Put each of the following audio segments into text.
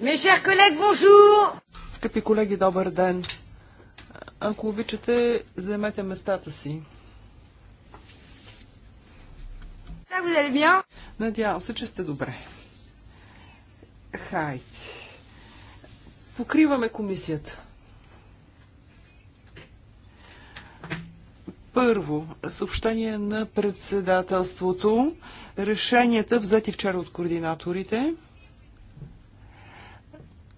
Mes chers collègues, Скъпи колеги, добър ден! Ако обичате, заемете местата си. Надявам се, че сте добре. Хайде. Покриваме комисията. Първо, съобщение на председателството. Решенията взети вчера от координаторите.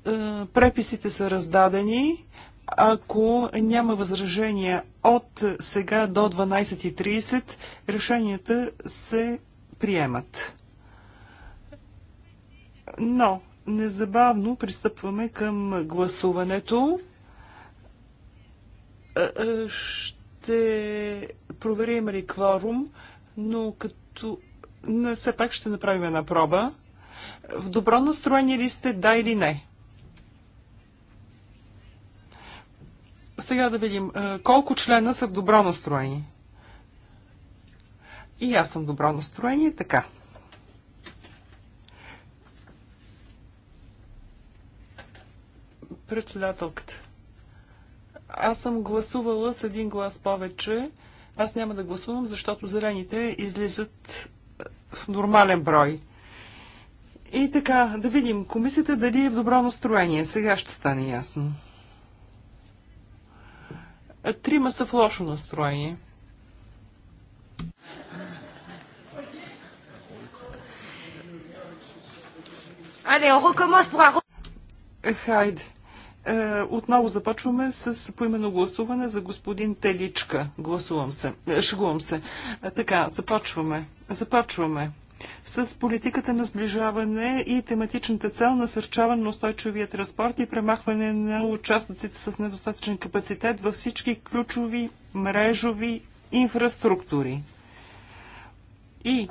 Е, преписите са раздадени. Ако няма възражения от сега до 12.30, решенията се приемат. Но незабавно пристъпваме към гласуването. Е, е, ще проверим ли кворум, но като все пак ще направим една проба. В добро настроение ли сте, да или не? Сега да видим колко члена са в добро настроение. И аз съм добро настроение, така. Председателката. Аз съм гласувала с един глас повече. Аз няма да гласувам, защото зелените излизат в нормален брой. И така, да видим комисията дали е в добро настроение. Сега ще стане ясно. Трима са в лошо настроение. Хайде. Е, отново започваме с поименно гласуване за господин Теличка. Гласувам се. Е, шегувам се. Е, така, започваме. Започваме с политиката на сближаване и тематичната цел на сърчаване на устойчивия транспорт и премахване на участниците с недостатъчен капацитет във всички ключови мрежови инфраструктури. И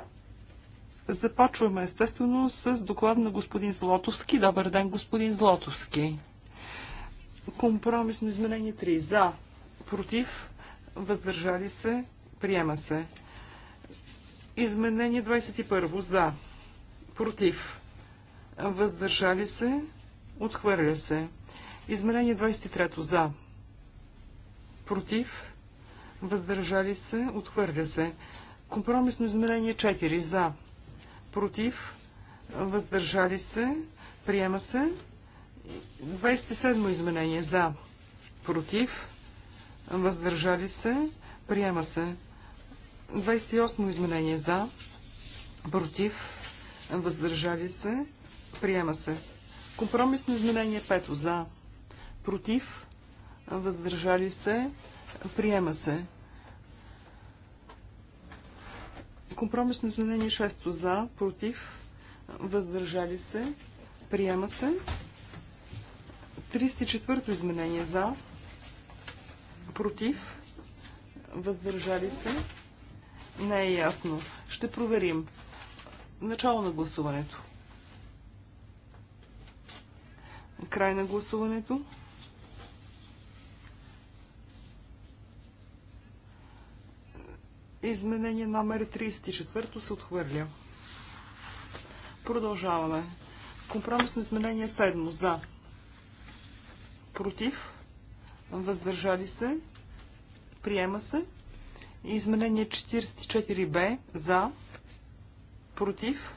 започваме естествено с доклад на господин Злотовски. Добър ден, господин Злотовски. Компромисно изменение 3. За, против, въздържали се, приема се. Изменение 21. За. Против. Въздържали се. Отхвърля се. Изменение 23. За. Против. Въздържали се. Отхвърля се. Компромисно изменение 4. За. Против. Въздържали се. Приема се. 27 изменение. За. Против. Въздържали се. Приема се. 28 изменение за, против, въздържали се, приема се. Компромисно изменение 5 за, против, въздържали се, приема се. Компромисно изменение 6 за, против, въздържали се, приема се. 34-то изменение за, против, въздържали се, не е ясно. Ще проверим. Начало на гласуването. Край на гласуването. Изменение номер 34 се отхвърля. Продължаваме. Компромисно изменение 7. За. Против. Въздържали се. Приема се. Изменение 44Б за, против,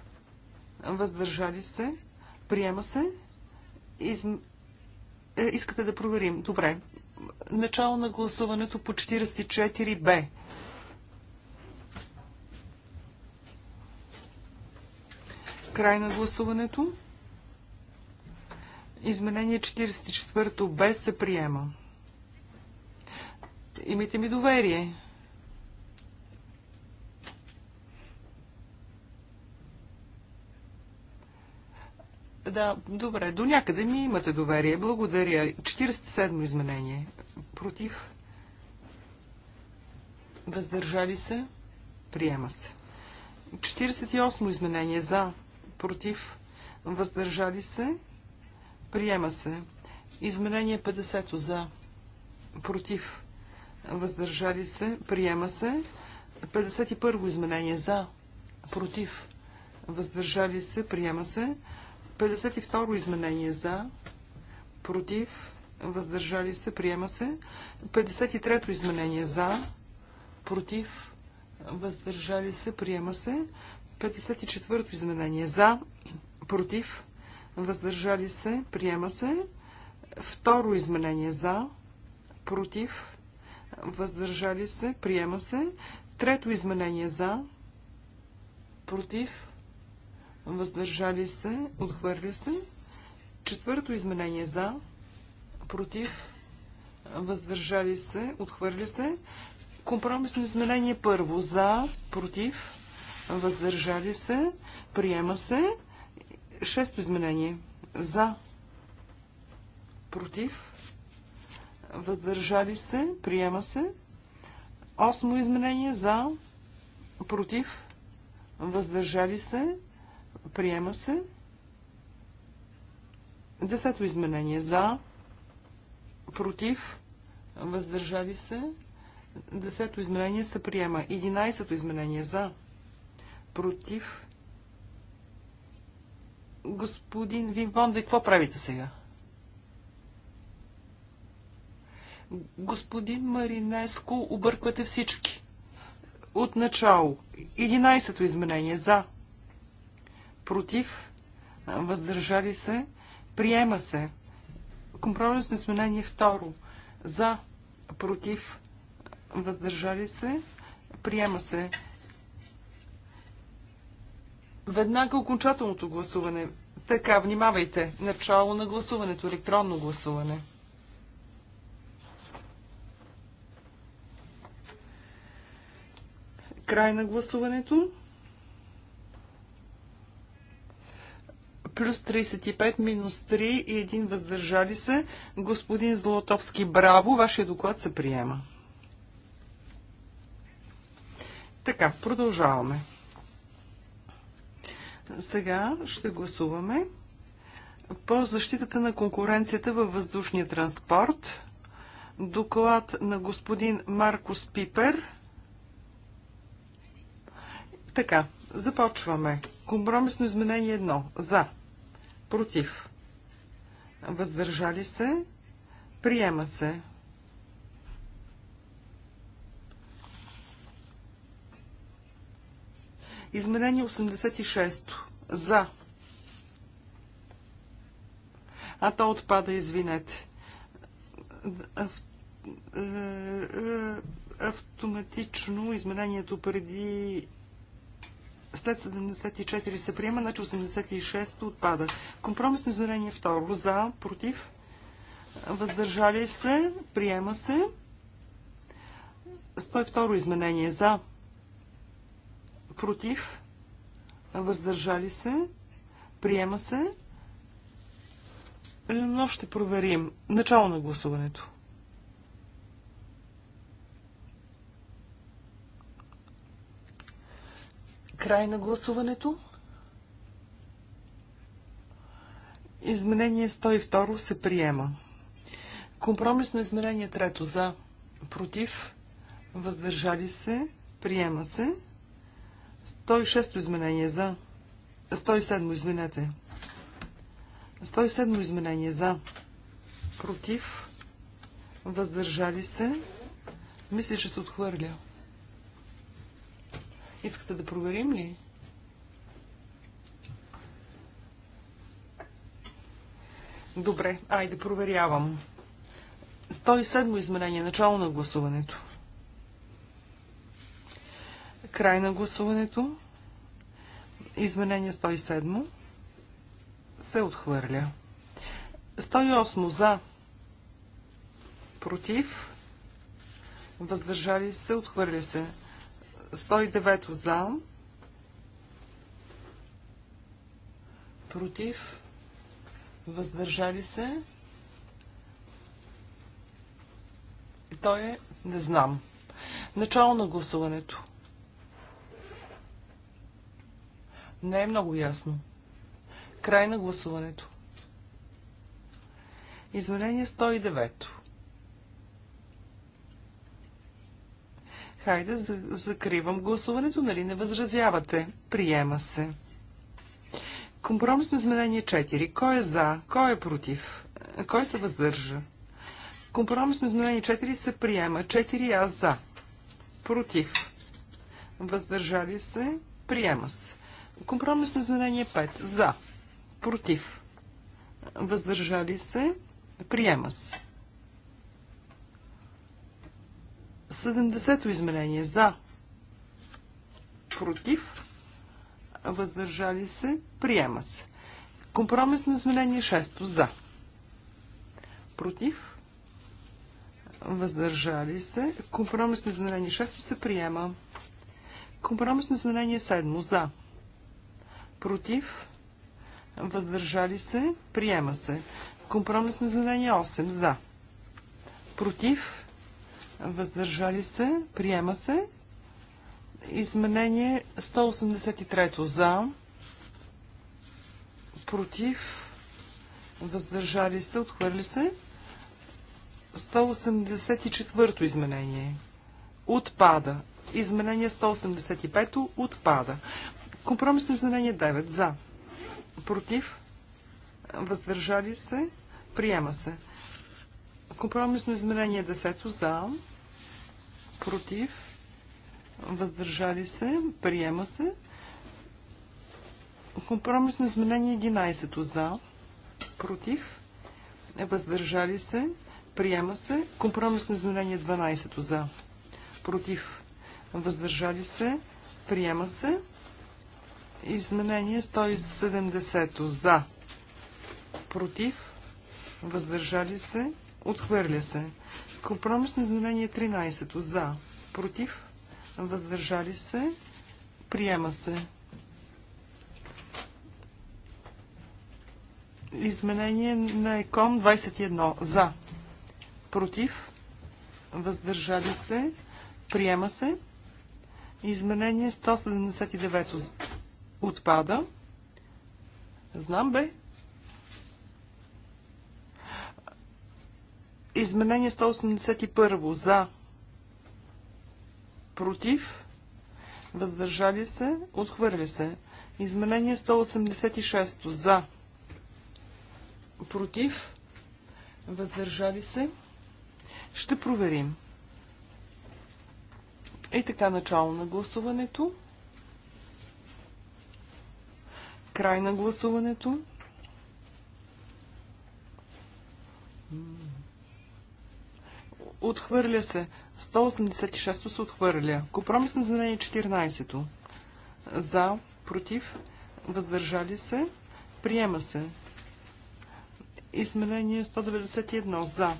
въздържали се, приема се. Из... Е, искате да проверим? Добре. Начало на гласуването по 44Б. Край на гласуването. Изменение 44 Б се приема. Имайте ми доверие. Да, добре, до някъде ми имате доверие. Благодаря. 47 изменение. Против? Въздържали се? Приема се. 48 изменение. За? Против? Въздържали се? Приема се. Изменение 50 за. Против. Въздържали се. Приема се. 51 изменение за. Против. Въздържали се. Приема се. 52 изменение за, против, въздържали се, приема се. 53 изменение за, против, въздържали се, приема се. 54 изменение за, против, въздържали се, приема се. Второ изменение за, против, въздържали се, приема се. Трето изменение за, против, въздържали се, отхвърля се. Четвърто изменение за, против, въздържали се, отхвърля се. Компромисно изменение първо за, против, въздържали се, приема се. Шесто изменение за, против, въздържали се, приема се. Осмо изменение за, против, въздържали се, Приема се. Десето изменение. За. Против. Въздържали се. Десето изменение се приема. Единайсето изменение. За. Против. Господин Вимвонде, какво правите сега? Господин Маринеско, обърквате всички. Отначало. Единайсето изменение. За против, въздържали се, приема се. Компромисно изменение второ. За, против, въздържали се, приема се. Веднага окончателното гласуване. Така, внимавайте. Начало на гласуването, електронно гласуване. Край на гласуването. плюс 35, минус 3 и 1 въздържали се. Господин Золотовски, браво, вашия доклад се приема. Така, продължаваме. Сега ще гласуваме по защитата на конкуренцията във въздушния транспорт. Доклад на господин Маркус Пипер. Така, започваме. Компромисно изменение 1. За против, въздържали се, приема се. Изменение 86. За. А то отпада, извинете. Е, е, автоматично изменението преди след 74 се приема, значи 86 отпада. Компромисно изменение второ. За, против, въздържали се, приема се. 102 изменение. За, против, въздържали се, приема се. Но ще проверим. Начало на гласуването. Край на гласуването. Изменение 102 се приема. Компромисно изменение 3 за против, въздържали се, приема се. 106 изменение за 107 изменете. 107 изменение за против, въздържали се. Мисля, че се отхвърля. Искате да проверим ли? Добре, айде проверявам. 107 изменение, начало на гласуването. Край на гласуването. Изменение 107 се отхвърля. 108 за, против, въздържали се, отхвърля се. 109 за, против, въздържали се. И той е, не знам. Начало на гласуването. Не е много ясно. Край на гласуването. Измерение 109. Хайде, закривам гласуването, нали не възразявате? Приема се. Компромисно изменение 4. Кой е за? Кой е против? Кой се въздържа? Компромисно изменение 4 се приема. 4 аз за. Против. Въздържали се. Приема се. Компромисно изменение 5. За. Против. Въздържали се. Приема се. 70-то измерение за, против, въздържали се, приема се. Компромисно измерение 6 за, против, въздържали се. Компромисно измерение 6 се приема. Компромисно измерение 7 за, против, въздържали се, приема се. Компромисно изменение 8 за, против, въздържали се, приема се. Изменение 183 за, против, въздържали се, отхвърли се. 184 изменение отпада. Изменение 185 отпада. Компромисно изменение 9 за, против, въздържали се, приема се. Компромисно измерение 10 за, против, въздържали се, приема се. Компромисно изменение 11 за, против, въздържали се, приема се. Компромисно изменение 12 за, против, въздържали се, приема се. Изменение 170 за, против, въздържали се, Отхвърля се. Компромисно изменение 13. За. Против. Въздържали се. Приема се. Изменение на ЕКОМ 21. За. Против. Въздържали се. Приема се. Изменение 179 отпада. Знам бе. Изменение 181 за против, въздържали се, отхвърли се. Изменение 186 за против, въздържали се. Ще проверим. И така начало на гласуването. Край на гласуването. Отхвърля се. 186 се отхвърля. Компромисно изменение 14 За, против, въздържали се, приема се. Изменение 191 за,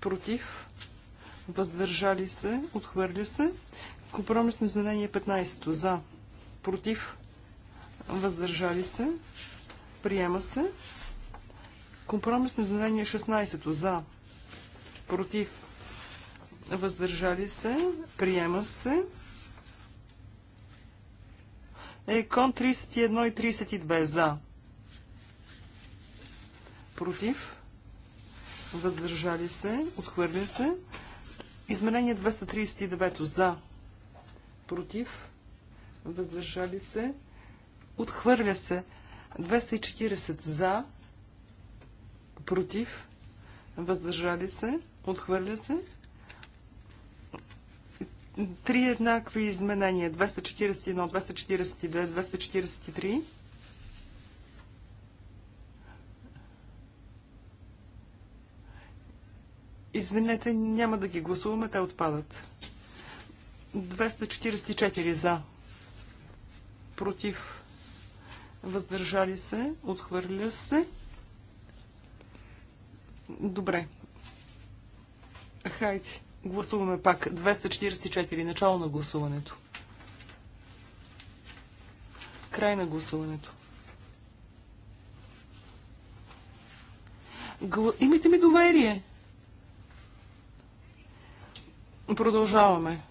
против, въздържали се, отхвърля се. Компромисно изменение 15 за, против, въздържали се, приема се. Компромисно изменение 16 за, против, въздържали се, приема се. Екон 31 и 32 за, против, въздържали се, отхвърля се. Изменение 239 за, против, въздържали се, отхвърля се. 240 за, против, въздържали се, Отхвърля се. Три еднакви изменения. 241, 242, 243. Извинете, няма да ги гласуваме, те отпадат. 244 за. Против. Въздържали се. Отхвърля се. Добре. Хайде, гласуваме пак. 244. Начало на гласуването. Край на гласуването. Гла... Имайте ми доверие. Продължаваме.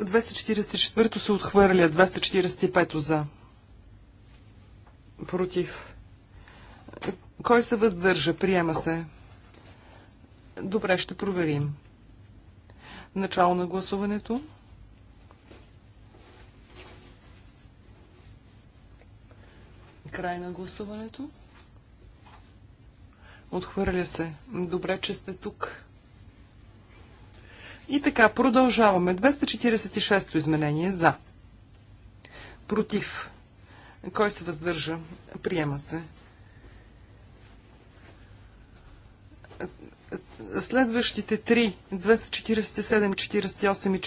244 то се отхвърля, 245 то за. Против. Кой се въздържа? Приема се. Добре, ще проверим. Начало на гласуването. Край на гласуването. Отхвърля се. Добре, че сте тук. И така, продължаваме. 246-то изменение за. Против. Кой се въздържа? Приема се. Следващите три, 247, 48 и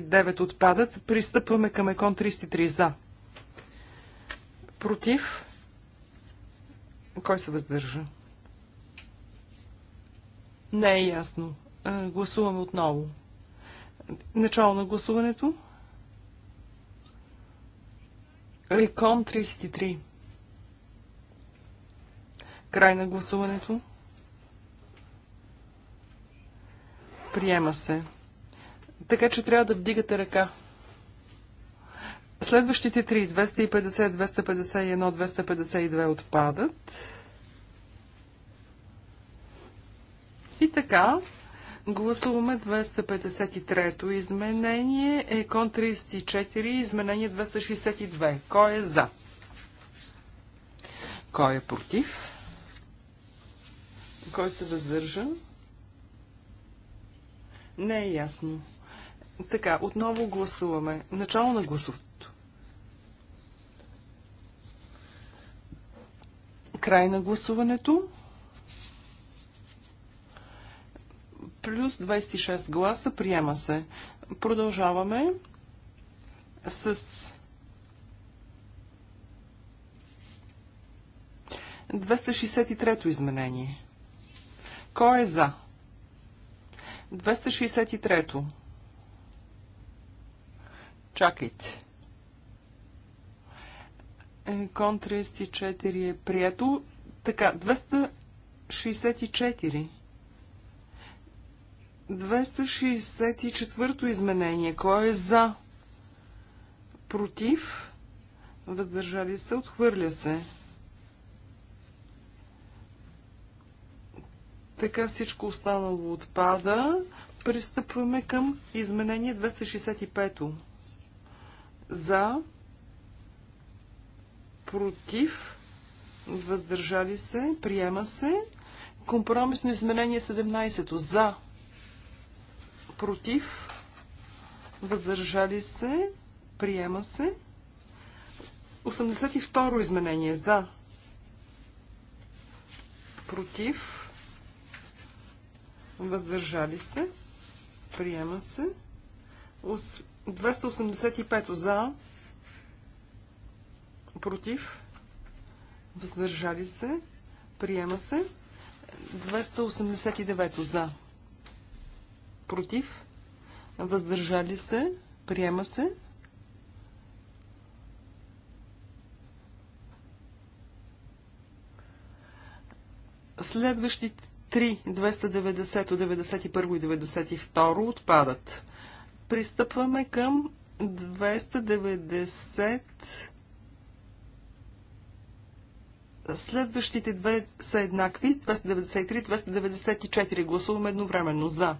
49 отпадат. Пристъпваме към Екон 33 за. Против. Кой се въздържа? Не е ясно. Гласуваме отново. Начало на гласуването. Екон 33. Край на гласуването. Приема се. Така че трябва да вдигате ръка. Следващите три, 250, 251, 252 отпадат. И така, гласуваме 253-то изменение, ЕКОН 34, изменение 262. Кой е за? Кой е против? Кой се въздържа? Да не е ясно. Така, отново гласуваме. Начало на гласуването. Край на гласуването. Плюс 26 гласа приема се. Продължаваме с 263-то изменение. Кой е за? 263-то. Чакайте. Кон 34 е прието. Така, 264. 264-то изменение. Кой е за? Против? Въздържали се? Отхвърля се. Така всичко останало отпада. Пристъпваме към изменение 265. За, против, въздържали се, приема се. Компромисно изменение 17. За, против, въздържали се, приема се. 82 изменение за, против, въздържали се, приема се. 285 за, против, въздържали се, приема се. 289 за, против, въздържали се, приема се. Следващите 3, 290, 91 и 92 отпадат. Пристъпваме към 290. Следващите две са еднакви. 293, 294. Гласуваме едновременно. За.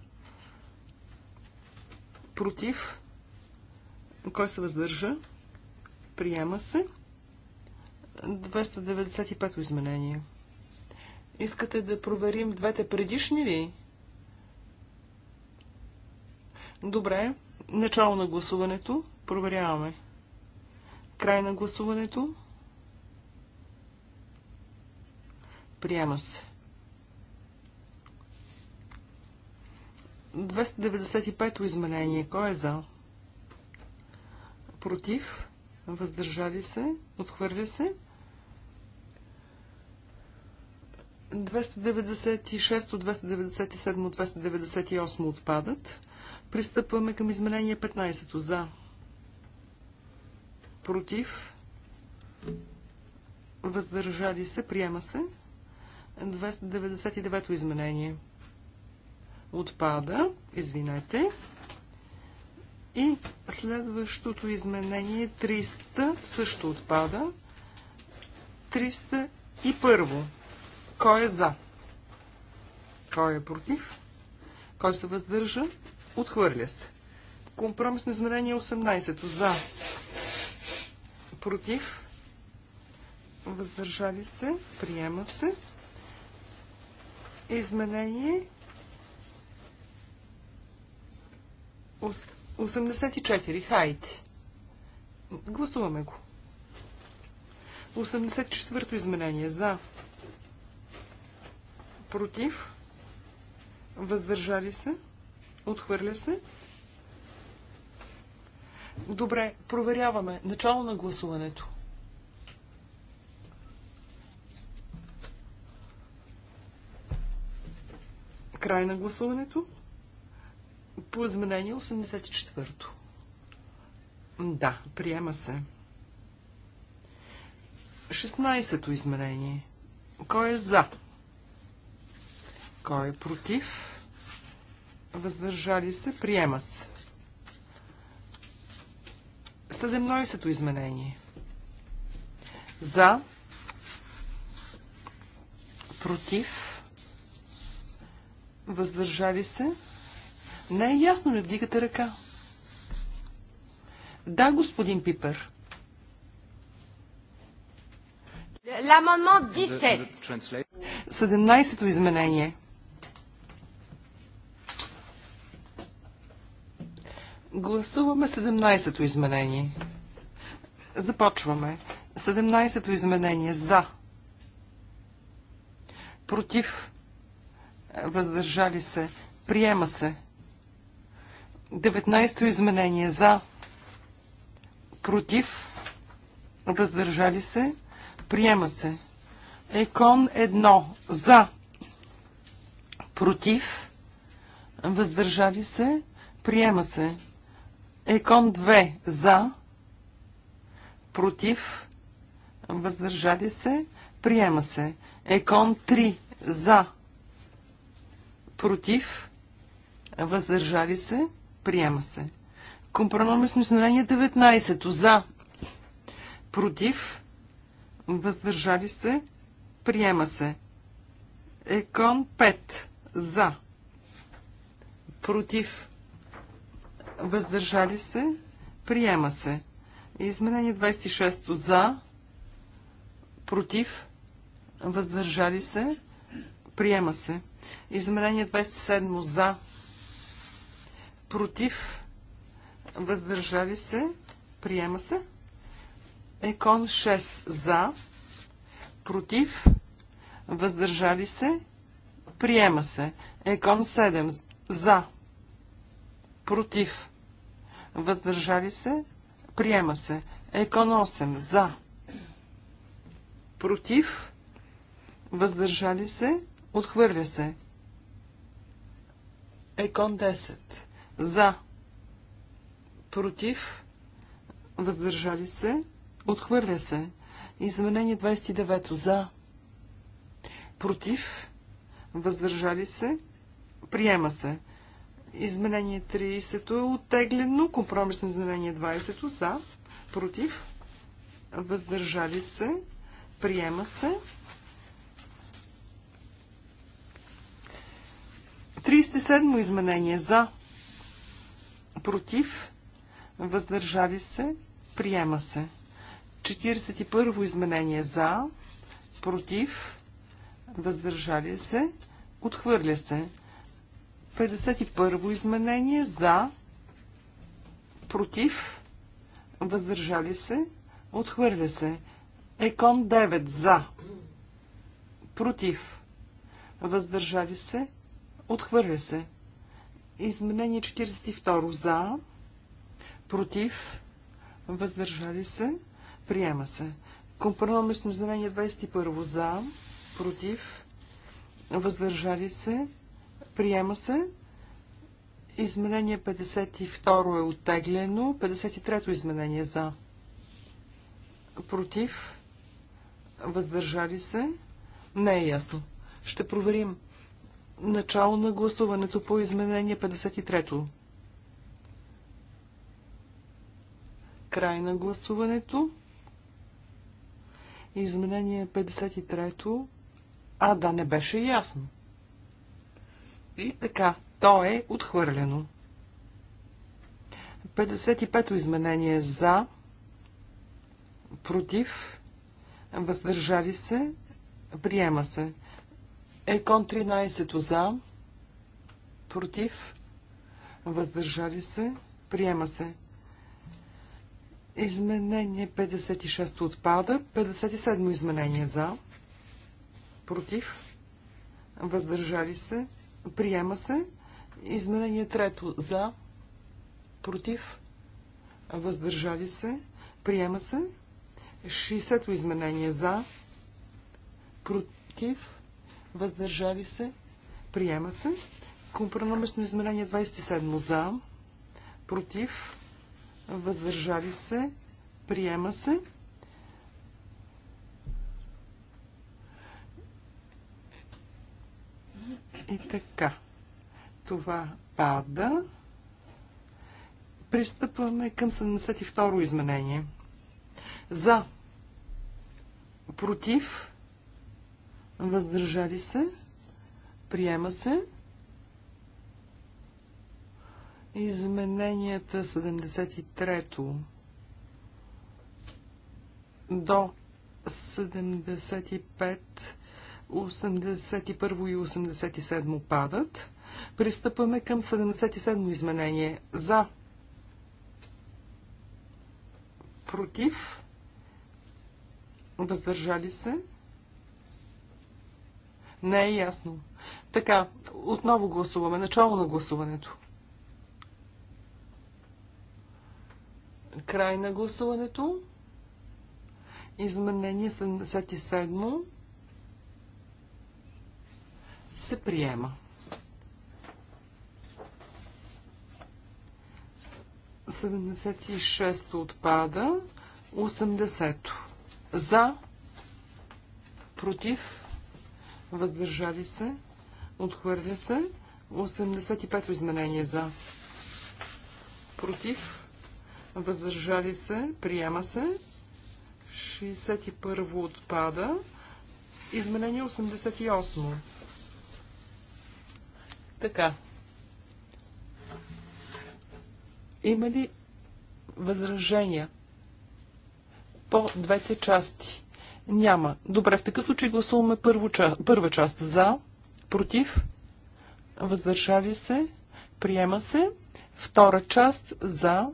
Против. Кой се въздържа? Приема се. 295 изменение. Искате да проверим двете предишни ли? Добре. Начало на гласуването. Проверяваме. Край на гласуването. Приема се. 295-то изменение. Кой е за? Против? Въздържали се? Отхвърли се? 296, 297, 298 отпадат. Пристъпваме към изменение 15 за. Против. Въздържали се. Приема се. 299 изменение. Отпада. Извинете. И следващото изменение 300 също отпада. 301. Кой е за? Кой е против? Кой се въздържа? Отхвърля се. Компромисно измерение 18. За. Против. Въздържали се. Приема се. Изменение 84. Хайде. Гласуваме го. 84-то изменение. За против, въздържали се, отхвърля се. Добре, проверяваме. Начало на гласуването. Край на гласуването. По изменение 84-то. Да, приема се. 16-то изменение. Кой е за? Кой е против? Въздържали се. Приема се. 17-то изменение. За. Против. Въздържали се. Не е ясно Не вдигате ръка? Да, господин Пипер. L'amendement 17. 17-то изменение. Гласуваме 17-то изменение. Започваме. 17-то изменение за. Против. Въздържали се. Приема се. 19-то изменение за. Против. Въздържали се. Приема се. Екон 1 за. Против. Въздържали се. Приема се. Екон 2 за, против, въздържали се, приема се. Екон 3 за, против, въздържали се, приема се. Компромисно изменение 19 за, против, въздържали се, приема се. Екон 5 за, против, въздържали се, приема се. Изменение 26 за, против, въздържали се, приема се. Изменение 27 за, против, въздържали се, приема се. Екон 6 за, против, въздържали се, приема се. Екон 7 за, против, въздържали се, приема се. Екон 8 за, против, въздържали се, отхвърля се. Екон 10 за, против, въздържали се, отхвърля се. Изменение 29 за, против, въздържали се, приема се. Изменение 30 е оттеглено. Компромисно изменение 20 за, против, въздържали се, приема се. 37 изменение за, против, въздържали се, приема се. 41 изменение за, против, въздържали се, отхвърля се. 51 изменение за, против, въздържали се, отхвърля се. Екон 9 за, против, въздържали се, отхвърля се. Изменение 42 за, против, въздържали се, приема се. Компромисно изменение 21 за, против, въздържали се, Приема се. Изменение 52 е оттеглено. 53-то изменение за. Против. Въздържали се. Не е ясно. Ще проверим. Начало на гласуването по изменение 53-то. Край на гласуването. Изменение 53-то. А, да, не беше ясно. И така, то е отхвърлено. 55-то изменение за, против, въздържали се, приема се. Екон 13 за, против, въздържали се, приема се. Изменение 56 отпада, 57 изменение за, против, въздържали се, Приема се. Изменение трето за. Против. Въздържали се. Приема се. 60-то изменение за. Против. Въздържали се. Приема се. Компромисно изменение 27 за. Против. Въздържали се. Приема се. И така. Това пада. Пристъпваме към 72-ро изменение. За. Против. Въздържали се. Приема се. Измененията 73-то до 75 81 и 87 падат. Пристъпваме към 77 изменение. За. Против. Въздържали се. Не е ясно. Така, отново гласуваме. Начало на гласуването. Край на гласуването. Изменение 77 се приема. Седемдесет и шесто отпада. 80 За, против, въздържали се, отхвърля се. 85 пето изменение за, против, въздържали се, приема се. 61 първо отпада. Изменение 88 така. Има ли възражения по двете части? Няма. Добре, в такъв случай гласуваме първо, първа част за, против, въздържали се, приема се. Втора част за,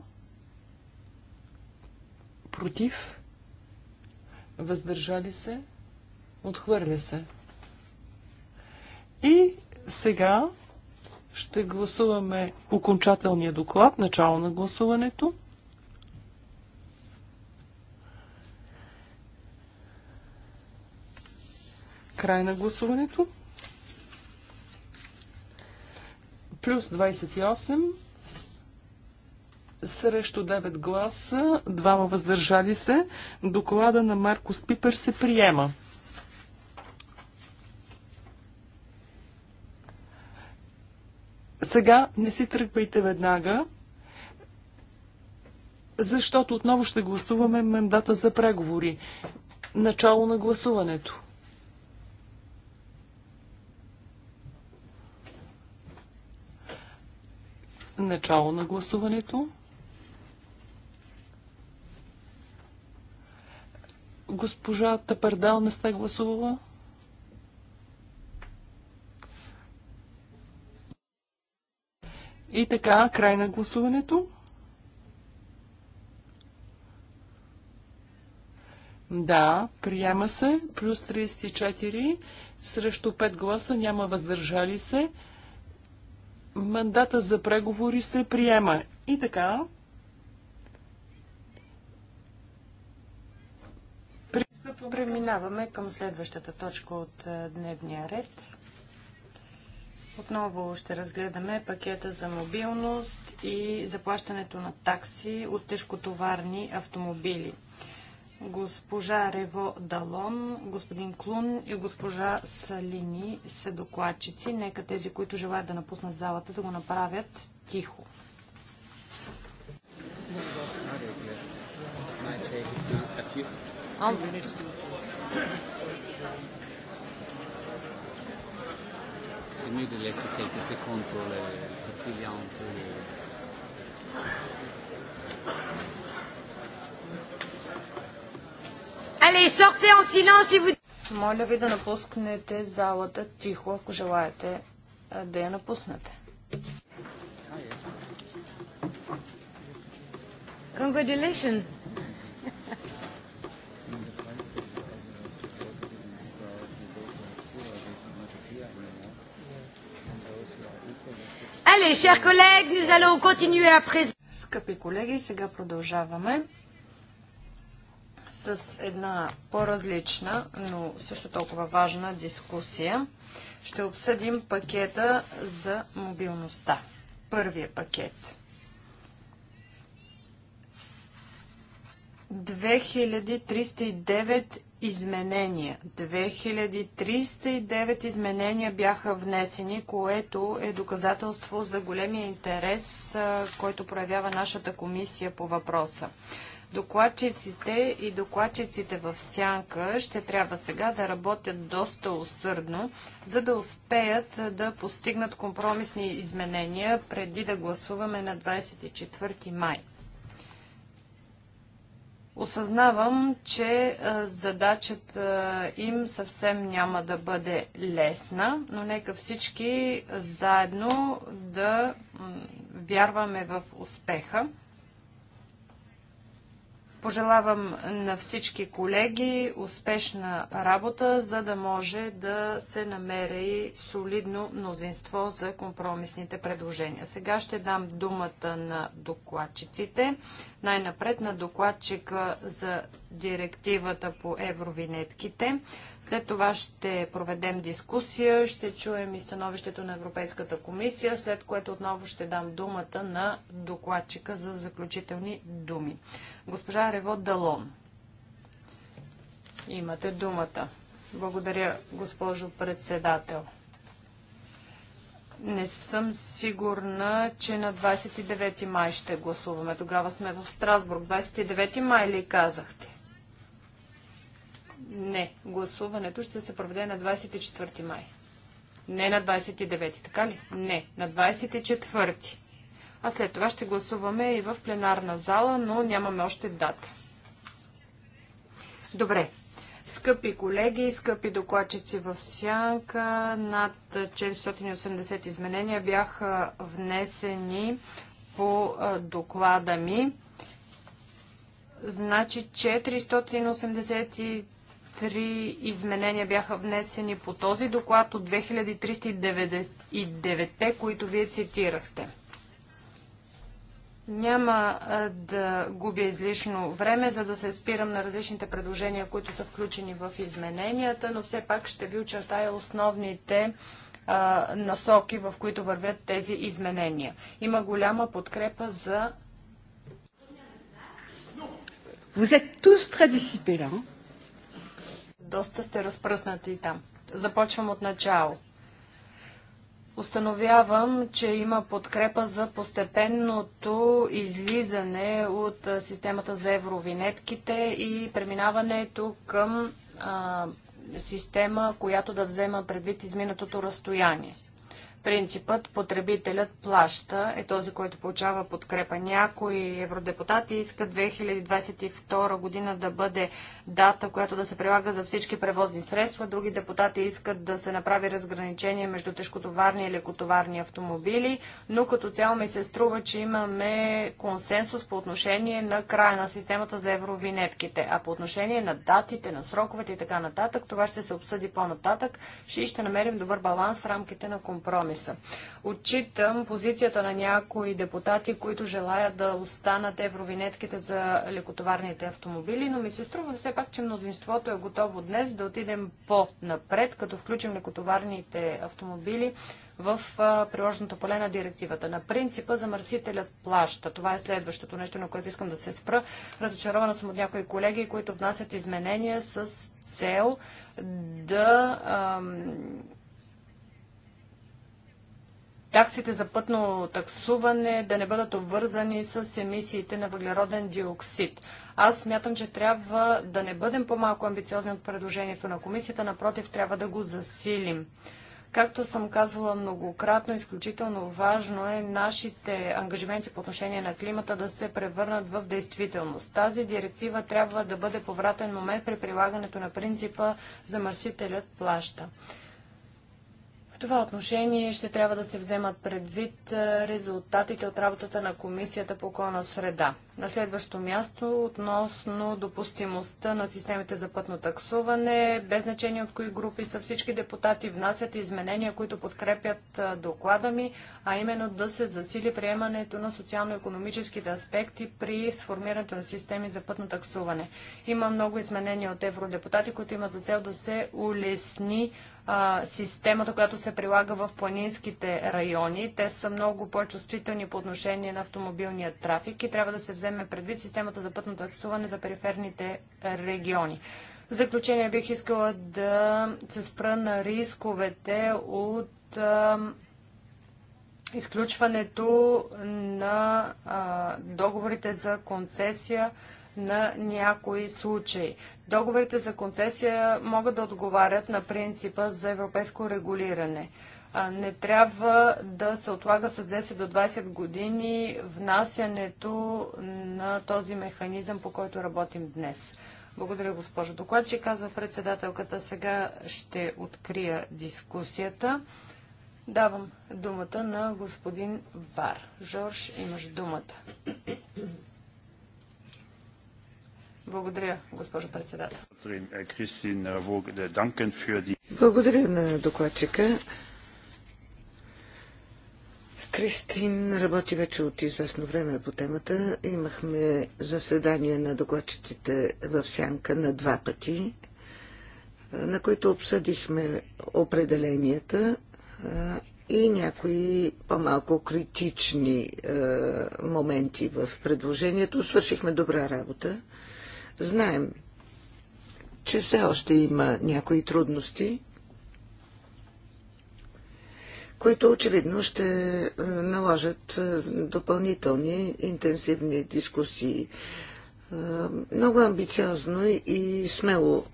против, въздържали се, отхвърля се. И сега ще гласуваме окончателния доклад, начало на гласуването. Край на гласуването. Плюс 28 срещу 9 гласа, двама въздържали се. Доклада на Маркос Пипер се приема. Сега не си тръгвайте веднага, защото отново ще гласуваме мандата за преговори. Начало на гласуването. Начало на гласуването. Госпожа Тапардал не сте гласувала? И така, край на гласуването. Да, приема се. Плюс 34 срещу 5 гласа няма въздържали се. Мандата за преговори се приема. И така. Преминаваме към следващата точка от дневния ред. Отново ще разгледаме пакета за мобилност и заплащането на такси от тежкотоварни автомобили. Госпожа Рево Далон, господин Клун и госпожа Салини са докладчици. Нека тези, които желаят да напуснат залата, да го направят тихо. I'll... c'est mieux de laisser quelques secondes pour le, parce qu'il y a un peu de... Allez, sortez en silence si vous... Моля ви да напуснете залата тихо, ако желаете да я напуснете. Congratulations. Allez, chers collègues, nous allons continuer à présent. Скъпи колеги, сега продължаваме с една по-различна, но също толкова важна дискусия. Ще обсъдим пакета за мобилността. Първия пакет. 2309 изменения. 2309 изменения бяха внесени, което е доказателство за големия интерес, който проявява нашата комисия по въпроса. Докладчиците и докладчиците в сянка ще трябва сега да работят доста усърдно, за да успеят да постигнат компромисни изменения преди да гласуваме на 24 май. Осъзнавам, че задачата им съвсем няма да бъде лесна, но нека всички заедно да вярваме в успеха Пожелавам на всички колеги успешна работа, за да може да се намери солидно мнозинство за компромисните предложения. Сега ще дам думата на докладчиците. Най-напред на докладчика за директивата по евровинетките. След това ще проведем дискусия, ще чуем и становището на Европейската комисия, след което отново ще дам думата на докладчика за заключителни думи. Госпожа Рево Далон, имате думата. Благодаря, госпожо председател. Не съм сигурна, че на 29 май ще гласуваме. Тогава сме в Страсбург. 29 май ли казахте? Не. Гласуването ще се проведе на 24 май. Не на 29, така ли? Не. На 24. А след това ще гласуваме и в пленарна зала, но нямаме още дата. Добре. Скъпи колеги, скъпи докладчици в сянка, над 480 изменения бяха внесени по доклада ми. Значи 485 три изменения бяха внесени по този доклад от 2399, които вие цитирахте. Няма да губя излишно време, за да се спирам на различните предложения, които са включени в измененията, но все пак ще ви очертая основните а, насоки, в които вървят тези изменения. Има голяма подкрепа за. Vous êtes tous très доста сте разпръснати там. Започвам от начало. Установявам, че има подкрепа за постепенното излизане от системата за евровинетките и преминаването към а, система, която да взема предвид изминатото разстояние принципът потребителят плаща е този, който получава подкрепа. Някои евродепутати искат 2022 година да бъде дата, която да се прилага за всички превозни средства. Други депутати искат да се направи разграничение между тежкотоварни и лекотоварни автомобили, но като цяло ми се струва, че имаме консенсус по отношение на края на системата за евровинетките. А по отношение на датите, на сроковете и така нататък, това ще се обсъди по-нататък и ще намерим добър баланс в рамките на компромис компромиса. Отчитам позицията на някои депутати, които желаят да останат евровинетките за лекотоварните автомобили, но ми се струва все пак, че мнозинството е готово днес да отидем по-напред, като включим лекотоварните автомобили в приложното поле на директивата. На принципа замърсителят плаща. Това е следващото нещо, на което искам да се спра. Разочарована съм от някои колеги, които внасят изменения с цел да ам, таксите за пътно таксуване да не бъдат обвързани с емисиите на въглероден диоксид. Аз смятам, че трябва да не бъдем по-малко амбициозни от предложението на комисията, напротив, трябва да го засилим. Както съм казвала многократно, изключително важно е нашите ангажименти по отношение на климата да се превърнат в действителност. Тази директива трябва да бъде повратен момент при прилагането на принципа замърсителят плаща. В това отношение ще трябва да се вземат предвид резултатите от работата на Комисията по околна среда. На следващо място, относно допустимостта на системите за пътно таксуване, без значение от кои групи са всички депутати, внасят изменения, които подкрепят доклада ми, а именно да се засили приемането на социално-економическите аспекти при сформирането на системи за пътно таксуване. Има много изменения от евродепутати, които имат за цел да се улесни системата, която се прилага в планинските райони. Те са много по-чувствителни по отношение на автомобилния трафик и трябва да се вземе предвид системата за пътно таксуване за периферните региони. В заключение бих искала да се спра на рисковете от изключването на договорите за концесия на някои случаи. Договорите за концесия могат да отговарят на принципа за европейско регулиране. Не трябва да се отлага с 10 до 20 години внасянето на този механизъм, по който работим днес. Благодаря, госпожо докладчик. Казва председателката. Сега ще открия дискусията. Давам думата на господин Бар. Жорж, имаш думата. Благодаря, госпожо председател. Благодаря на докладчика. Кристин работи вече от известно време по темата. Имахме заседание на докладчиците в Сянка на два пъти, на които обсъдихме определенията и някои по-малко критични моменти в предложението. Свършихме добра работа. Знаем, че все още има някои трудности, които очевидно ще е, наложат е, допълнителни интенсивни дискусии. Е, много амбициозно и смело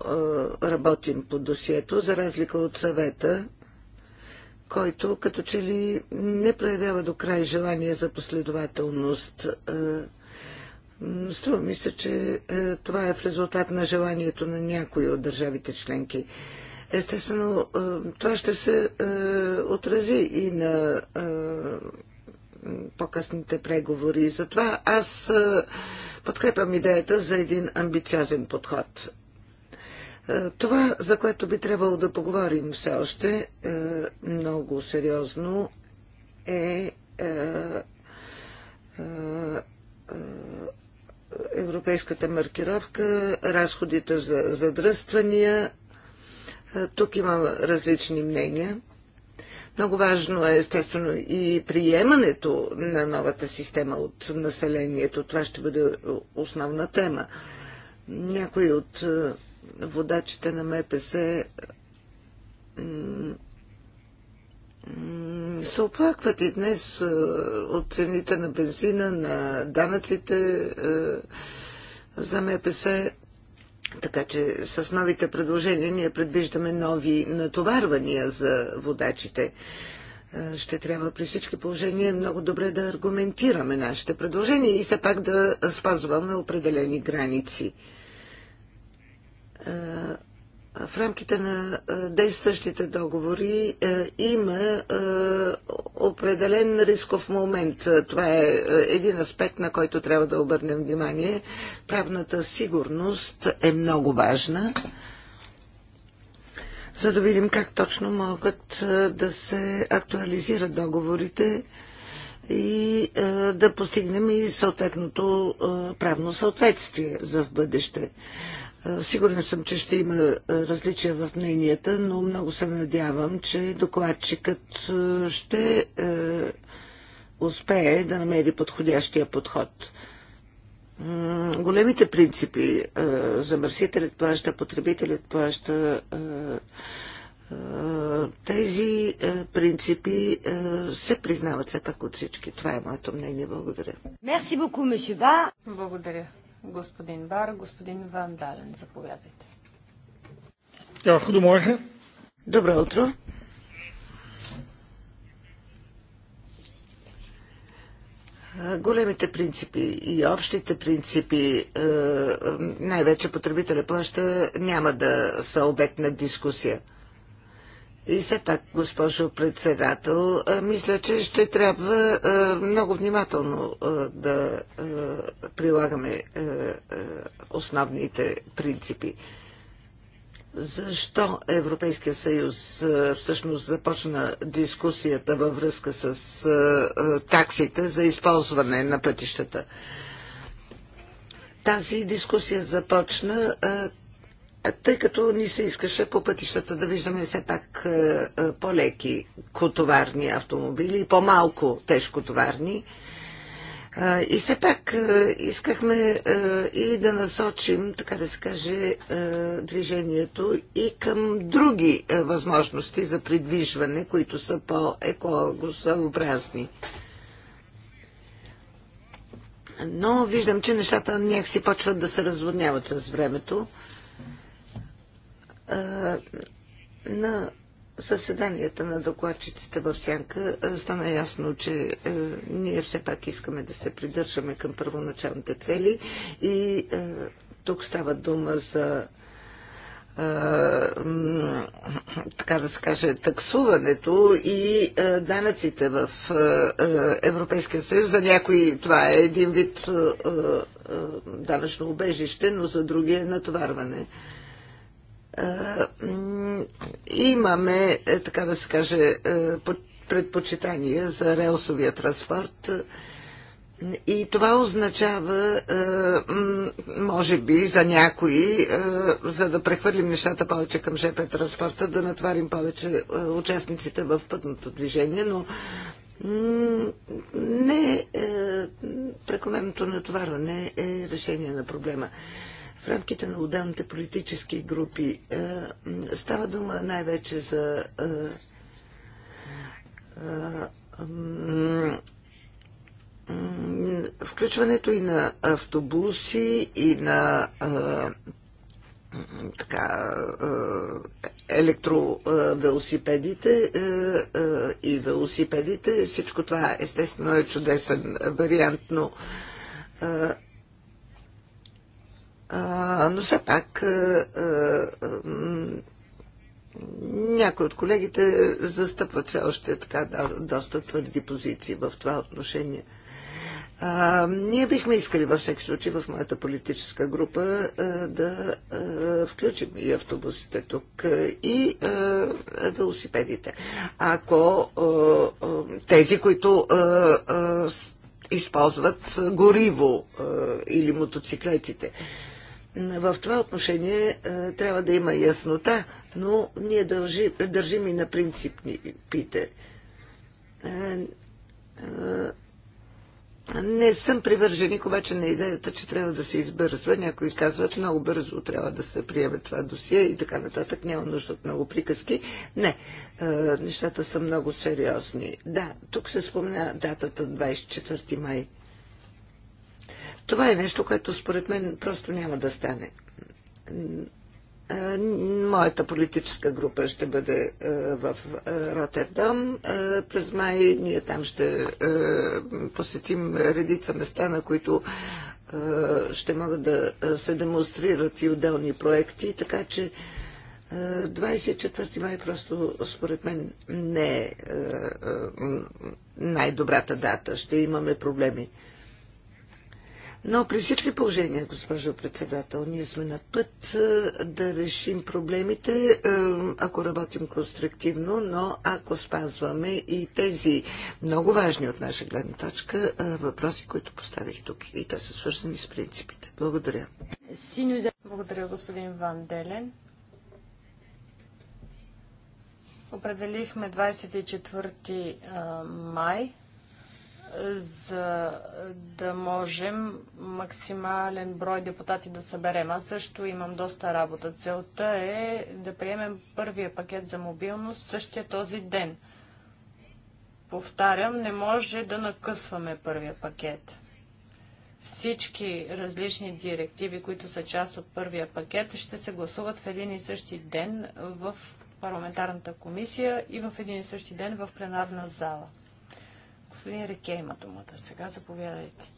работим по досието, за разлика от съвета, който като че ли не проявява до край желание за последователност. Струва ми се, че е, това е в резултат на желанието на някои от държавите членки. Естествено, е, това ще се е, отрази и на по-късните преговори. Затова аз подкрепям идеята за един амбициозен подход. Това, за което би трябвало да поговорим все още много сериозно, е европейската маркировка, разходите за задръствания. Тук има различни мнения. Много важно е, естествено, и приемането на новата система от населението. Това ще бъде основна тема. Някои от водачите на МПС се оплакват и днес от цените на бензина, на данъците за МПС. Така че с новите предложения ние предвиждаме нови натоварвания за водачите. Ще трябва при всички положения много добре да аргументираме нашите предложения и все пак да спазваме определени граници в рамките на действащите договори има определен рисков момент. Това е един аспект, на който трябва да обърнем внимание. Правната сигурност е много важна, за да видим как точно могат да се актуализират договорите и да постигнем и съответното правно съответствие за в бъдеще. Сигурен съм, че ще има е, различия в мненията, но много се надявам, че докладчикът е, ще е, успее да намери подходящия подход. Големите принципи замърсителят плаща, потребителят плаща тези принципи се признават все пак от всички. Това е моето мнение. Благодаря. Мерси боку, Ба. Благодаря господин Бар, господин Ван Дален. Заповядайте. Ja, goedemorgen. Добро утро. Големите принципи и общите принципи, е, е, най-вече потребителя плаща, няма да са обект на дискусия. И все пак, госпожо председател, мисля, че ще трябва много внимателно да прилагаме основните принципи. Защо Европейския съюз всъщност започна дискусията във връзка с таксите за използване на пътищата? Тази дискусия започна тъй като ни се искаше по пътищата да виждаме все пак е, е, по-леки котоварни автомобили и по-малко тежкотоварни. Е, и все пак искахме и да насочим, така да се каже, движението и към други възможности за придвижване, които са по-екологосъобразни. Но виждам, че нещата някакси почват да се разводняват с времето на съседанията на докладчиците в Сянка стана ясно, че ние все пак искаме да се придържаме към първоначалните цели и тук става дума за така да се каже, таксуването и данъците в Европейския съюз. За някои това е един вид данъчно убежище, но за други е натоварване е, имаме, е, така да се каже, е, предпочитания за релсовия транспорт. И това означава, може би, за някои, за да прехвърлим нещата повече към ЖП транспорта, да натварим повече участниците в пътното движение, но не прекомерното натоварване е решение на проблема в рамките на отделните политически групи. Е, става дума най-вече за е, е, включването и на автобуси, и на така, електровелосипедите и велосипедите. Всичко това естествено е чудесен вариант, но но все пак някои от колегите застъпват все още така да, доста твърди позиции в това отношение. А, ние бихме искали във всеки случай в моята политическа група а, да а, включим и автобусите тук и а, велосипедите. Ако а, а, тези, които а, а, използват гориво а, или мотоциклетите, а, в това отношение е, трябва да има яснота, но ние държи държим и на пите. Е, е, не съм привърженик обаче на идеята, че трябва да се избързва. Някои казват, много бързо трябва да се приеме това досие и така нататък. Няма нужда от много приказки. Не, нещата са много сериозни. Да, тук се спомня датата 24 май. Това е нещо, което според мен просто няма да стане. Е, моята политическа група ще бъде е, в е, Ротердам. През май ние там ще посетим редица места, на които ще могат да се демонстрират и отделни проекти, така че 24 май просто според мен не е най-добрата дата. Ще имаме проблеми. Но при всички положения, госпожо председател, ние сме на път е, да решим проблемите, е, ако работим конструктивно, но ако спазваме и тези много важни от наша гледна точка е, въпроси, които поставих тук. И те са свързани с принципите. Благодаря. Благодаря, господин Ван Делен. Определихме 24 май за да можем максимален брой депутати да съберем. Аз също имам доста работа. Целта е да приемем първия пакет за мобилност същия този ден. Повтарям, не може да накъсваме първия пакет. Всички различни директиви, които са част от първия пакет, ще се гласуват в един и същи ден в парламентарната комисия и в един и същи ден в пленарна зала. Господин Реке има думата. Сега заповядайте.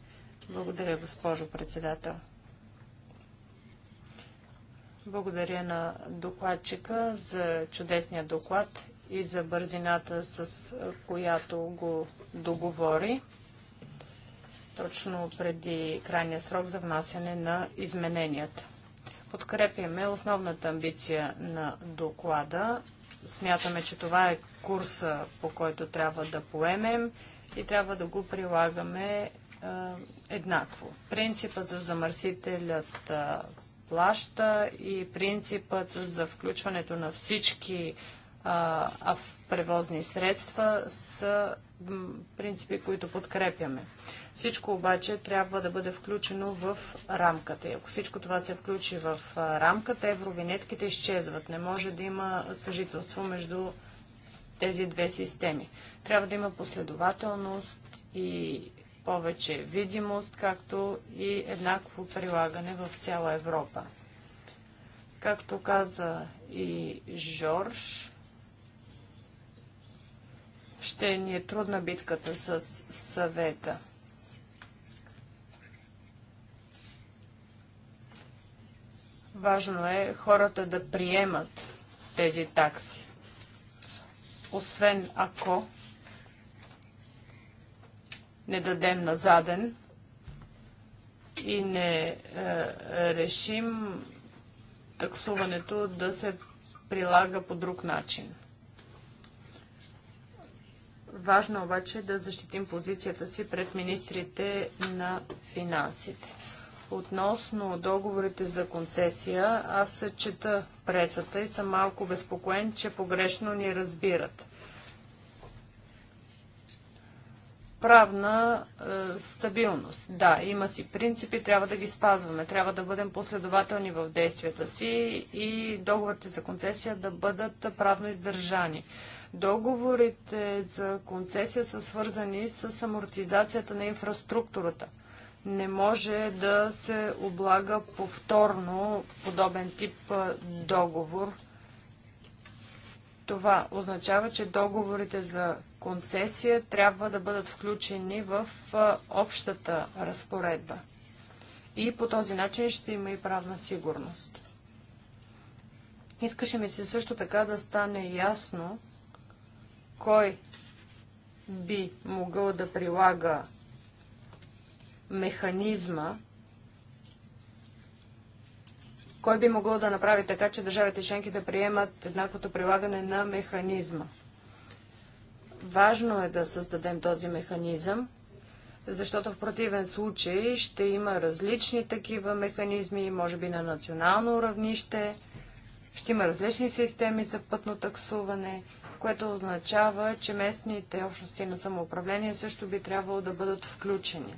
Благодаря, госпожо председател. Благодаря на докладчика за чудесния доклад и за бързината, с която го договори точно преди крайния срок за внасяне на измененията. Подкрепяме основната амбиция на доклада. Смятаме, че това е курса, по който трябва да поемем и трябва да го прилагаме а, е, еднакво. Принципът за замърсителят а, е, плаща и принципът за включването на всички е, а, превозни средства са принципи, които подкрепяме. Всичко обаче трябва да бъде включено в рамката. И ако всичко това се включи в рамката, евровинетките изчезват. Не може да има съжителство между тези две системи. Трябва да има последователност и повече видимост, както и еднакво прилагане в цяла Европа. Както каза и Жорж, ще ни е трудна битката с съвета. Важно е хората да приемат тези такси. Освен ако не дадем на заден и не е, е, решим таксуването да се прилага по друг начин. Важно е обаче да защитим позицията си пред министрите на финансите. Относно договорите за концесия, аз се чета пресата и съм малко безпокоен, че погрешно ни разбират. правна е, стабилност. Да, има си принципи, трябва да ги спазваме, трябва да бъдем последователни в действията си и договорите за концесия да бъдат правно издържани. Договорите за концесия са свързани с амортизацията на инфраструктурата. Не може да се облага повторно подобен тип е, договор това означава, че договорите за концесия трябва да бъдат включени в общата разпоредба. И по този начин ще има и правна сигурност. Искаше ми се също така да стане ясно кой би могъл да прилага механизма кой би могъл да направи така, че държавите членки да приемат еднаквото прилагане на механизма? Важно е да създадем този механизъм, защото в противен случай ще има различни такива механизми, може би на национално равнище, ще има различни системи за пътно таксуване, което означава, че местните общности на самоуправление също би трябвало да бъдат включени.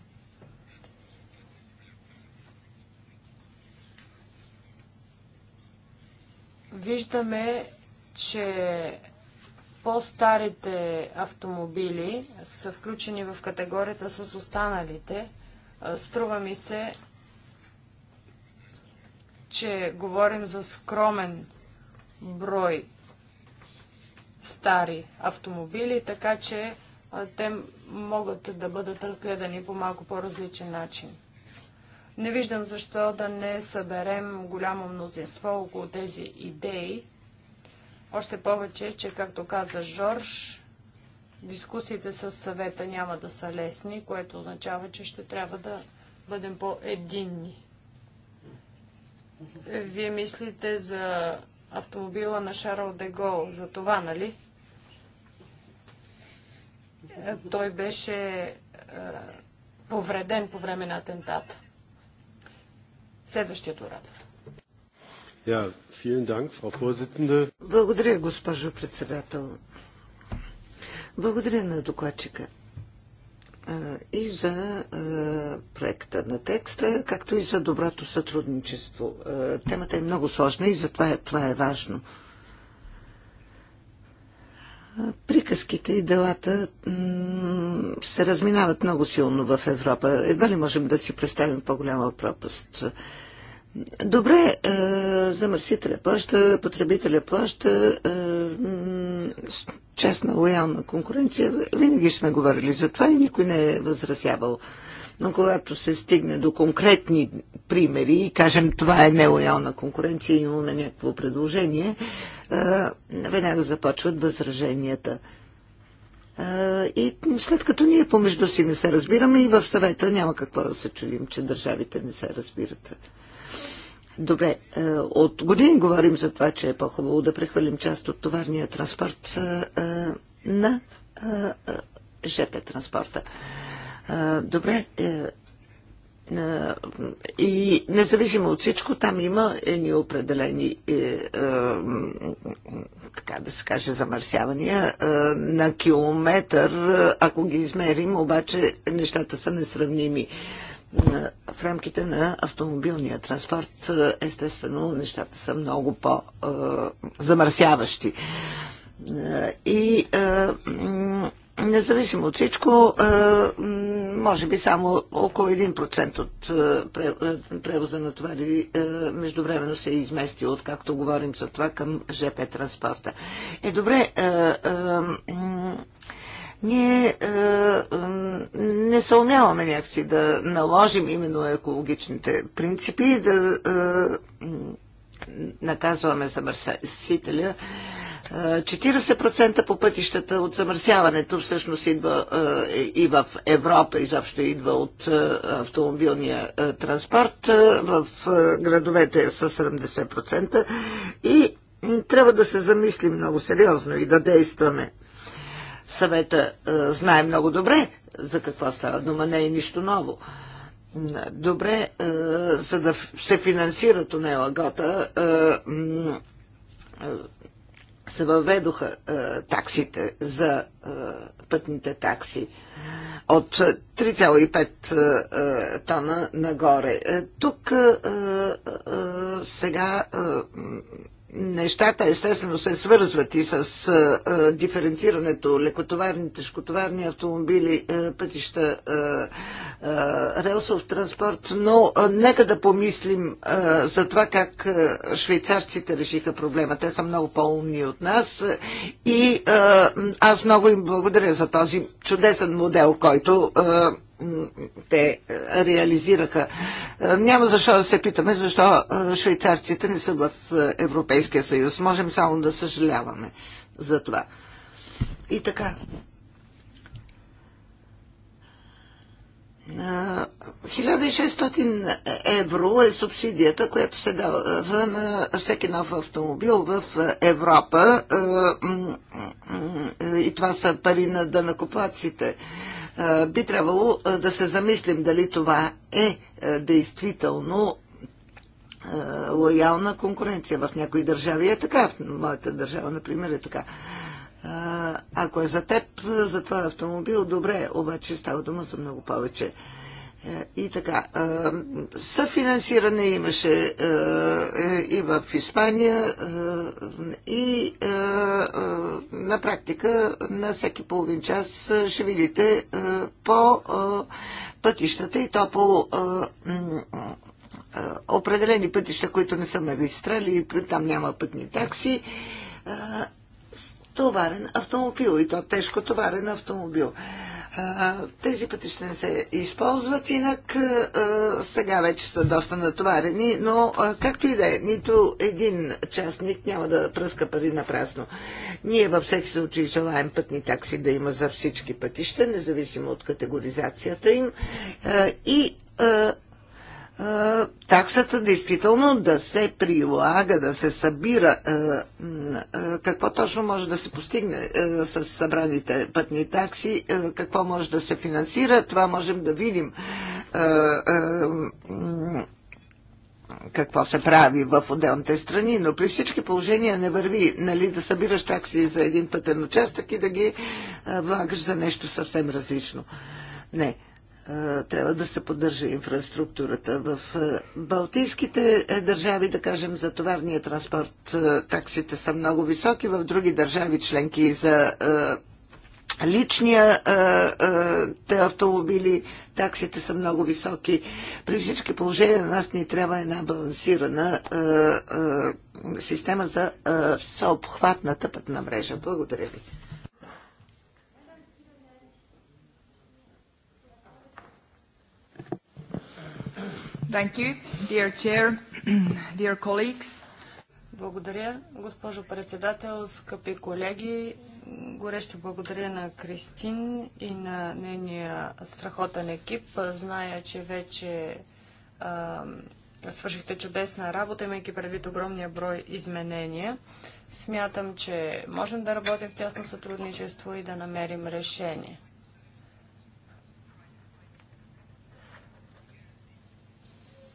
виждаме, че по-старите автомобили са включени в категорията с останалите. Струва ми се, че говорим за скромен брой стари автомобили, така че те могат да бъдат разгледани по малко по-различен начин. Не виждам защо да не съберем голямо мнозинство около тези идеи. Още повече, че, както каза Жорж, дискусиите с съвета няма да са лесни, което означава, че ще трябва да бъдем по-единни. Вие мислите за автомобила на Шарл Дегол, за това, нали? Той беше е, повреден по време на атентата. Следващият оратор. Благодаря, госпожо председател. Благодаря на докладчика и за проекта на текста, както и за доброто сътрудничество. Темата е много сложна и затова е, това е важно. Приказките и делата се разминават много силно в Европа. Едва ли можем да си представим по-голяма пропаст. Добре, е, замърсителя плаща, потребителя плаща, е, честна, лоялна конкуренция. Винаги сме говорили за това и никой не е възразявал. Но когато се стигне до конкретни примери и кажем това е нелоялна конкуренция и имаме някакво предложение, е, веднага започват възраженията. Е, и след като ние помежду си не се разбираме и в съвета няма какво да се чудим, че държавите не се разбират. Добре, е, от години говорим за това, че е по-хубаво да прехвърлим част от товарния транспорт е, е, на ЖП транспорта. Добре, и независимо от всичко, там има едни определени, така да се каже, замърсявания на километър. Ако ги измерим, обаче нещата са несравними в рамките на автомобилния транспорт, естествено, нещата са много по-замърсяващи. И независимо от всичко, може би само около 1% от превоза на товари междувременно се е изместил, откакто говорим за това към ЖП транспорта. Е, добре, ние е, не съумяваме някакси да наложим именно екологичните принципи и да е, наказваме замърсителя. 40% е, по пътищата от замърсяването всъщност идва е, и в Европа, изобщо идва от е, автомобилния транспорт. В градовете е с 70%. И трябва да се замислим много сериозно и да действаме. Съвета е, знае много добре за какво става дума, не е нищо ново. Добре, е, за да се финансира е, е, се въведоха таксите за пътните такси от 3,5 тона нагоре. Тук сега нещата естествено се свързват и с а, диференцирането, лекотоварните, шкотоварни автомобили, а, пътища, а, а, релсов транспорт, но а, нека да помислим а, за това как а, швейцарците решиха проблема. Те са много по-умни от нас и а, аз много им благодаря за този чудесен модел, който а, те е, реализираха. Е, няма защо да се питаме защо е, швейцарците не са в Европейския съюз. Можем само да съжаляваме за това. И така. Uh, 1600 евро е субсидията, която се дава на всеки нов автомобил в Европа. И това са пари на дънакоплаците. Uh, би трябвало да се замислим дали това е действително лоялна конкуренция. В някои държави е така, в моята държава, например, е така. Ако е за теб, за твой автомобил, добре, обаче става дума за много повече. И така, съфинансиране имаше е, и в Испания и на практика на всеки половин час ще видите по пътищата и то по определени пътища, които не са магистрали, там няма пътни такси, товарен автомобил и то тежко товарен автомобил. Тези пътища не се използват, инак сега вече са доста натоварени, но както и да е, нито един частник няма да пръска пари напрасно. Ние във всеки случай желаем пътни такси да има за всички пътища, независимо от категоризацията им и таксата действително да се прилага, да се събира. Какво точно може да се постигне с събраните пътни такси, какво може да се финансира, това можем да видим какво се прави в отделните страни, но при всички положения не върви нали, да събираш такси за един пътен участък и да ги влагаш за нещо съвсем различно. Не трябва да се поддържа инфраструктурата. В Балтийските е, държави, да кажем, за товарния транспорт таксите са много високи, в други държави членки за личния те автомобили таксите са много високи. При всички положения на нас ни трябва една балансирана система за всеобхватната пътна мрежа. Благодаря ви. Thank you, dear chair, dear colleagues. Благодаря, госпожо председател, скъпи колеги. Горещо благодаря на Кристин и на нейния страхотен екип. Зная, че вече а, свършихте чудесна работа, имайки предвид огромния брой изменения. Смятам, че можем да работим в тясно сътрудничество и да намерим решение.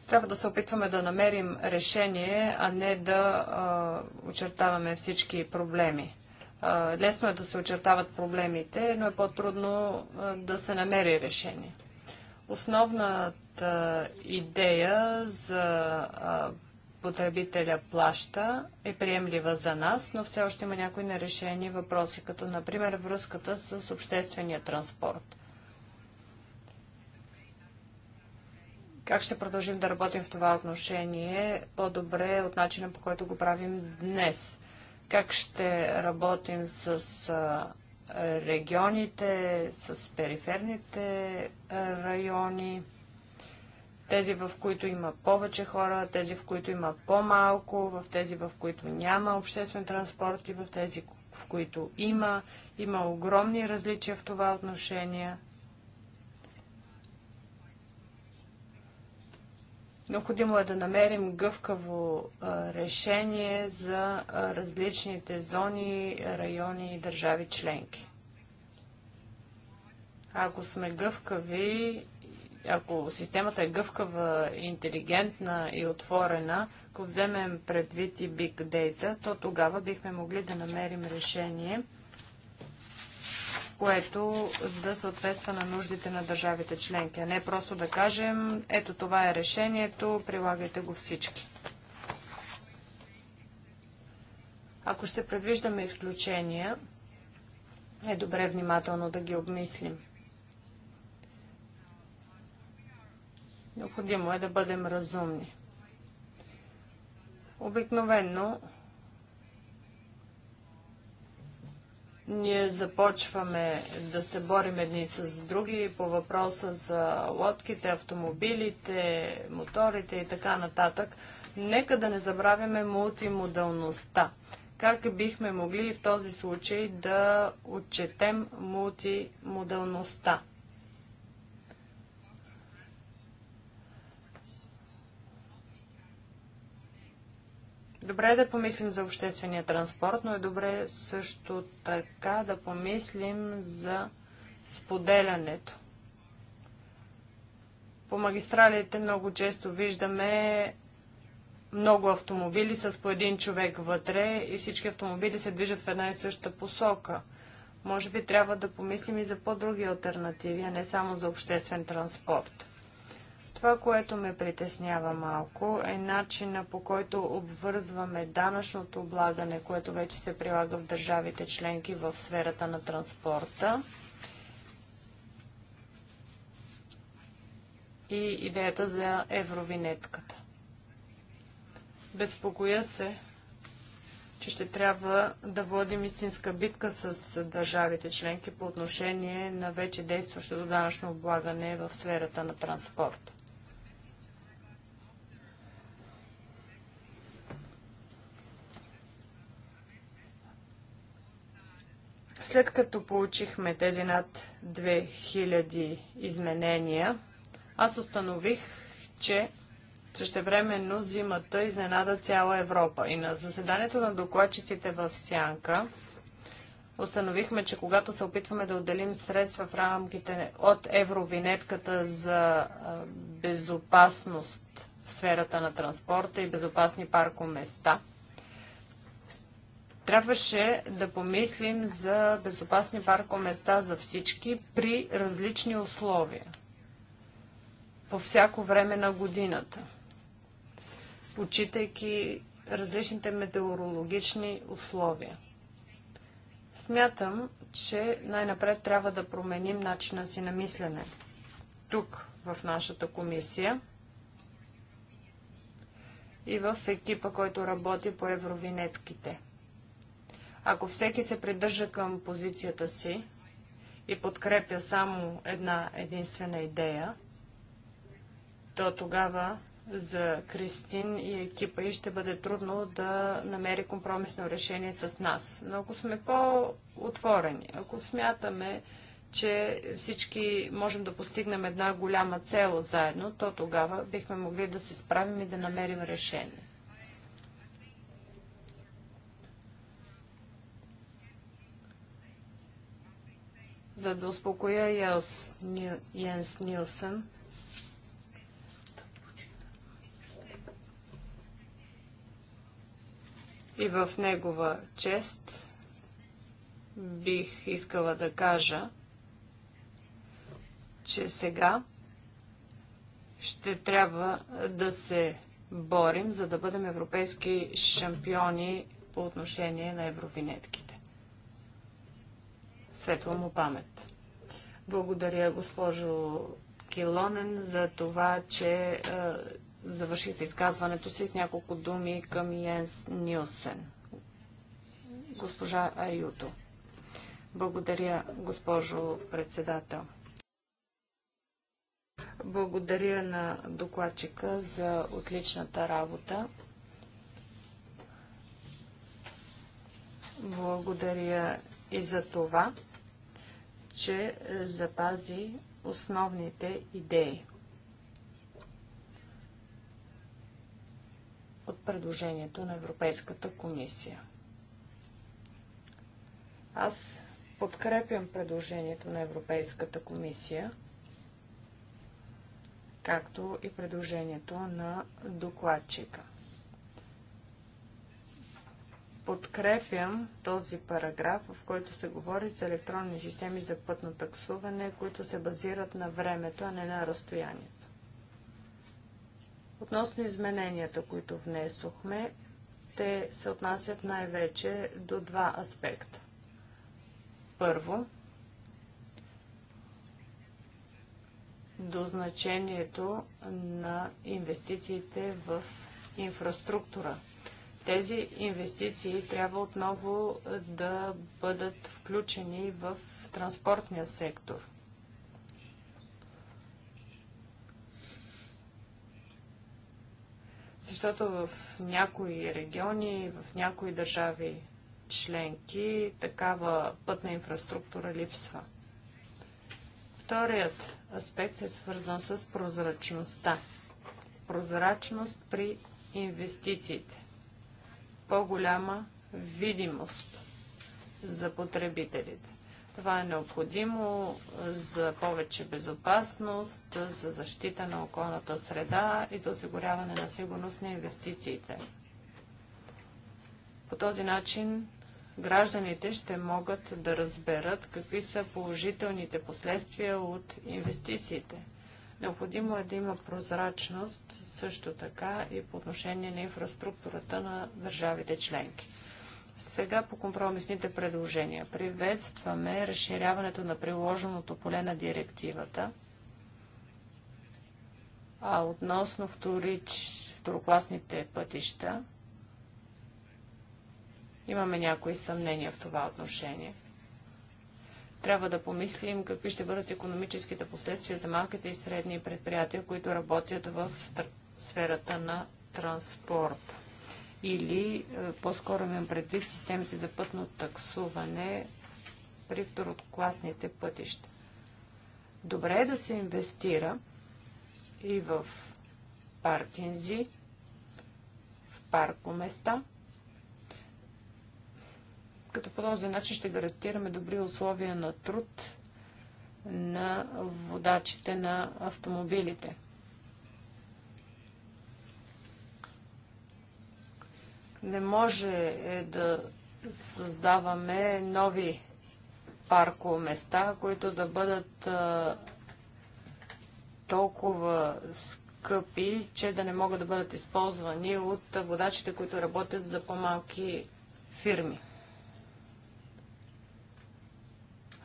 Трябва да се опитваме да намерим решение, а не да а, очертаваме всички проблеми. А, лесно е да се очертават проблемите, но е по-трудно да се намери решение. Основната идея за а, потребителя плаща е приемлива за нас, но все още има някои нерешени въпроси, като например връзката с обществения транспорт. Как ще продължим да работим в това отношение по-добре е от начина по който го правим днес? Как ще работим с регионите, с периферните райони? тези, в които има повече хора, тези, в които има по-малко, в тези, в които няма обществен транспорт и в тези, в които има. Има огромни различия в това отношение. Необходимо е да намерим гъвкаво решение за различните зони, райони и държави членки. Ако сме гъвкави, ако системата е гъвкава, интелигентна и отворена, ако вземем предвид и Big Data, то тогава бихме могли да намерим решение – което да съответства на нуждите на държавите членки, а не просто да кажем, ето това е решението, прилагайте го всички. Ако ще предвиждаме изключения, е добре внимателно да ги обмислим. Необходимо е да бъдем разумни. Обикновенно Ние започваме да се борим едни с други по въпроса за лодките, автомобилите, моторите и така нататък. Нека да не забравяме мултимодалността. Как бихме могли в този случай да отчетем мултимодалността? Добре е да помислим за обществения транспорт, но е добре също така да помислим за споделянето. По магистралите много често виждаме много автомобили с по един човек вътре и всички автомобили се движат в една и съща посока. Може би трябва да помислим и за по-други альтернативи, а не само за обществен транспорт. Това, което ме притеснява малко, е начина по който обвързваме данъчното облагане, което вече се прилага в държавите членки в сферата на транспорта. И идеята за евровинетката. Безпокоя се, че ще трябва да водим истинска битка с държавите членки по отношение на вече действащото данъчно облагане в сферата на транспорта. След като получихме тези над 2000 изменения, аз установих, че същевременно зимата изненада цяла Европа. И на заседанието на докладчиците в Сянка установихме, че когато се опитваме да отделим средства в рамките от евровинетката за безопасност в сферата на транспорта и безопасни паркоместа, места, Трябваше да помислим за безопасни паркоместа за всички при различни условия по всяко време на годината, почитайки различните метеорологични условия. Смятам, че най-напред трябва да променим начина си на мислене. Тук, в нашата комисия и в екипа, който работи по евровинетките – ако всеки се придържа към позицията си и подкрепя само една единствена идея, то тогава за Кристин и екипа и ще бъде трудно да намери компромисно решение с нас. Но ако сме по-отворени, ако смятаме, че всички можем да постигнем една голяма цел заедно, то тогава бихме могли да се справим и да намерим решение. За да успокоя Йелс, Нил, Йенс Нилсън, и в негова чест бих искала да кажа, че сега ще трябва да се борим, за да бъдем европейски шампиони по отношение на евровинетки светла му памет. Благодаря, госпожо Килонен, за това, че е, завършихте изказването си с няколко думи към Йенс Нилсен. Госпожа Аюто. Благодаря, госпожо председател. Благодаря на докладчика за отличната работа. Благодаря и за това, че е, запази основните идеи от предложението на Европейската комисия. Аз подкрепям предложението на Европейската комисия, както и предложението на докладчика подкрепям този параграф, в който се говори за електронни системи за пътно таксуване, които се базират на времето, а не на разстоянието. Относно измененията, които внесохме, те се отнасят най-вече до два аспекта. Първо, до значението на инвестициите в инфраструктура тези инвестиции трябва отново да бъдат включени в транспортния сектор. Защото в някои региони, в някои държави членки такава пътна инфраструктура липсва. Вторият аспект е свързан с прозрачността. Прозрачност при инвестициите по-голяма видимост за потребителите. Това е необходимо за повече безопасност, за защита на околната среда и за осигуряване на сигурност на инвестициите. По този начин гражданите ще могат да разберат какви са положителните последствия от инвестициите. Необходимо е да има прозрачност също така и по отношение на инфраструктурата на държавите членки. Сега по компромисните предложения. Приветстваме разширяването на приложеното поле на директивата. А относно вторич, второкласните пътища, имаме някои съмнения в това отношение. Трябва да помислим какви ще бъдат економическите последствия за малките и средни предприятия, които работят в сферата на транспорта. Или е, по-скоро имам предвид системите за пътно таксуване при второкласните пътища. Добре е да се инвестира и в паркинзи, в паркоместа, като по този начин ще гарантираме добри условия на труд на водачите на автомобилите. Не може е, да създаваме нови паркоместа, които да бъдат толкова скъпи, че да не могат да бъдат използвани от водачите, които работят за по-малки фирми.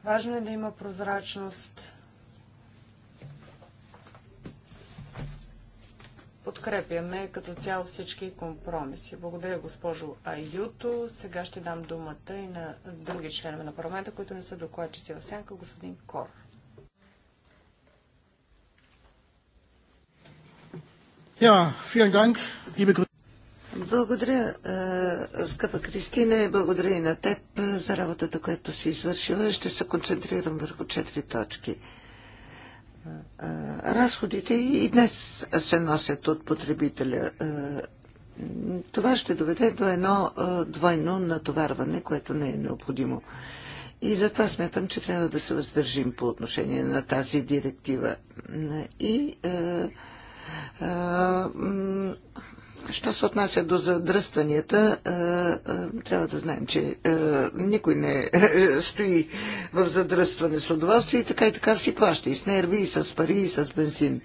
Важно е да има прозрачност. Подкрепяме като цяло всички компромиси. Благодаря, госпожо Айюто. Сега ще дам думата и на други членове на парламента, които не са докладчици в сянка, господин Кор. Ja, yeah, vielen Dank, liebe благодаря, е, скъпа Кристина, и благодаря и на теб е, за работата, която си извършила. Ще се концентрирам върху четири точки. Е, разходите и днес се носят от потребителя. Това ще доведе до едно двойно натоварване, което не е необходимо. И затова смятам, че трябва да се въздържим по отношение на тази директива. И Що се отнася до задръстванията, е, е, трябва да знаем, че е, никой не стои в задръстване с удоволствие и така и така си плаща и с нерви, и с пари, и с бензин.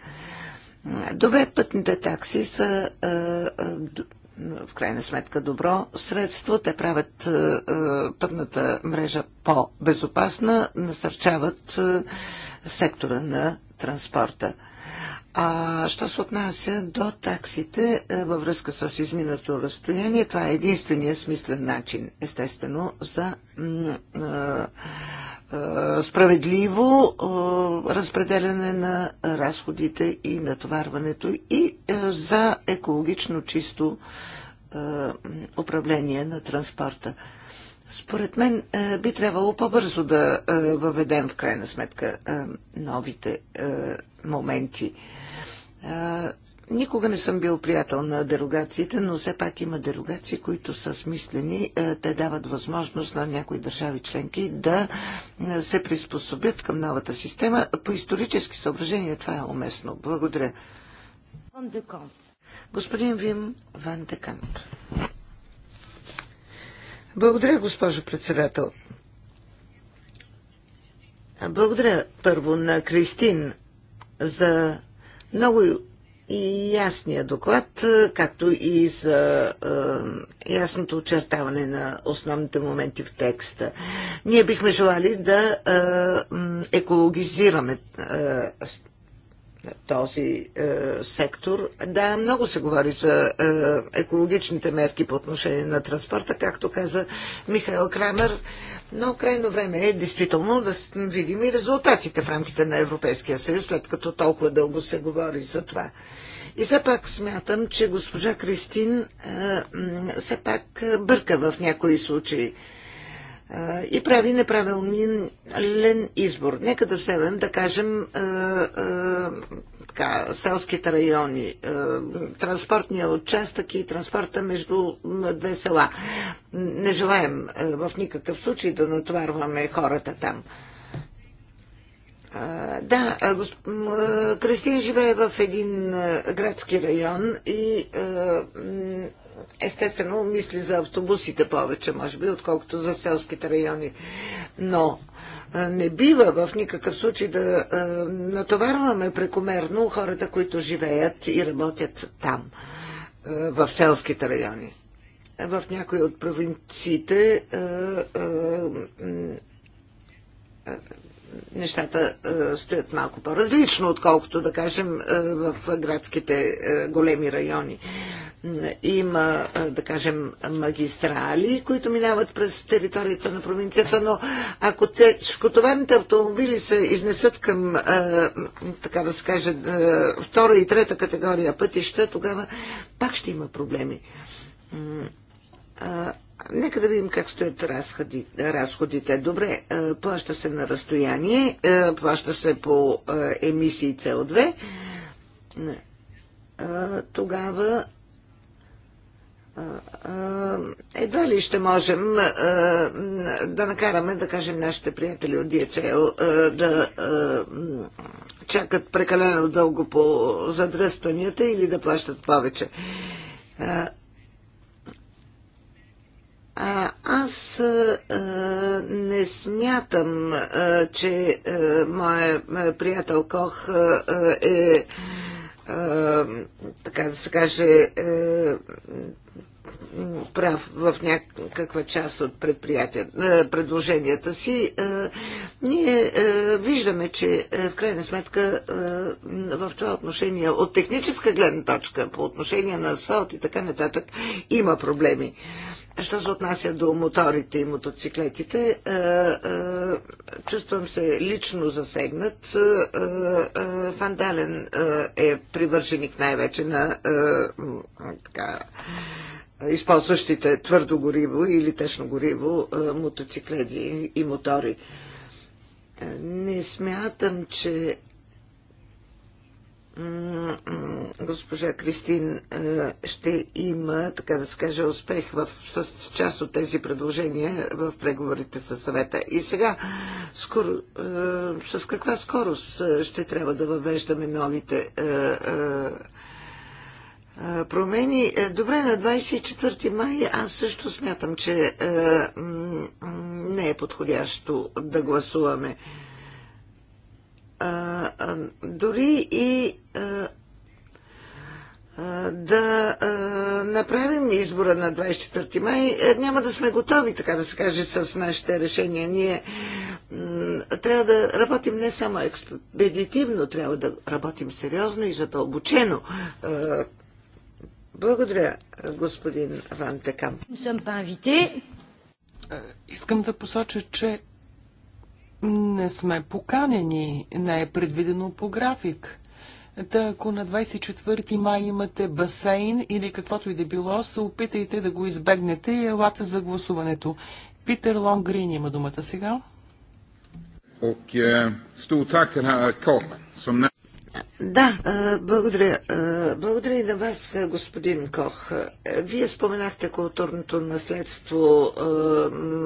Добре, пътните такси са в крайна сметка добро средство. Те правят пътната мрежа по-безопасна, насърчават сектора на транспорта. А що се отнася до таксите е, във връзка с изминато разстояние, това е единствения смислен начин, естествено, за е, е, справедливо разпределяне на разходите и натоварването и за екологично чисто управление на транспорта. Според мен би трябвало по-бързо да въведем в крайна сметка новите моменти. Никога не съм бил приятел на дерогациите, но все пак има дерогации, които са смислени. Те дават възможност на някои държави членки да се приспособят към новата система. По исторически съображения това е уместно. Благодаря. Господин Вим Ван Декамп. Благодаря, госпожо председател. Благодаря първо на Кристин за много и ясния доклад, е, както и за е, ясното очертаване на основните моменти в текста. Ние бихме желали да е, екологизираме е, този е, сектор. Да, много се говори за е, екологичните мерки по отношение на транспорта, както каза Михаил Крамер. Но крайно време е действително да видим и резултатите в рамките на Европейския съюз, след като толкова дълго се говори за това. И все пак смятам, че госпожа Кристин е, все пак е, бърка в някои случаи е, и прави неправилен избор. Нека да вземем, да кажем, така, селските райони, е, транспортния участък и транспорта между две села. Не желаем е, в никакъв случай да натоварваме хората там. Е, да, госп... Кристин живее в един градски район и естествено мисли за автобусите повече, може би, отколкото за селските райони. Но не бива в никакъв случай да натоварваме прекомерно хората, които живеят и работят там, в селските райони. В някои от провинциите нещата е, стоят малко по-различно, отколкото, да кажем, е, в градските е, големи райони. Има, да кажем, магистрали, които минават през територията на провинцията, но ако тежкотоварните автомобили се изнесат към, така да се каже, втора и трета категория пътища, тогава пак ще има проблеми Нека да видим как стоят разходите. Добре, е, плаща се на разстояние, е, плаща се по е, емисии CO2. Тогава едва ли ще можем да накараме, да кажем, нашите приятели от DHL да чакат прекалено дълго по задръстванията или да плащат повече. А, аз а, не смятам, а, че а, моя приятел Кох а, е, а, така да се каже, а, е, прав в някаква част от е, предложенията си. Е, ние виждаме, че в крайна сметка в това отношение, от техническа гледна точка, по отношение на асфалт и така нататък, има проблеми. Що се отнася до моторите и мотоциклетите, е, е, чувствам се лично засегнат. Е, Фандален е привърженик най-вече на така, използващите твърдо гориво или течно гориво мотоциклети и мотори. Не смятам, че госпожа Кристин е, ще има, така да се каже, успех в, с част от тези предложения в преговорите със съвета. И сега, скоро, е, с каква скорост е, ще трябва да въвеждаме новите промени. Добре, на 24 май аз също смятам, че не е подходящо да гласуваме а, а, дори и а, а, да а, направим избора на 24 май, няма да сме готови, така да се каже, с нашите решения. Ние трябва да работим не само експедитивно, трябва да работим сериозно и задълбочено. А, благодаря, господин Ван Текам. Искам да посоча, че не сме поканени, не е предвидено по график. Та ако на 24 май имате басейн или каквото и да било, се опитайте да го избегнете и елате за гласуването. Питер Лонгрин има думата сега. Okay. stort tack den här som да, благодаря. Благодаря и на вас, господин Кох. Вие споменахте културното наследство,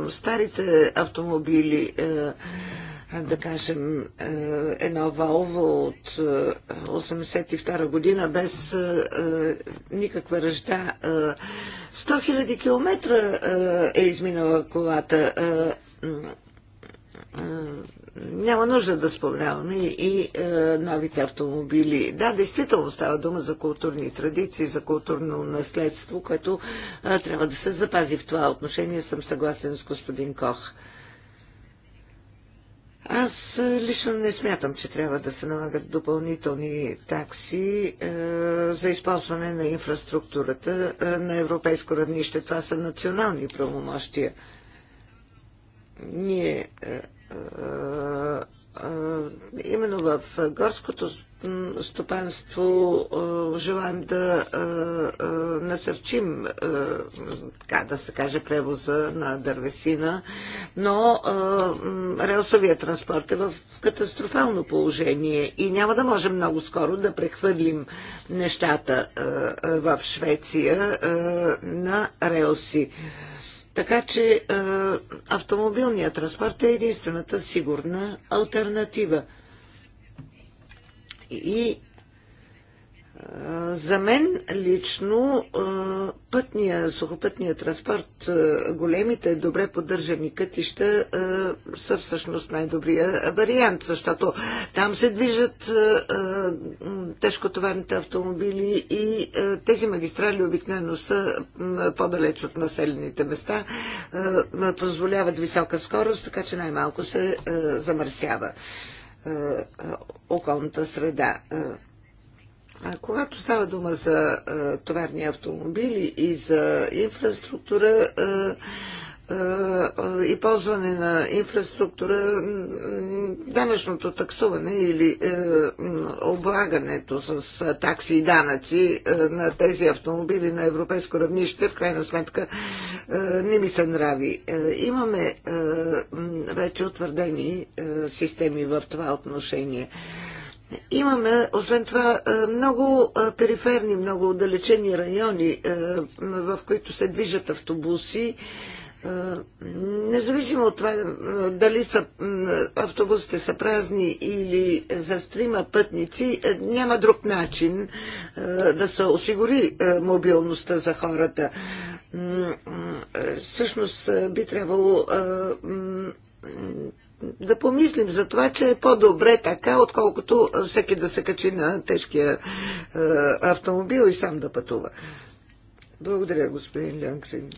старите автомобили, да кажем, едно Валво от 82 година без никаква ръжда. 100 000 км е изминала колата няма нужда да споменаваме и е, новите автомобили. Да, действително става дума за културни традиции, за културно наследство, което е, трябва да се запази в това отношение. Съм съгласен с господин Кох. Аз е, лично не смятам, че трябва да се налагат допълнителни такси е, за използване на инфраструктурата е, на европейско равнище. Това са национални правомощия. Ние е, е, е, е, именно в горското стопанство желаем да насърчим, така да се каже, превоза на дървесина, но релсовия транспорт е в катастрофално положение и няма да можем много скоро да прехвърлим нещата в Швеция на релси. Така че а, автомобилният транспорт е единствената сигурна альтернатива. И за мен лично пътния, сухопътния транспорт, големите, добре поддържани кътища са всъщност най-добрия вариант, защото там се движат тежкотоварните автомобили и тези магистрали обикновено са по-далеч от населените места, позволяват висока скорост, така че най-малко се замърсява околната среда. Когато става дума за товарни автомобили и за инфраструктура и ползване на инфраструктура, данъчното таксуване или е, облагането с такси и данъци е, на тези автомобили на европейско равнище, в крайна сметка е, не ми се нрави. Имаме вече утвърдени системи в това отношение. Имаме, освен това, е, много е, периферни, много отдалечени райони, е, в които се движат автобуси. Независимо от това дали са, автобусите са празни или застрима пътници, няма друг начин да се осигури мобилността за хората. Всъщност би трябвало да помислим за това, че е по-добре така, отколкото всеки да се качи на тежкия е, автомобил и сам да пътува. Благодаря, господин Лянкрин.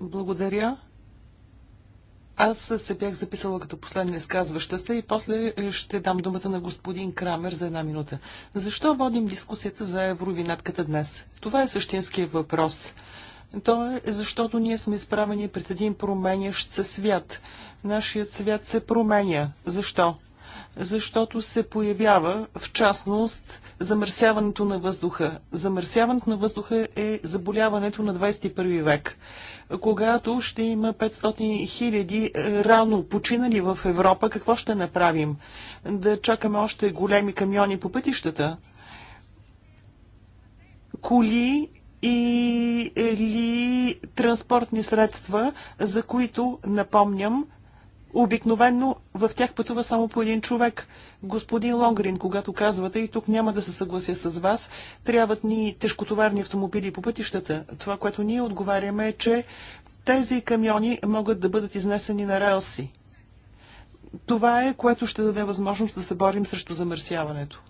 Благодаря. Аз се бях записала като последна изказваща се и после ще дам думата на господин Крамер за една минута. Защо водим дискусията за евровинатката днес? Това е същинския въпрос. То е защото ние сме изправени пред един променящ се свят. Нашият свят се променя. Защо? Защото се появява, в частност, замърсяването на въздуха. Замърсяването на въздуха е заболяването на 21 век, когато ще има 500 хиляди е, рано починали в Европа, какво ще направим? Да чакаме още големи камиони по пътищата? Коли или е, транспортни средства, за които, напомням, Обикновенно в тях пътува само по един човек. Господин Лонгрин, когато казвате, и тук няма да се съглася с вас, трябват ни тежкотоварни автомобили по пътищата. Това, което ние отговаряме е, че тези камиони могат да бъдат изнесени на релси. Това е, което ще даде възможност да се борим срещу замърсяването.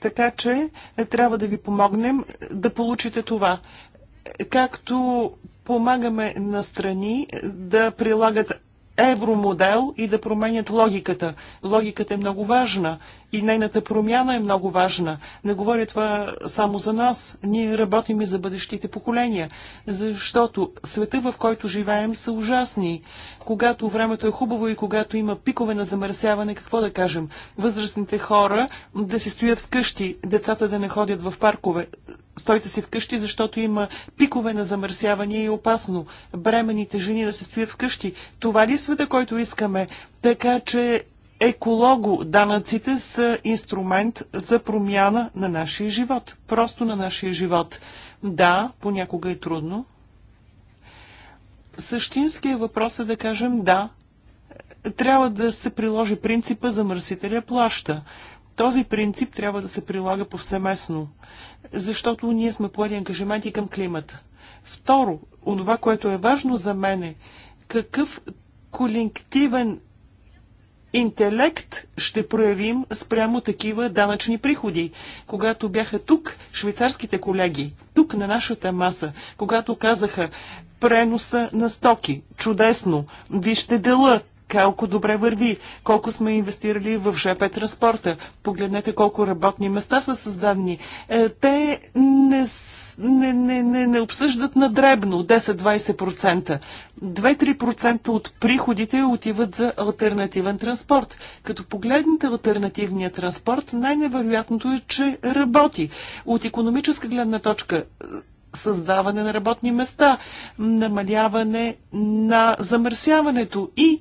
Така че е, трябва да ви помогнем е, да получите това. Е, както помагаме на страни е, да прилагат евромодел и да променят логиката. Логиката е много важна и нейната промяна е много важна. Не говоря това само за нас, ние работим и за бъдещите поколения, защото света, в който живеем, са ужасни. Когато времето е хубаво и когато има пикове на замърсяване, какво да кажем? Възрастните хора да си стоят вкъщи, децата да не ходят в паркове. Стойте си вкъщи, защото има пикове на замърсяване и е опасно. Бременните жени да се стоят вкъщи. Това ли е света, който искаме? Така че еколого данъците са инструмент за промяна на нашия живот. Просто на нашия живот. Да, понякога е трудно. Същинският въпрос е да кажем да. Трябва да се приложи принципа за мърсителя плаща. Този принцип трябва да се прилага повсеместно, защото ние сме поели ангажименти към климата. Второ, онова, което е важно за мен е, какъв колективен интелект ще проявим спрямо такива данъчни приходи. Когато бяха тук швейцарските колеги, тук на нашата маса, когато казаха преноса на стоки, чудесно, вижте дела, колко добре върви, колко сме инвестирали в ЖП транспорта. Погледнете колко работни места са създадени. Е, те не, не, не, не, не обсъждат на дребно 10-20%. 2-3% от приходите отиват за альтернативен транспорт. Като погледнете альтернативния транспорт, най-невероятното е, че работи. От економическа гледна точка създаване на работни места, намаляване на замърсяването и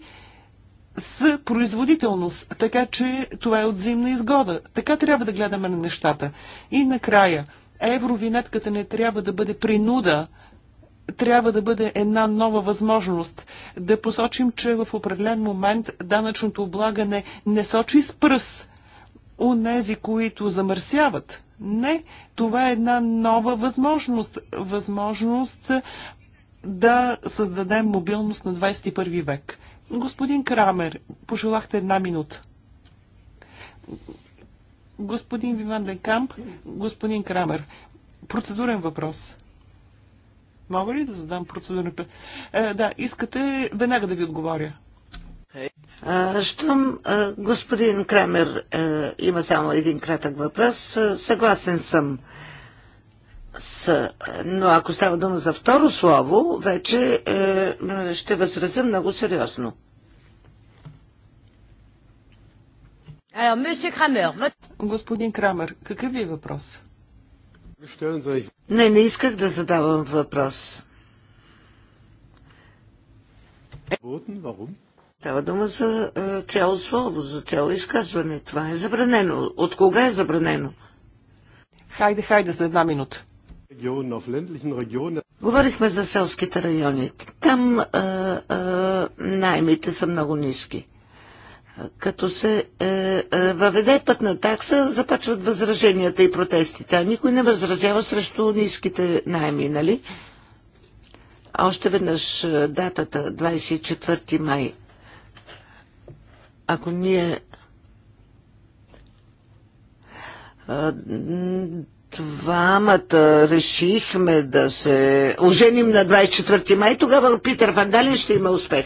с производителност, така че това е от взаимна изгода. Така трябва да гледаме на нещата. И накрая, евровинетката не трябва да бъде принуда, трябва да бъде една нова възможност. Да посочим, че в определен момент данъчното облагане не сочи с пръс нези, които замърсяват. Не, това е една нова възможност. Възможност да създадем мобилност на 21 век. Господин Крамер, пожелахте една минута. Господин Виван Декамп, господин Крамер, процедурен въпрос. Мога ли да задам процедурен въпрос? Е, да, искате веднага да ви отговоря. Щом господин Крамер е, има само един кратък въпрос, е, съгласен съм са, но ако става дума за второ слово, вече е, ще възразя много сериозно. Господин Крамер, какъв ви е въпрос? Не, не исках да задавам въпрос. Става дума за е, цяло слово, за цяло изказване. Това е забранено. От кога е забранено? Хайде, хайде, за една минута. Говорихме за селските райони. Там а, а, наймите са много ниски. Като се въведе път е, въведе пътна такса, започват възраженията и протестите. А никой не възразява срещу ниските найми, нали? Още веднъж е, датата, 24 май. Ако ние е, двамата решихме да се оженим на 24 май, тогава Питер Вандален ще има успех.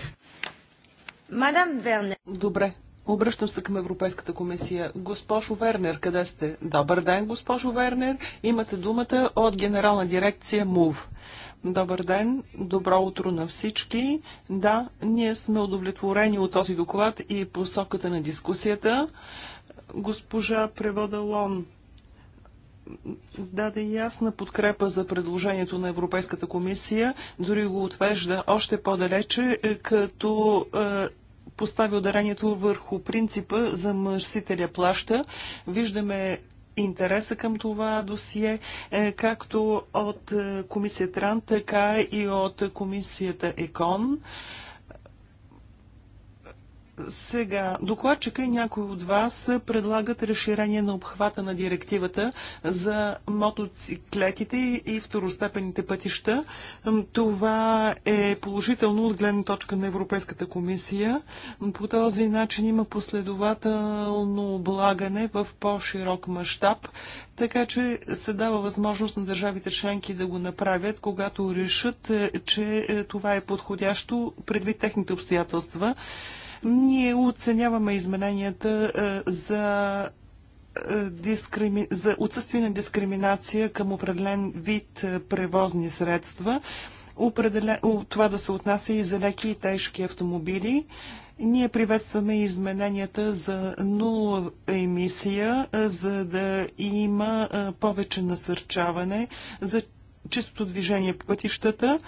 Мадам Велнер. Добре. Обръщам се към Европейската комисия. Госпожо Вернер, къде сте? Добър ден, госпожо Вернер. Имате думата от Генерална дирекция МУВ. Добър ден, добро утро на всички. Да, ние сме удовлетворени от този доклад и посоката на дискусията. Госпожа Преводалон даде ясна подкрепа за предложението на Европейската комисия, дори го отвежда още по-далече, е, като е, постави ударението върху принципа за мърсителя плаща. Виждаме интереса към това досие, е, както от комисията РАН, така и от комисията ЕКОН. Сега, докладчика и някои от вас предлагат разширение на обхвата на директивата за мотоциклетите и второстепените пътища. Това е положително от гледна точка на Европейската комисия. По този начин има последователно облагане в по-широк мащаб, така че се дава възможност на държавите членки да го направят, когато решат, е, че е, това е подходящо предвид техните обстоятелства. Ние оценяваме измененията е, за е, дискрими... за отсъствие на дискриминация към определен вид е, превозни средства. Определен... Това да се отнася и за леки и тежки автомобили. Ние приветстваме измененията за нула емисия, за да има повече насърчаване за чистото движение по пътищата,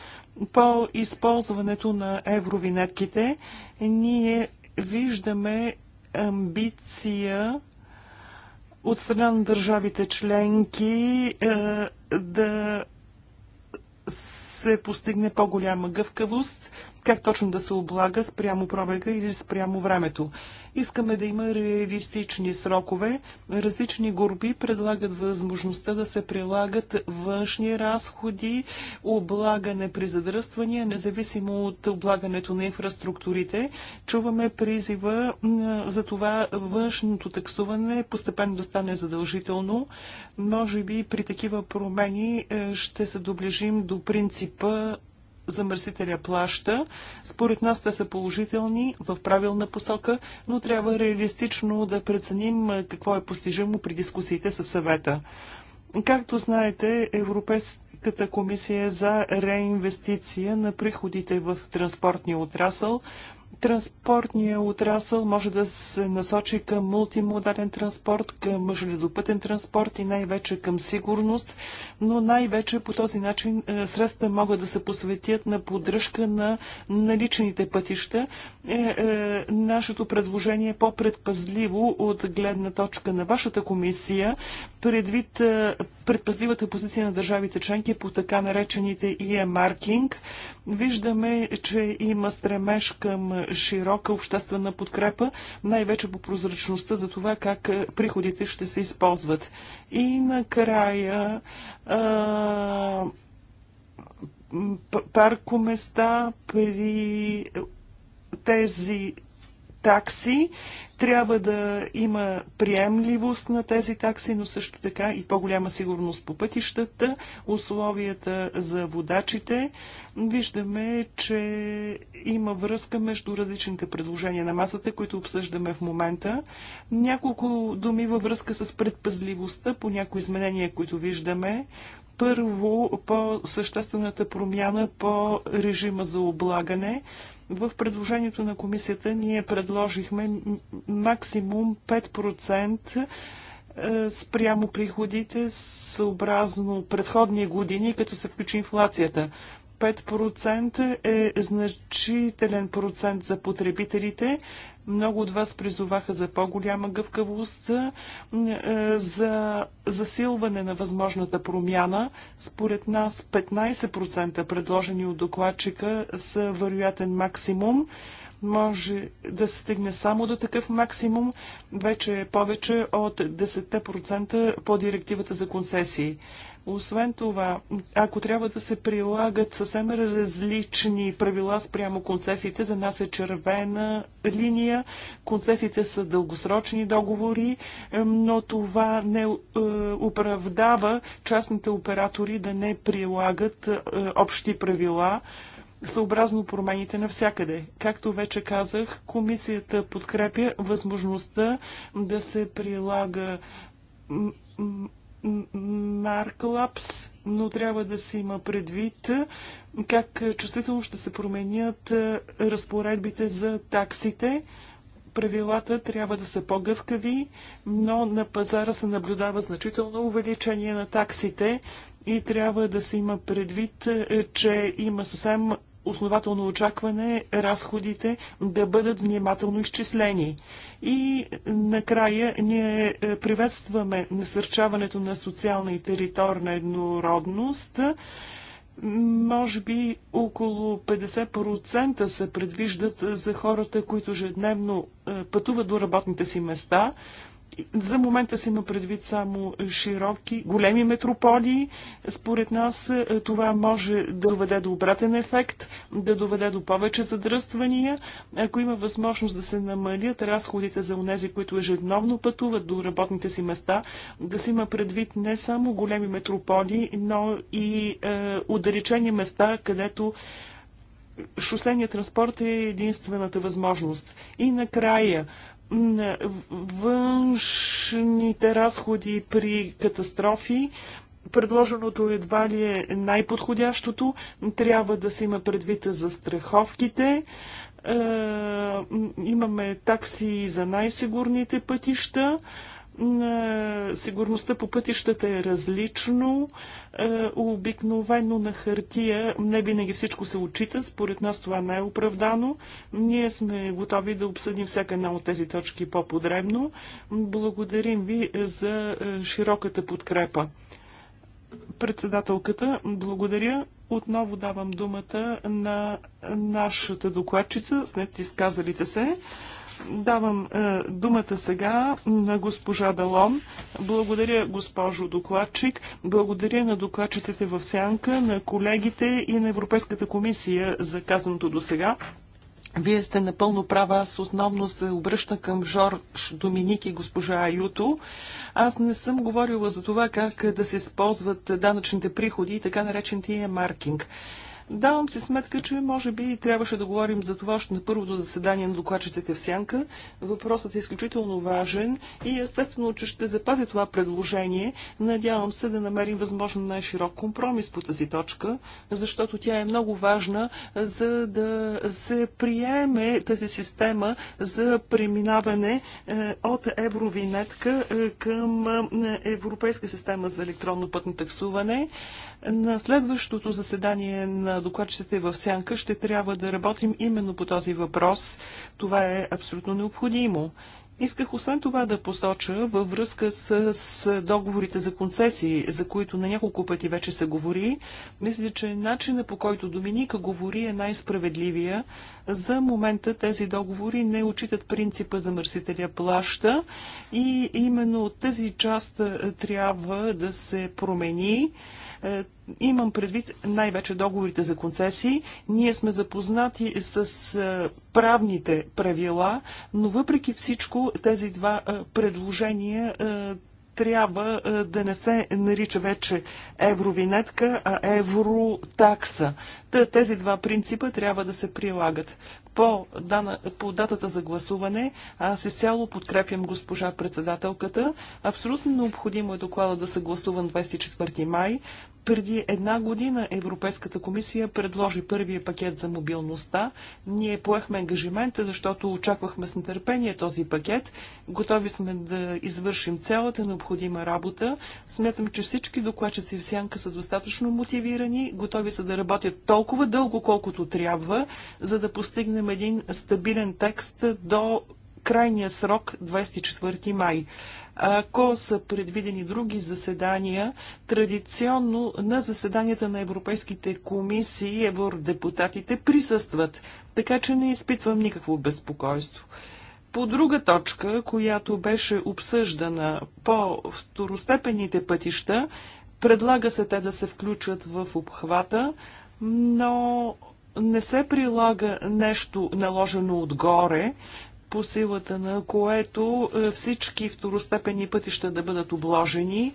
по използването на евровинетките, ние виждаме амбиция от страна на държавите членки е, да се постигне по-голяма гъвкавост как точно да се облага спрямо пробега или спрямо времето. Искаме да има реалистични срокове. Различни горби предлагат възможността да се прилагат външни разходи, облагане при задръствания, независимо от облагането на инфраструктурите. Чуваме призива за това външното таксуване постепенно да стане задължително. Може би при такива промени е, ще се доближим до принципа замърсителя плаща. Според нас те са положителни в правилна посока, но трябва реалистично да преценим какво е постижимо при дискусиите с съвета. Както знаете, Европейската комисия е за реинвестиция на приходите в транспортния отрасъл – Транспортният отрасъл може да се насочи към мултимодален транспорт, към железопътен транспорт и най-вече към сигурност, но най-вече по този начин е, средства могат да се посветят на поддръжка на наличните пътища. Е, е, нашето предложение е по-предпазливо от гледна точка на вашата комисия, предвид предпазливата позиция на държавите членки по така наречените e маркинг. Виждаме, че има стремеж към широка обществена подкрепа, най-вече по прозрачността за това как е, приходите ще се използват. И накрая а, паркоместа при тези такси трябва да има приемливост на тези такси, но също така и по-голяма сигурност по пътищата, условията за водачите. Виждаме, че има връзка между различните предложения на масата, които обсъждаме в момента. Няколко думи във връзка с предпазливостта по някои изменения, които виждаме първо по съществената промяна по режима за облагане. В предложението на комисията ние предложихме максимум 5% е, спрямо приходите съобразно предходни години, като се включи инфлацията. 5% е значителен процент за потребителите. Много от вас призоваха за по-голяма гъвкавост, е, за засилване на възможната промяна. Според нас 15% предложени от докладчика са вероятен максимум. Може да се стигне само до такъв максимум, вече е повече от 10% по директивата за концесии. Освен това, ако трябва да се прилагат съвсем различни правила спрямо концесиите, за нас е червена линия. Концесиите са дългосрочни договори, е, но това не е, оправдава частните оператори да не прилагат е, общи правила съобразно промените навсякъде. Както вече казах, комисията подкрепя възможността да се прилага Нарколапс, но трябва да се има предвид как чувствително ще се променят разпоредбите за таксите. Правилата трябва да са по-гъвкави, но на пазара се наблюдава значително увеличение на таксите и трябва да се има предвид, че има съвсем основателно очакване разходите да бъдат внимателно изчислени. И накрая ние е, приветстваме насърчаването на социална и територна еднородност. Може би около 50% се предвиждат за хората, които ежедневно е, пътуват до работните си места, за момента се има предвид само широки, големи метрополии. Според нас е, това може да доведе до обратен ефект, да доведе до повече задръствания, ако има възможност да се намалят разходите за унези, които ежедневно пътуват до работните си места, да се има предвид не само големи метрополии, но и е, удалечени места, където шосения транспорт е единствената възможност. И накрая, външните разходи при катастрофи, предложеното едва ли е най-подходящото. Трябва да се има предвид за страховките. Е, имаме такси за най-сигурните пътища сигурността по пътищата е различно. Е, обикновено на хартия не винаги всичко се отчита. Според нас това не е оправдано. Ние сме готови да обсъдим всяка една от тези точки по-подребно. Благодарим ви за е, широката подкрепа. Председателката, благодаря. Отново давам думата на нашата докладчица, след изказалите се. Давам е, думата сега на госпожа Далон. Благодаря, госпожо докладчик. Благодаря на докладчиците в Сянка, на колегите и на Европейската комисия за казаното до сега. Вие сте напълно права. Аз основно се обръщам към Жорж Доминик и госпожа Аюто. Аз не съм говорила за това как да се използват данъчните приходи и така наречените маркинг. Давам се сметка, че може би трябваше да говорим за това още на първото заседание на докладчиците в Сянка. Въпросът е изключително важен и естествено, че ще запази това предложение. Надявам се да намерим възможно най-широк компромис по тази точка, защото тя е много важна, за да се приеме тази система за преминаване е, от евровинетка е, към е, Европейска система за електронно пътно таксуване. На следващото заседание на докладчетите в Сянка ще трябва да работим именно по този въпрос. Това е абсолютно необходимо. Исках освен това да посоча във връзка с, с договорите за концесии, за които на няколко пъти вече се говори. Мисля, че начина по който Доминика говори е най-справедливия. За момента тези договори не отчитат принципа за мърсителя плаща и именно тази част трябва да се промени. Е, имам предвид най-вече договорите за концесии. Ние сме запознати с е, правните правила, но въпреки всичко тези два е, предложения трябва да не се нарича вече евровинетка, а евротакса. Тези два принципа трябва да се прилагат. По, дана, по датата за гласуване аз изцяло подкрепям госпожа председателката. Абсолютно необходимо е доклада да се гласува на 24 май. Преди една година Европейската комисия предложи първия пакет за мобилността. Ние поехме ангажимента, защото очаквахме с нетърпение този пакет. Готови сме да извършим цялата необходима работа. Смятам, че всички докладчици в Сянка са достатъчно мотивирани, готови са да работят толкова дълго, колкото трябва, за да постигнем един стабилен текст до крайния срок 24 май. Ако са предвидени други заседания, традиционно на заседанията на европейските комисии евродепутатите присъстват, така че не изпитвам никакво безпокойство. По друга точка, която беше обсъждана по второстепенните пътища, предлага се те да се включат в обхвата, но не се прилага нещо наложено отгоре, по силата на което е, всички второстепенни пътища да бъдат обложени.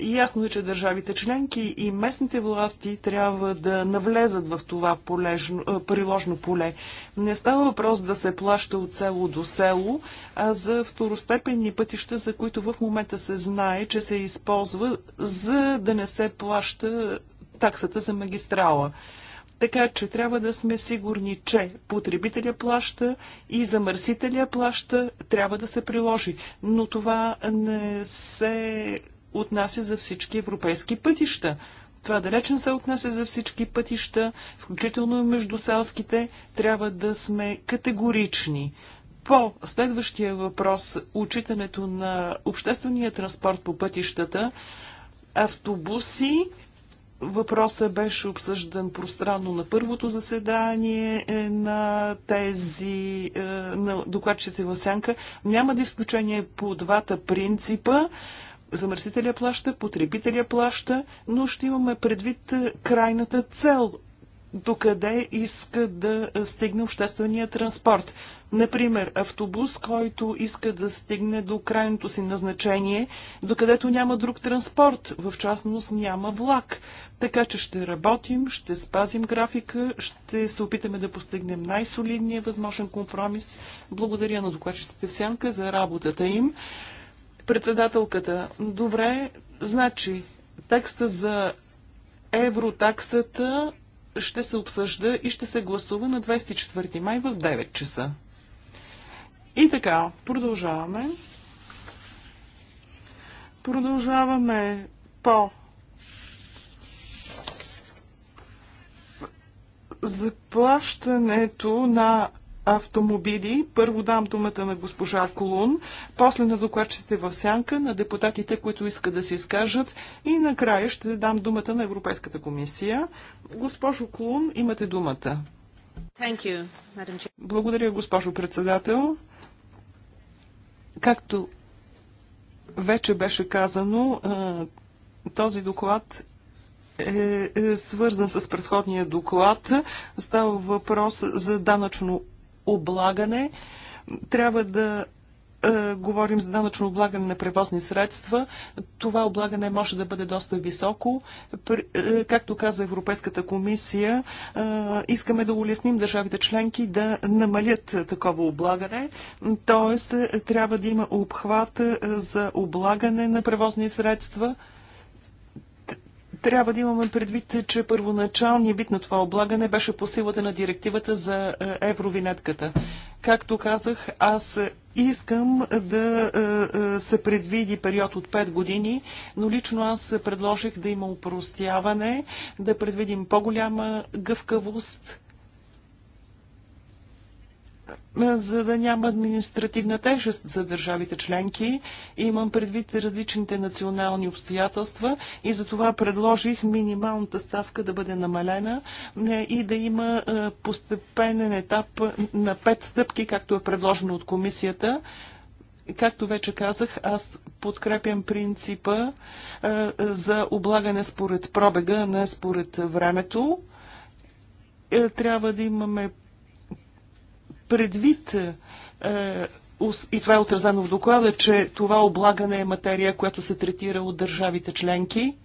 Ясно е, че държавите членки и местните власти трябва да навлезат в това полежно, е, приложно поле. Не става въпрос да се плаща от село до село, а за второстепенни пътища, за които в момента се знае, че се използва, за да не се плаща таксата за магистрала. Така че трябва да сме сигурни, че потребителя плаща и замърсителя плаща, трябва да се приложи. Но това не се отнася за всички европейски пътища. Това далеч не се отнася за всички пътища, включително и между селските, трябва да сме категорични. По следващия въпрос, учитането на обществения транспорт по пътищата, автобуси, Въпросът беше обсъждан пространно на първото заседание е, на тези е, на докладчите в Сянка. Няма да изключение по двата принципа. Замърсителя плаща, потребителя плаща, но ще имаме предвид е, крайната цел докъде иска да стигне обществения транспорт. Например, автобус, който иска да стигне до крайното си назначение, докъдето няма друг транспорт, в частност няма влак. Така че ще работим, ще спазим графика, ще се опитаме да постигнем най-солидния възможен компромис. Благодаря на докладчиците в Сянка за работата им. Председателката, добре, значи текста за евротаксата ще се обсъжда и ще се гласува на 24 май в 9 часа. И така, продължаваме. Продължаваме по заплащането на автомобили. Първо дам думата на госпожа Клун, после на докладчите в сянка, на депутатите, които искат да се изкажат и накрая ще дам думата на Европейската комисия. Госпожо Клун, имате думата. You, Благодаря, госпожо председател. Както вече беше казано, този доклад е, е свързан с предходния доклад. Става въпрос за данъчно облагане. Трябва да е, говорим за данъчно облагане на превозни средства. Това облагане може да бъде доста високо. Е, както каза Европейската комисия, е, искаме да улесним държавите членки да намалят такова облагане. Тоест, трябва да има обхват за облагане на превозни средства – трябва да имаме предвид, че първоначалният вид на това облагане беше по силата на директивата за е, евровинетката. Както казах, аз искам да е, е, се предвиди период от 5 години, но лично аз предложих да има упростяване, да предвидим по-голяма гъвкавост е, за да няма административна тежест за държавите членки. Имам предвид различните национални обстоятелства и за това предложих минималната ставка да бъде намалена е, и да има е, постепенен етап на пет стъпки, както е предложено от комисията. Както вече казах, аз подкрепям принципа за облагане според пробега, не според времето трябва да имаме предвид е, и това е отразено в доклада, че това облагане е материя, която се третира от държавите членки.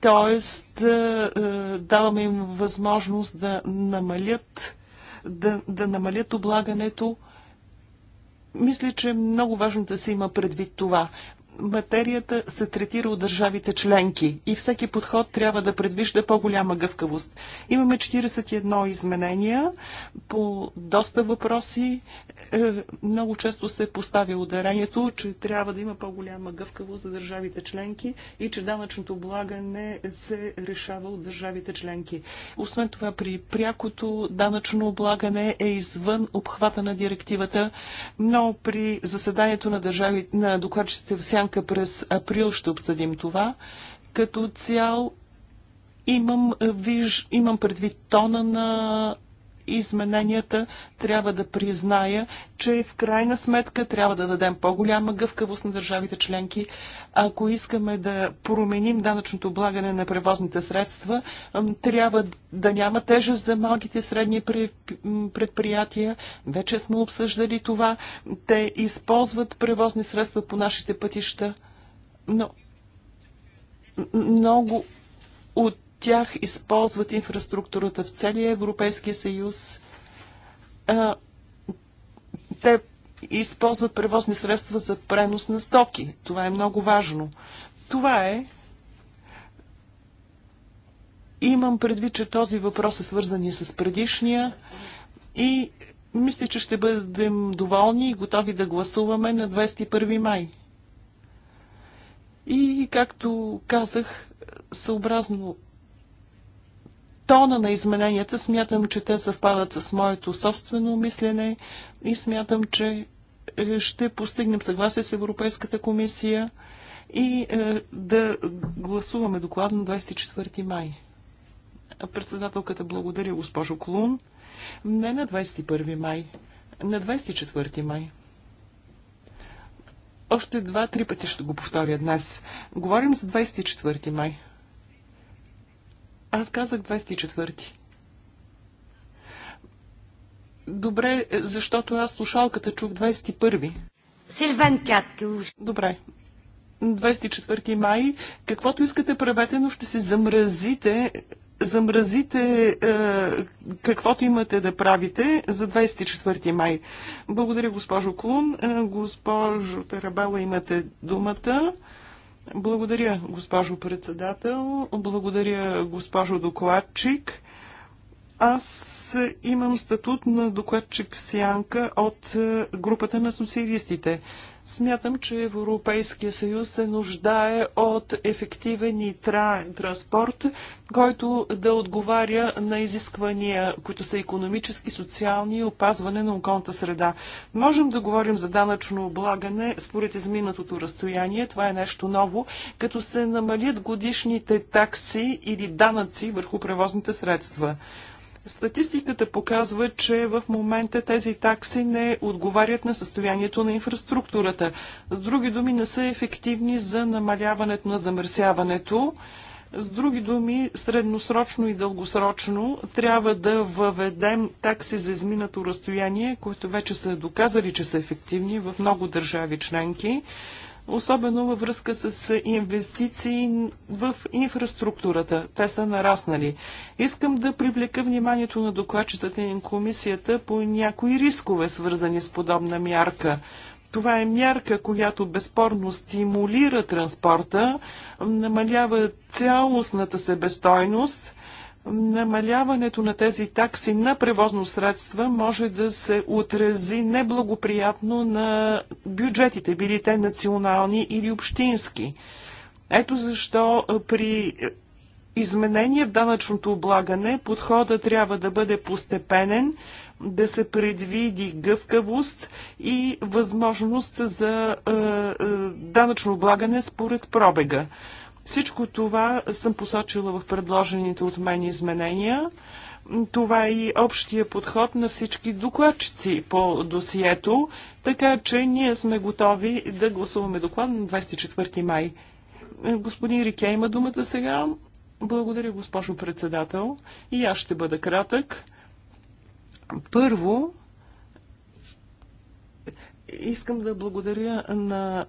Тоест, е, е, даваме им възможност да намалят, да, да намалят облагането. Мисля, че е много важно да се има предвид това материята се третира от държавите членки и всеки подход трябва да предвижда по-голяма гъвкавост. Имаме 41 изменения по доста въпроси. Е, много често се поставя ударението, че трябва да има по-голяма гъвкавост за държавите членки и че данъчното облагане се решава от държавите членки. Освен това, при прякото данъчно облагане е извън обхвата на директивата, но при заседанието на, държави, на докладчиците в сянка през април ще обсъдим това. Като цял имам, виж, имам предвид тона на измененията, трябва да призная, че в крайна сметка трябва да дадем по-голяма гъвкавост на държавите членки. Ако искаме да променим данъчното облагане на превозните средства, трябва да няма тежест за малките и средни предприятия. Вече сме обсъждали това. Те използват превозни средства по нашите пътища. Но много от тях използват инфраструктурата в целия Европейския съюз. Те използват превозни средства за пренос на стоки. Това е много важно. Това е. Имам предвид, че този въпрос е свързан и с предишния и мисля, че ще бъдем доволни и готови да гласуваме на 21 май. И, както казах, съобразно тона на измененията смятам, че те съвпадат с моето собствено мислене и смятам, че е, ще постигнем съгласие с Европейската комисия и е, да гласуваме доклад на 24 май. Председателката благодаря госпожо Клун. Не на 21 май, на 24 май. Още два-три пъти ще го повторя днес. Говорим за 24 май. Аз казах 24-ти. Добре, е, защото аз слушалката чух 21-ви. Кятки, Добре. 24 май. Каквото искате правете, но ще се замразите замразите е, каквото имате да правите за 24 май. Благодаря, госпожо Клун. Е, госпожо Тарабела, имате думата. Благодаря, госпожо председател. Благодаря, госпожо докладчик. Аз имам статут на докладчик в Сянка от е, групата на социалистите. Смятам, че Европейския съюз се нуждае от ефективен и траен транспорт, който да отговаря на изисквания, които са економически, социални и опазване на околната среда. Можем да говорим за данъчно облагане според изминатото разстояние. Това е нещо ново, като се намалят годишните такси или данъци върху превозните средства. Статистиката показва, че в момента тези такси не отговарят на състоянието на инфраструктурата. С други думи, не са ефективни за намаляването на замърсяването. С други думи, средносрочно и дългосрочно трябва да въведем такси за изминато разстояние, които вече са доказали, че са ефективни в много държави членки особено във връзка с инвестиции в инфраструктурата. Те са нараснали. Искам да привлека вниманието на докладчицата и комисията по някои рискове, свързани с подобна мярка. Това е мярка, която безспорно стимулира транспорта, намалява цялостната себестойност, намаляването на тези такси на превозно средства може да се отрази неблагоприятно на бюджетите, били те национални или общински. Ето защо при изменение в данъчното облагане подхода трябва да бъде постепенен, да се предвиди гъвкавост и възможност за е, е, данъчно облагане според пробега. Всичко това съм посочила в предложените от мен изменения. Това е и общия подход на всички докладчици по досието, така че ние сме готови да гласуваме доклад на 24 май. Господин Рике има думата сега. Благодаря, госпожо председател. И аз ще бъда кратък. Първо, Искам да благодаря на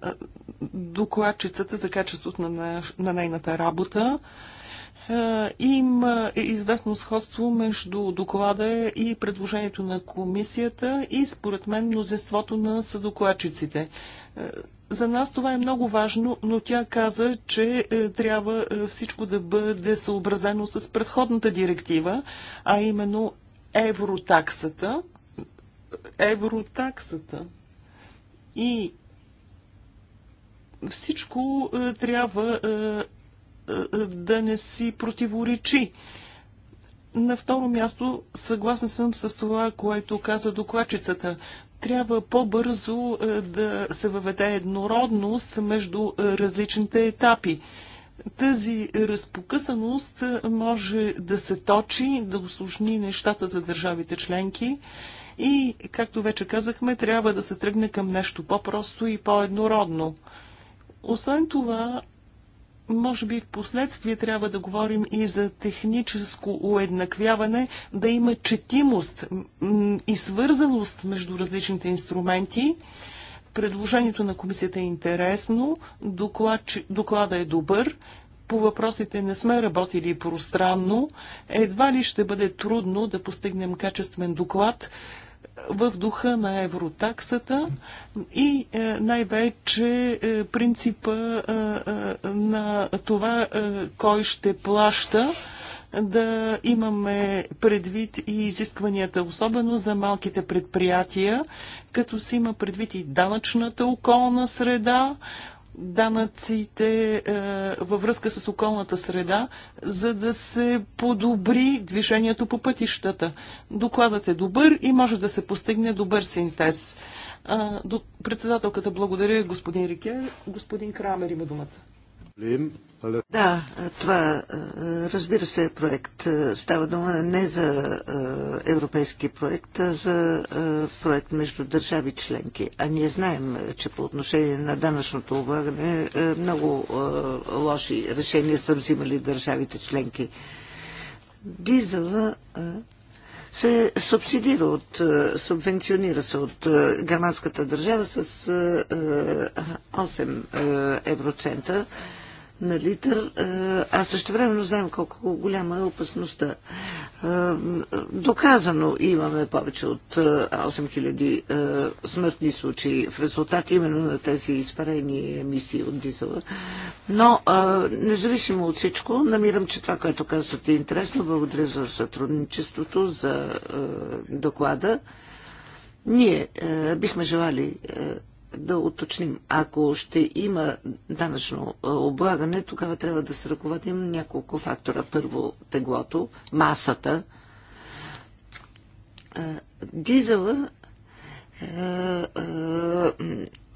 докладчицата за качеството на, на нейната работа. Е, Има е известно сходство между доклада и предложението на комисията и според мен мнозинството на съдокладчиците. Е, за нас това е много важно, но тя каза, че трябва всичко да бъде съобразено с предходната директива, а именно евротаксата. Евротаксата. И всичко е, трябва е, е, да не си противоречи. На второ място, съгласен съм с това, което каза докладчицата. Трябва по-бързо да се въведе еднородност между различните етапи. Тази разпокъсаност може да се точи, да усложни нещата за държавите членки и, както вече казахме, трябва да се тръгне към нещо по-просто и по-еднородно. Освен това, може би в последствие трябва да говорим и за техническо уеднаквяване, да има четимост и свързаност между различните инструменти. Предложението на комисията е интересно, доклад, доклада е добър, по въпросите не сме работили пространно, едва ли ще бъде трудно да постигнем качествен доклад, в духа на евротаксата и е, най-вече е, принципа е, на това кой ще плаща да имаме предвид и изискванията, особено за малките предприятия, като си има предвид и данъчната околна среда, данъците е, във връзка с околната среда, за да се подобри движението по пътищата. Докладът е добър и може да се постигне добър синтез. Е, председателката благодаря господин Рике. Господин Крамер има думата. Да, това разбира се е проект. Става дума не за европейски проект, а за проект между държави членки. А ние знаем, че по отношение на данъчното облагане много лоши решения са взимали държавите членки. Дизела се субсидира от, субвенционира се от германската държава с 8 евроцента на литър, е, а също времено знаем колко голяма е опасността. Е, доказано имаме повече от 8000 е, смъртни случаи в резултат именно на тези изпарени емисии от дизела. Но, независимо от всичко, намирам, че това, което казвате е интересно. Благодаря за сътрудничеството, за доклада. Ние бихме желали да уточним. Ако ще има данъчно облагане, тогава трябва да се ръководим няколко фактора. Първо теглото, масата. Дизела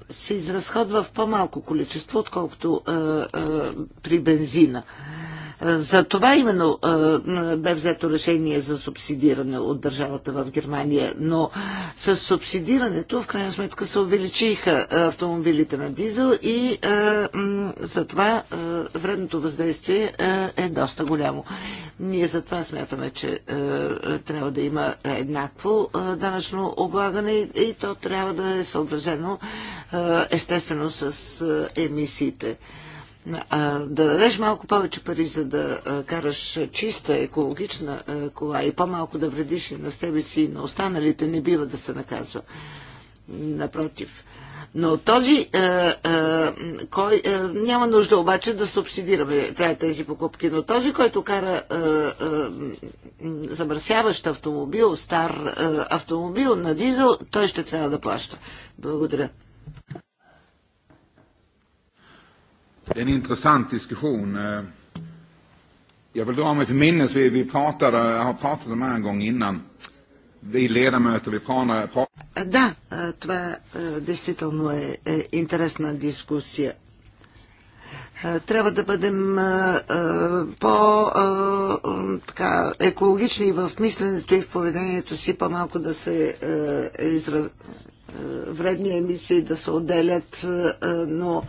се изразходва в по-малко количество, отколкото при бензина. За това именно бе взето решение за субсидиране от държавата в Германия, но с субсидирането в крайна сметка се увеличиха автомобилите на дизел и затова вредното въздействие е доста голямо. Ние затова смятаме, че трябва да има еднакво данъчно облагане и то трябва да е съобразено естествено с емисиите да дадеш малко повече пари, за да караш чиста екологична кола и по-малко да вредиш и на себе си и на останалите, не бива да се наказва. Напротив. Но този, кой, няма нужда обаче да субсидираме тези покупки, но този, който кара замърсяващ автомобил, стар автомобил на дизел, той ще трябва да плаща. Благодаря. Det är en intressant diskussion. Eh, jag vill dra mig till minnes, vi, vi pratade, jag har pratat om det här en gång innan. Vi ledamöter, vi pratar... Pra... Да, е, това е, действително е, е интересна дискусия. Трябва да бъдем по-екологични в мисленето и в поведението си, по-малко да се израз... вредни емисии да се отделят, но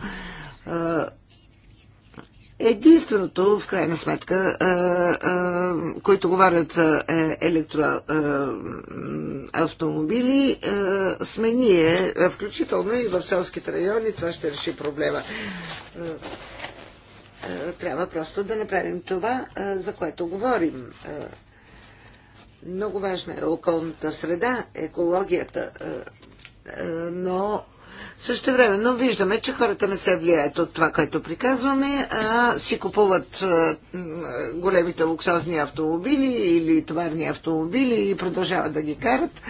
Единственото, в крайна сметка, е, е, които говорят за е, електроавтомобили, сме ние, включително и в селските райони, това ще реши проблема. Трябва просто да направим това, за което говорим. Много важна е околната среда, екологията, но също време, но виждаме, че хората не се влияят от това, което приказваме, а си купуват големите луксозни автомобили или товарни автомобили и продължават да ги карат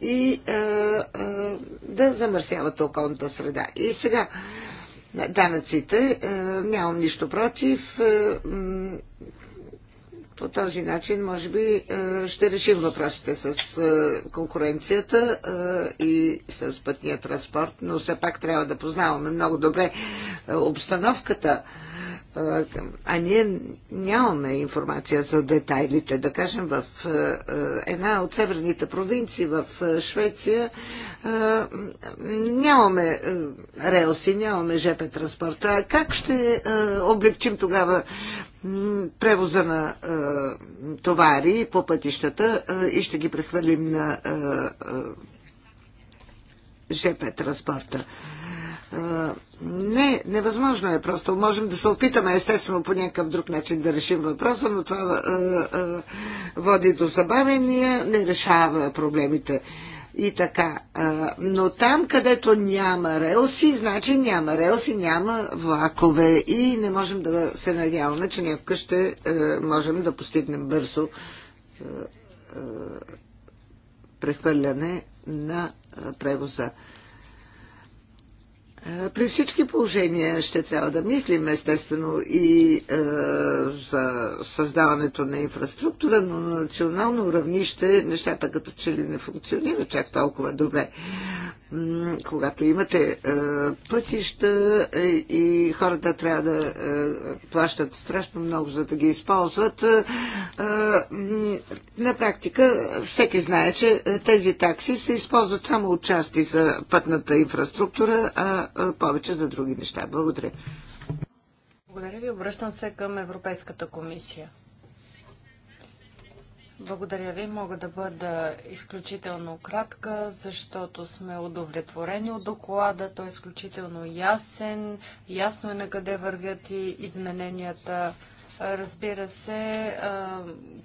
и а, а, да замърсяват околната среда. И сега, данъците, нямам нищо против. По този начин, може би, е, ще решим въпросите с е, конкуренцията е, и с пътния транспорт, но все пак трябва да познаваме много добре обстановката а ние нямаме информация за детайлите. Да кажем, в една от северните провинции в Швеция нямаме релси, нямаме ЖП транспорта. Как ще облегчим тогава превоза на товари по пътищата и ще ги прехвърлим на ЖП транспорта? Не, невъзможно е. Просто можем да се опитаме, естествено, по някакъв друг начин да решим въпроса, но това е, е, води до забавения, не решава проблемите. И така. Е, но там, където няма релси, значи няма релси, няма влакове и не можем да се надяваме, че някакъв ще е, можем да постигнем бързо е, е, прехвърляне на превоза. При всички положения ще трябва да мислим естествено и е, за създаването на инфраструктура, но на национално равнище нещата като че ли не функционират чак толкова добре когато имате пътища е, и хората трябва да плащат страшно много, за да ги използват, на практика всеки знае, че тези такси се използват само от части за пътната инфраструктура, а повече за други неща. Благодаря. Благодаря ви. Обръщам се към Европейската комисия. Благодаря ви. Мога да бъда изключително кратка, защото сме удовлетворени от доклада. Той е изключително ясен. Ясно е на къде вървят и измененията. Разбира се,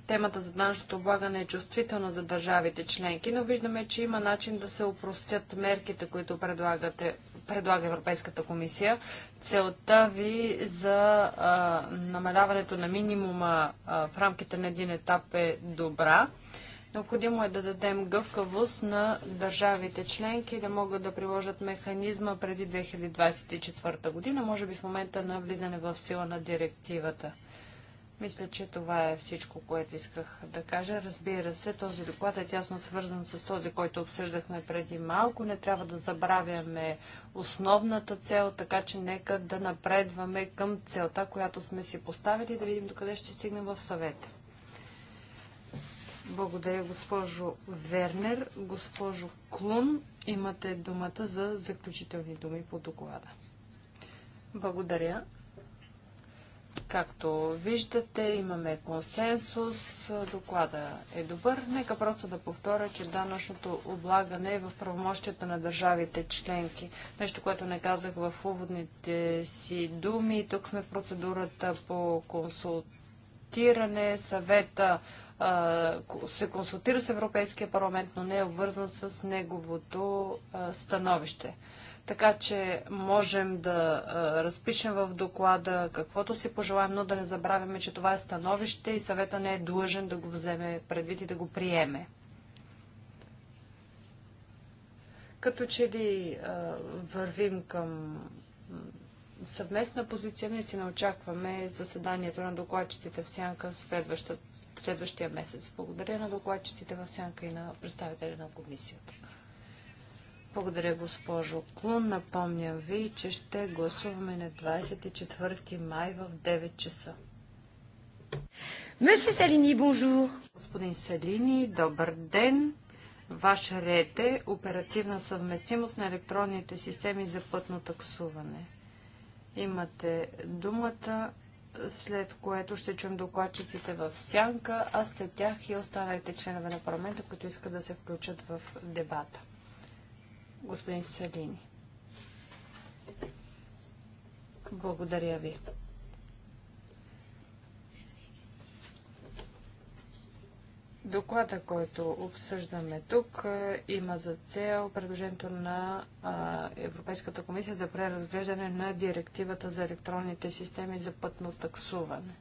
темата за данъчното облагане е чувствителна за държавите членки, но виждаме, че има начин да се упростят мерките, които предлагате предлага Европейската комисия. Целта ви за а, намаляването на минимума а, в рамките на един етап е добра. Необходимо е да дадем гъвкавост на държавите членки да могат да приложат механизма преди 2024 година, може би в момента на влизане в сила на директивата. Мисля, че това е всичко, което исках да кажа. Разбира се, този доклад е тясно свързан с този, който обсъждахме преди малко. Не трябва да забравяме основната цел, така че нека да напредваме към целта, която сме си поставили да видим докъде ще стигнем в съвета. Благодаря, госпожо Вернер. Госпожо Клун, имате думата за заключителни думи по доклада. Благодаря. Както виждате, имаме консенсус, доклада е добър. Нека просто да повторя, че данъчното облагане е в правомощията на държавите членки. Нещо, което не казах в уводните си думи. Тук сме в процедурата по консултиране, съвета се консултира с Европейския парламент, но не е обвързан с неговото становище така че можем да разпишем в доклада каквото си пожелаем, но да не забравяме, че това е становище и съвета не е длъжен да го вземе предвид и да го приеме. Като че ли вървим към съвместна позиция, наистина очакваме заседанието на докладчиците в Сянка следващия месец. Благодаря на докладчиците в Сянка и на представителя на комисията. Благодаря, госпожо Клун. Напомням ви, че ще гласуваме на 24 май в 9 часа. Мъже Салини, бонжур! Господин Салини, добър ден! Ваш ред е оперативна съвместимост на електронните системи за пътно таксуване. Имате думата, след което ще чуем докладчиците в сянка, а след тях и останалите членове на парламента, които искат да се включат в дебата господин Салини. Благодаря ви. Доклада, който обсъждаме тук, е, има за цел предложението на Европейската комисия за преразглеждане на директивата за електронните системи за пътно таксуване.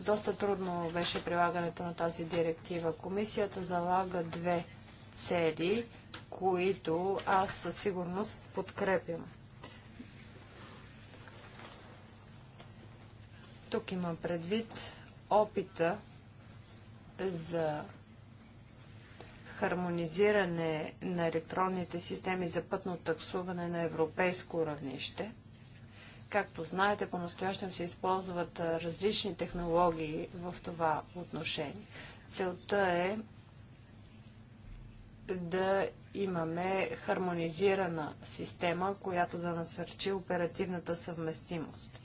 Доста трудно беше прилагането на тази директива. Комисията залага две цели – които аз със сигурност подкрепям. Тук има предвид опита за хармонизиране на електронните системи за пътно таксуване на европейско равнище. Както знаете, по-настоящем се използват различни технологии в това отношение. Целта е да имаме хармонизирана система, която да насърчи оперативната съвместимост.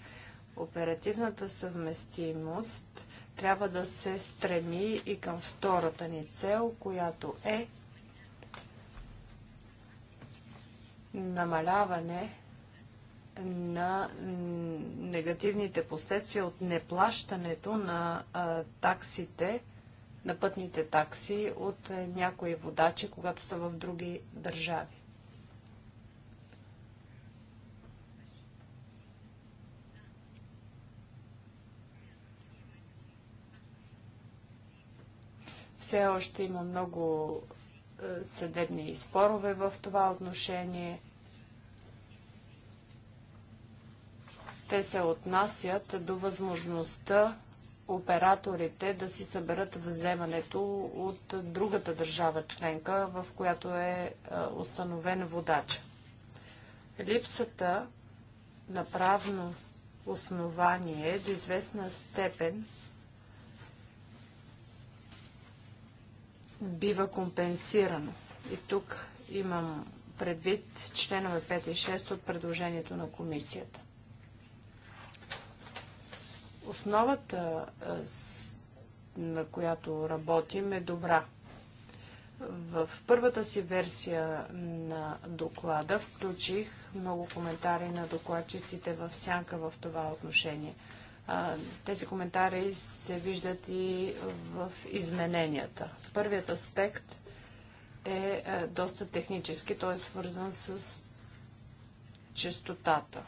Оперативната съвместимост трябва да се стреми и към втората ни цел, която е намаляване на негативните последствия от неплащането на а, таксите на пътните такси от е, някои водачи, когато са в други държави. Все още има много е, съдебни спорове в това отношение. Те се отнасят до възможността операторите да си съберат вземането от другата държава членка, в която е, е установен водач. Липсата на правно основание е до известна степен бива компенсирано. И тук имам предвид членове 5 и 6 от предложението на комисията. Основата, на която работим, е добра. В първата си версия на доклада включих много коментари на докладчиците в сянка в това отношение. Тези коментари се виждат и в измененията. Първият аспект е доста технически, той е свързан с честотата.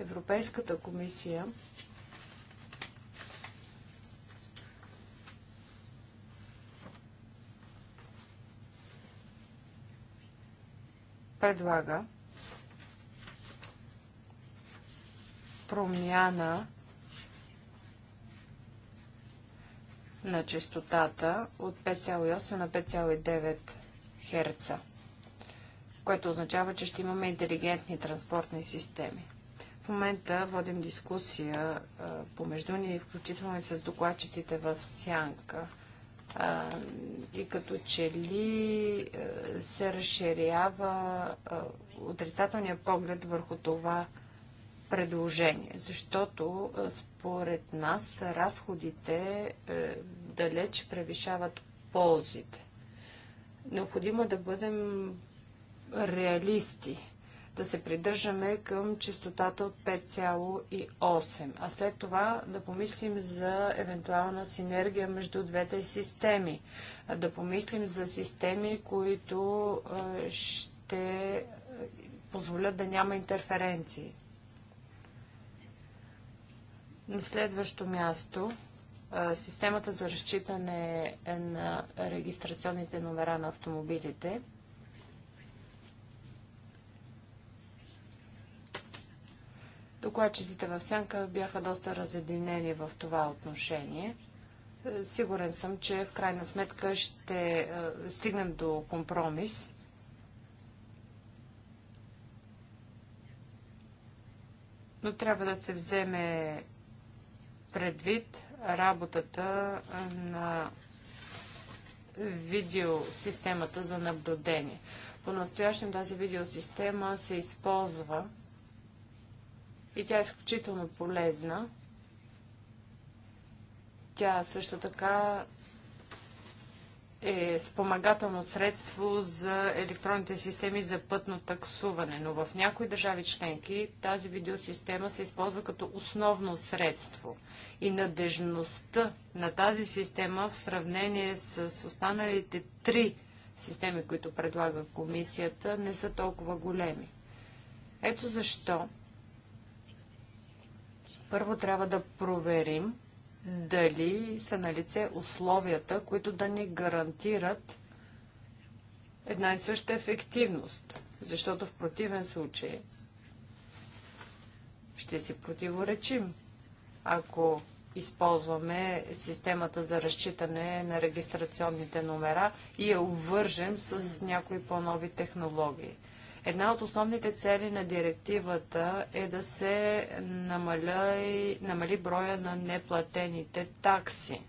Европейската комисия предлага промяна на частотата от 5,8 на 5,9 Херца, което означава, че ще имаме интелигентни транспортни системи. В момента водим дискусия а, помежду ни, включително и с докладчиците в Сянка. А, и като че ли а, се разширява отрицателния поглед върху това предложение, защото според нас разходите далеч превишават ползите. Необходимо е да бъдем реалисти да се придържаме към частотата от 5,8, а след това да помислим за евентуална синергия между двете системи, да помислим за системи, които ще позволят да няма интерференции. На следващо място системата за разчитане е на регистрационните номера на автомобилите – Докладчиците в Сянка бяха доста разединени в това отношение. Е, сигурен съм, че в крайна сметка ще е, стигнем до компромис. Но трябва да се вземе предвид работата е, на видеосистемата за наблюдение. По-настоящем тази видеосистема се използва и тя е изключително полезна. Тя също така е спомагателно средство за електронните системи за пътно таксуване, но в някои държави членки тази видеосистема се използва като основно средство и надежността на тази система в сравнение с останалите три системи, които предлага комисията, не са толкова големи. Ето защо първо трябва да проверим дали са на лице условията, които да ни гарантират една и съща ефективност, защото в противен случай ще си противоречим, ако използваме системата за разчитане на регистрационните номера и я обвържем с някои по-нови технологии. Една от основните цели на директивата е да се намали, намали броя на неплатените такси.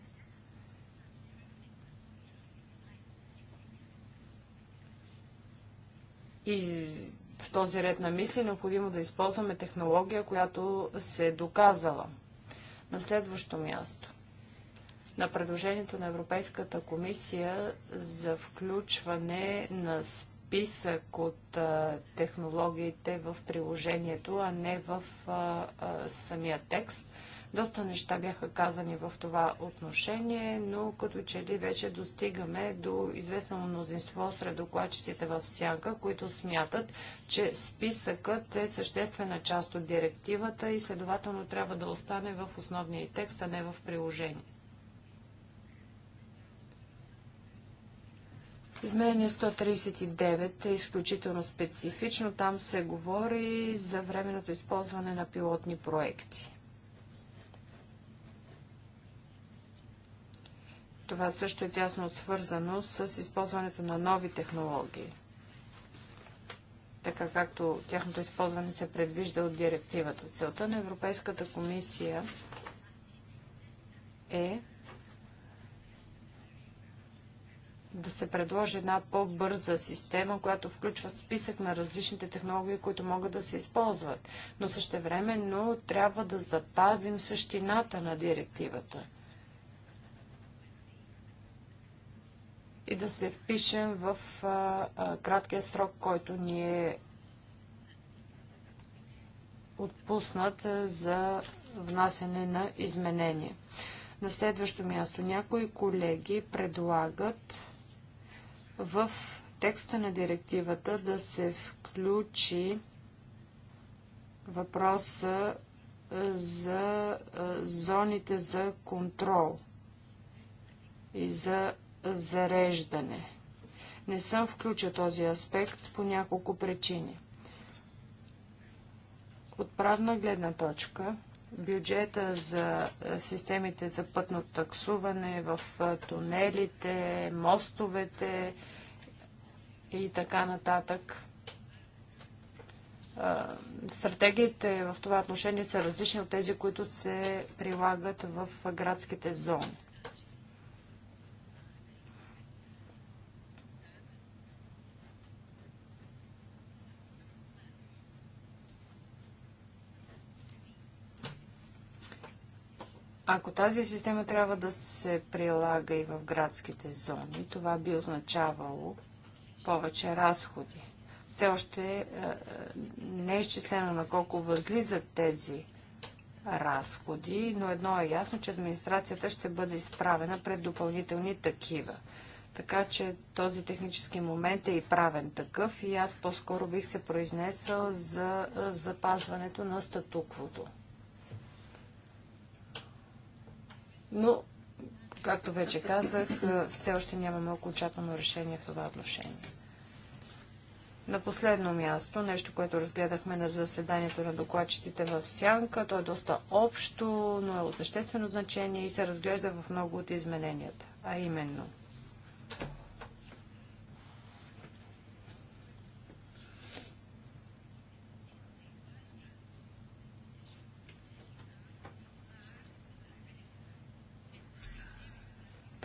И в този ред на мисли е необходимо да използваме технология, която се е доказала. На следващо място на предложението на Европейската комисия за включване на списък от а, технологиите в приложението, а не в а, а, самия текст. Доста неща бяха казани в това отношение, но като че ли вече достигаме до известно мнозинство сред докладчиците в сянка, които смятат, че списъкът е съществена част от директивата и следователно трябва да остане в основния текст, а не в приложение. Измерение 139 е изключително специфично. Там се говори за временното използване на пилотни проекти. Това също е тясно свързано с използването на нови технологии, така както тяхното използване се предвижда от директивата. Целта на Европейската комисия е да се предложи една по-бърза система, която включва списък на различните технологии, които могат да се използват. Но същевременно трябва да запазим същината на директивата. И да се впишем в а, а, краткия срок, който ни е отпуснат за внасяне на изменения. На следващо място някои колеги предлагат в текста на директивата да се включи въпроса е, за е, зоните за контрол и за зареждане. Не съм включил този аспект по няколко причини. От правна гледна точка бюджета за е, системите за пътно таксуване в е, тунелите, мостовете и така нататък. Е, стратегиите в това отношение са различни от тези, които се прилагат в градските зони. Ако тази система трябва да се прилага и в градските зони, това би означавало повече разходи. Все още е, е, не е изчислено на колко възлизат тези разходи, но едно е ясно, че администрацията ще бъде изправена пред допълнителни такива. Така че този технически момент е и правен такъв и аз по-скоро бих се произнесъл за е, запазването на статуквото. Но, както вече казах, е, все още нямаме окончателно решение в това отношение. На последно място, нещо, което разгледахме на заседанието на докладчиците в Сянка, то е доста общо, но е от съществено значение и се разглежда в много от измененията, а именно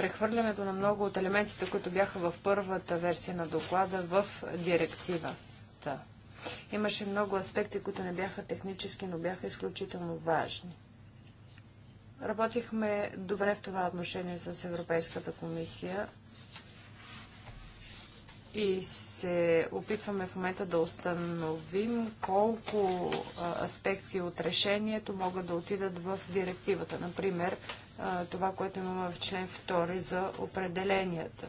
прехвърлянето на много от елементите, които бяха в първата версия на доклада в директивата. Имаше много аспекти, които не бяха технически, но бяха изключително важни. Работихме добре в това отношение с Европейската комисия и се опитваме в момента да установим колко аспекти от решението могат да отидат в директивата. Например, това, което имаме в член 2 за определенията.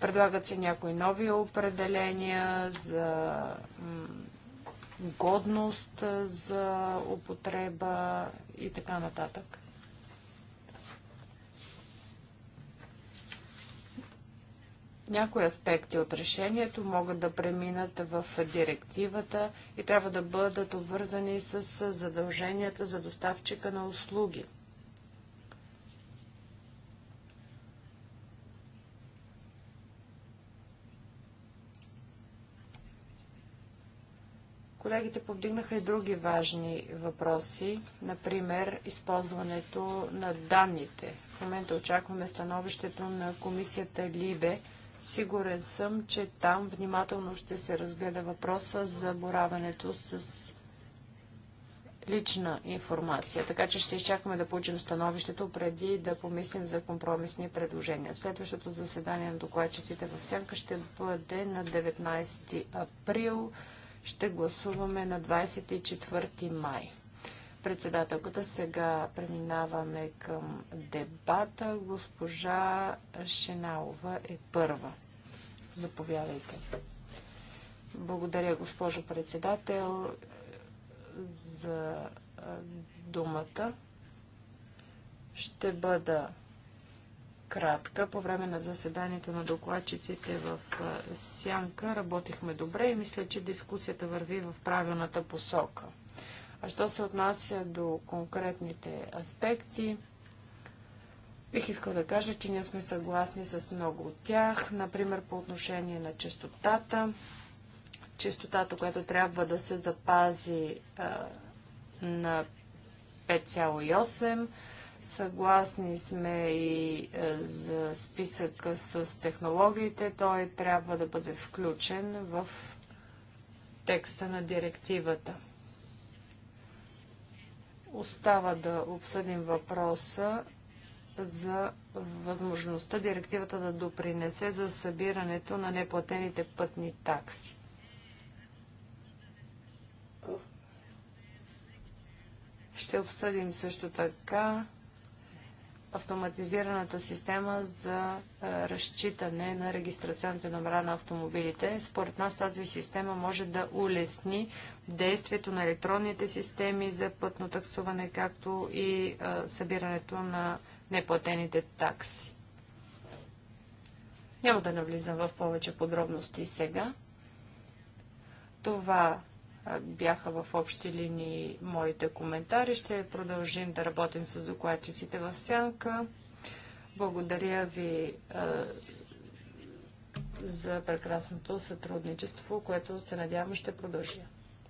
Предлагат се някои нови определения за годност за употреба и така нататък. Някои аспекти от решението могат да преминат в директивата и трябва да бъдат обвързани с задълженията за доставчика на услуги. Колегите повдигнаха и други важни въпроси, например използването на данните. В момента очакваме становището на комисията Либе. Сигурен съм, че там внимателно ще се разгледа въпроса за бораването с лична информация. Така че ще изчакаме да получим становището преди да помислим за компромисни предложения. Следващото заседание на докладчиците в сянка ще бъде на 19 април ще гласуваме на 24 май. Председателката сега преминаваме към дебата. Госпожа Шеналова е първа. Заповядайте. Благодаря, госпожо председател, за думата. Ще бъда кратка. По време на заседанието на докладчиците в Сянка работихме добре и мисля, че дискусията върви в правилната посока. А що се отнася до конкретните аспекти, бих искал да кажа, че ние сме съгласни с много от тях, например по отношение на частотата. Частотата, която трябва да се запази на 5,8 Съгласни сме и е, за списъка с технологиите. Той трябва да бъде включен в текста на директивата. Остава да обсъдим въпроса за възможността директивата да допринесе за събирането на неплатените пътни такси. Ще обсъдим също така автоматизираната система за е, разчитане на регистрационните номера на автомобилите. Според нас тази система може да улесни действието на електронните системи за пътно таксуване, както и е, събирането на неплатените такси. Няма да навлизам в повече подробности сега. Това бяха в общи линии моите коментари. Ще продължим да работим с докладчиците в сянка. Благодаря ви за прекрасното сътрудничество, което се надявам ще продължи.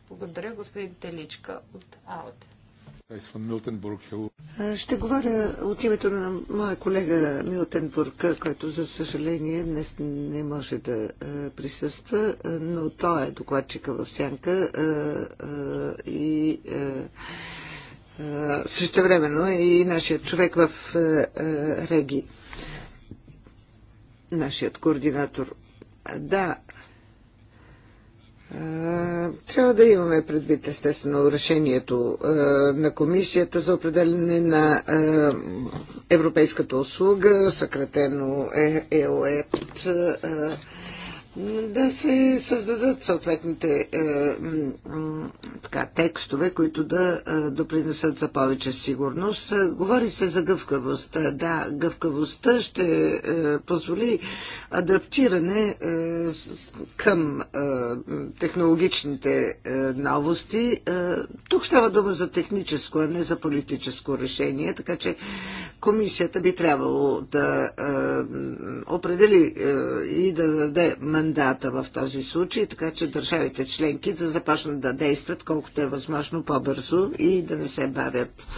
Благодаря господин Теличка от АОТЕ. Е, ще говоря от името на моя колега Милтенбург, който за съжаление днес не може да е, присъства, но той е докладчика в Сянка е, и също времено е и нашия човек в Реги, нашият координатор. Да, трябва да имаме предвид, естествено, решението на комисията за определене на европейската услуга, съкратено ЕОЕПТ. Е, е, е, е да се създадат съответните е, така, текстове, които да е, допринесат за повече сигурност. Е, говори се за гъвкавост. Е, да, гъвкавостта ще е, позволи адаптиране е, към технологичните новости. тук става дума за техническо, а не за политическо решение, така че комисията би трябвало да определи и да даде мандата в този случай, така че държавите членки да започнат да действат колкото е възможно по-бързо и да не се бавят.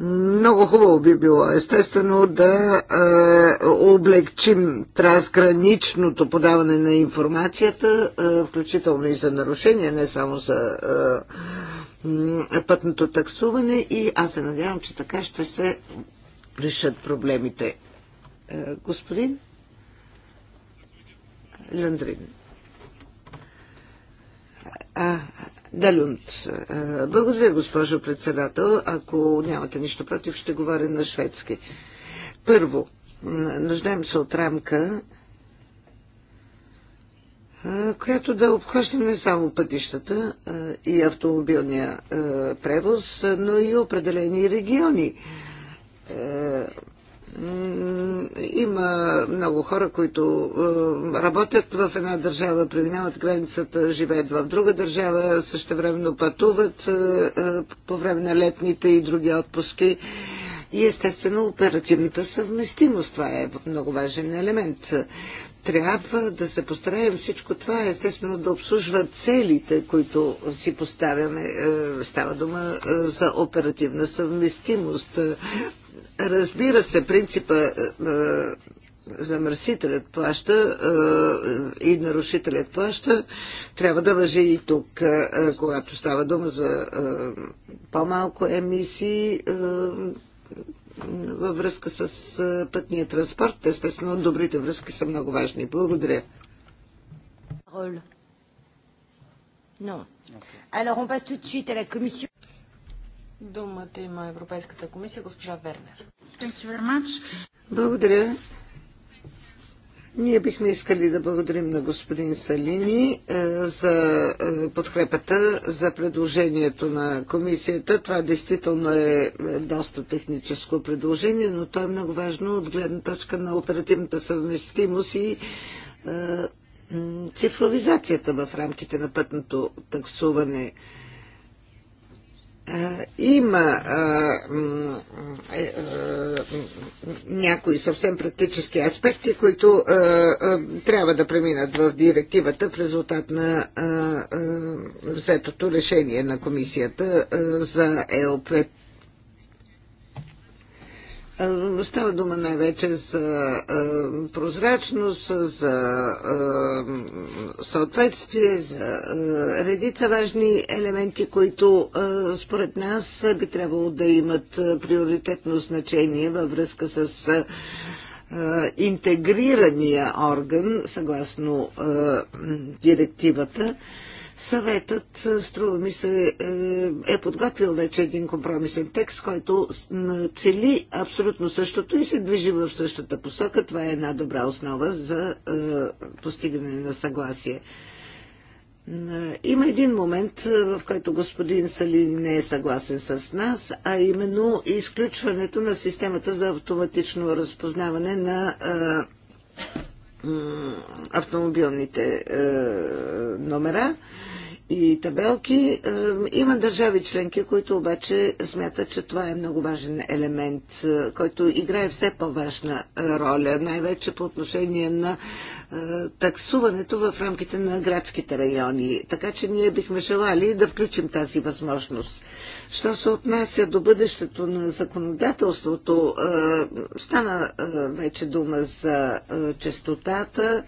Много хубаво би било, естествено, да е, облегчим трансграничното подаване на информацията, е, включително и за нарушения, не само за е, пътното таксуване и аз се надявам, че така ще се решат проблемите. Е, господин? Ландрин. А, Благодаря, госпожо председател. Ако нямате нищо против, ще говоря на шведски. Първо, нуждаем се от рамка, която да обхваща не само пътищата и автомобилния превоз, но и определени региони има много хора, които работят в една държава, преминават границата, живеят в друга държава, същевременно пътуват е, е, по време на летните и други отпуски. И естествено оперативната съвместимост, това е много важен елемент. Трябва да се постараем всичко това, естествено да обслужва целите, които си поставяме. Е, става дума за оперативна съвместимост. Разбира се, принципа е, е, замърсителят плаща е, и нарушителят плаща, трябва да въжи и тук, когато става дума за по-малко емисии във връзка с пътния транспорт. Естествено, добрите връзки са много важни. Благодаря. Non. Alors on passe tout de suite à la commission. Думата има Европейската комисия, госпожа Вернер. Благодаря. Ние бихме искали да благодарим на господин Салини е, за е, подкрепата за предложението на комисията. Това действително е, е доста техническо предложение, но то е много важно от гледна точка на оперативната съвместимост и цифровизацията в рамките на пътното таксуване има е, някои съвсем практически аспекти, които трябва да преминат в директивата в резултат на взетото решение на комисията за ЕО е, става дума най-вече за е, прозрачност, за е, съответствие, за редица важни елементи, които според нас би трябвало да имат приоритетно значение във връзка с интегрирания орган, съгласно директивата. Съветът, е, струва ми се, е, е подготвил вече един компромисен текст, който цели абсолютно същото и се движи в същата посока. Това е една добра основа за е, постигане на съгласие. Има един момент, в който господин Салини не е съгласен с нас, а именно изключването на системата за автоматично разпознаване на автомобилните номера и табелки. Има държави членки, които обаче смятат, че това е много важен елемент, е, който играе все по-важна е, роля, най-вече по отношение на е, таксуването в рамките на градските райони. Така че ние бихме желали да включим тази възможност. Що се отнася до бъдещето на законодателството, стана вече дума за честотата,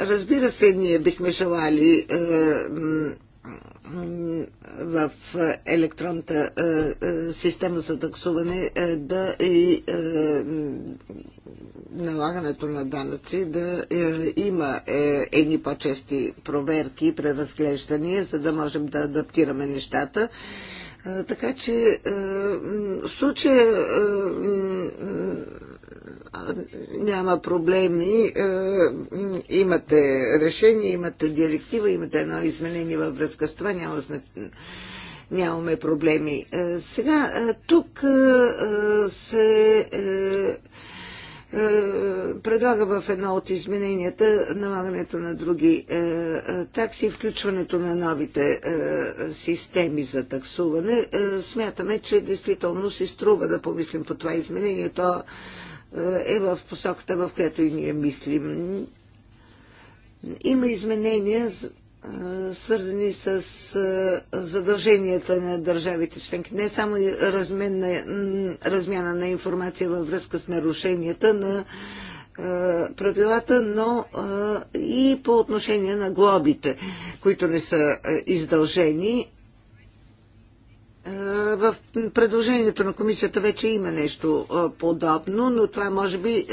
Разбира се, ние бихме желали е, в електронната е, е, система за таксуване да и налагането на данъци да има едни по-чести проверки и преразглеждания, за да можем да адаптираме нещата. Така че в случая няма проблеми. Е, имате решение, имате директива, имате едно изменение във връзка с това, няма значение нямаме проблеми. Е, сега, е, тук се предлага в едно от измененията налагането на други такси и включването на новите системи за таксуване. Смятаме, че действително си струва да помислим по това изменение. То е в посоката, в която и ние мислим. Има изменения, свързани с задълженията на държавите членки. Не само размяна, размяна на информация във връзка с нарушенията на правилата, но и по отношение на глобите, които не са издължени е, в предложението на комисията вече има нещо е, подобно, но това може би е,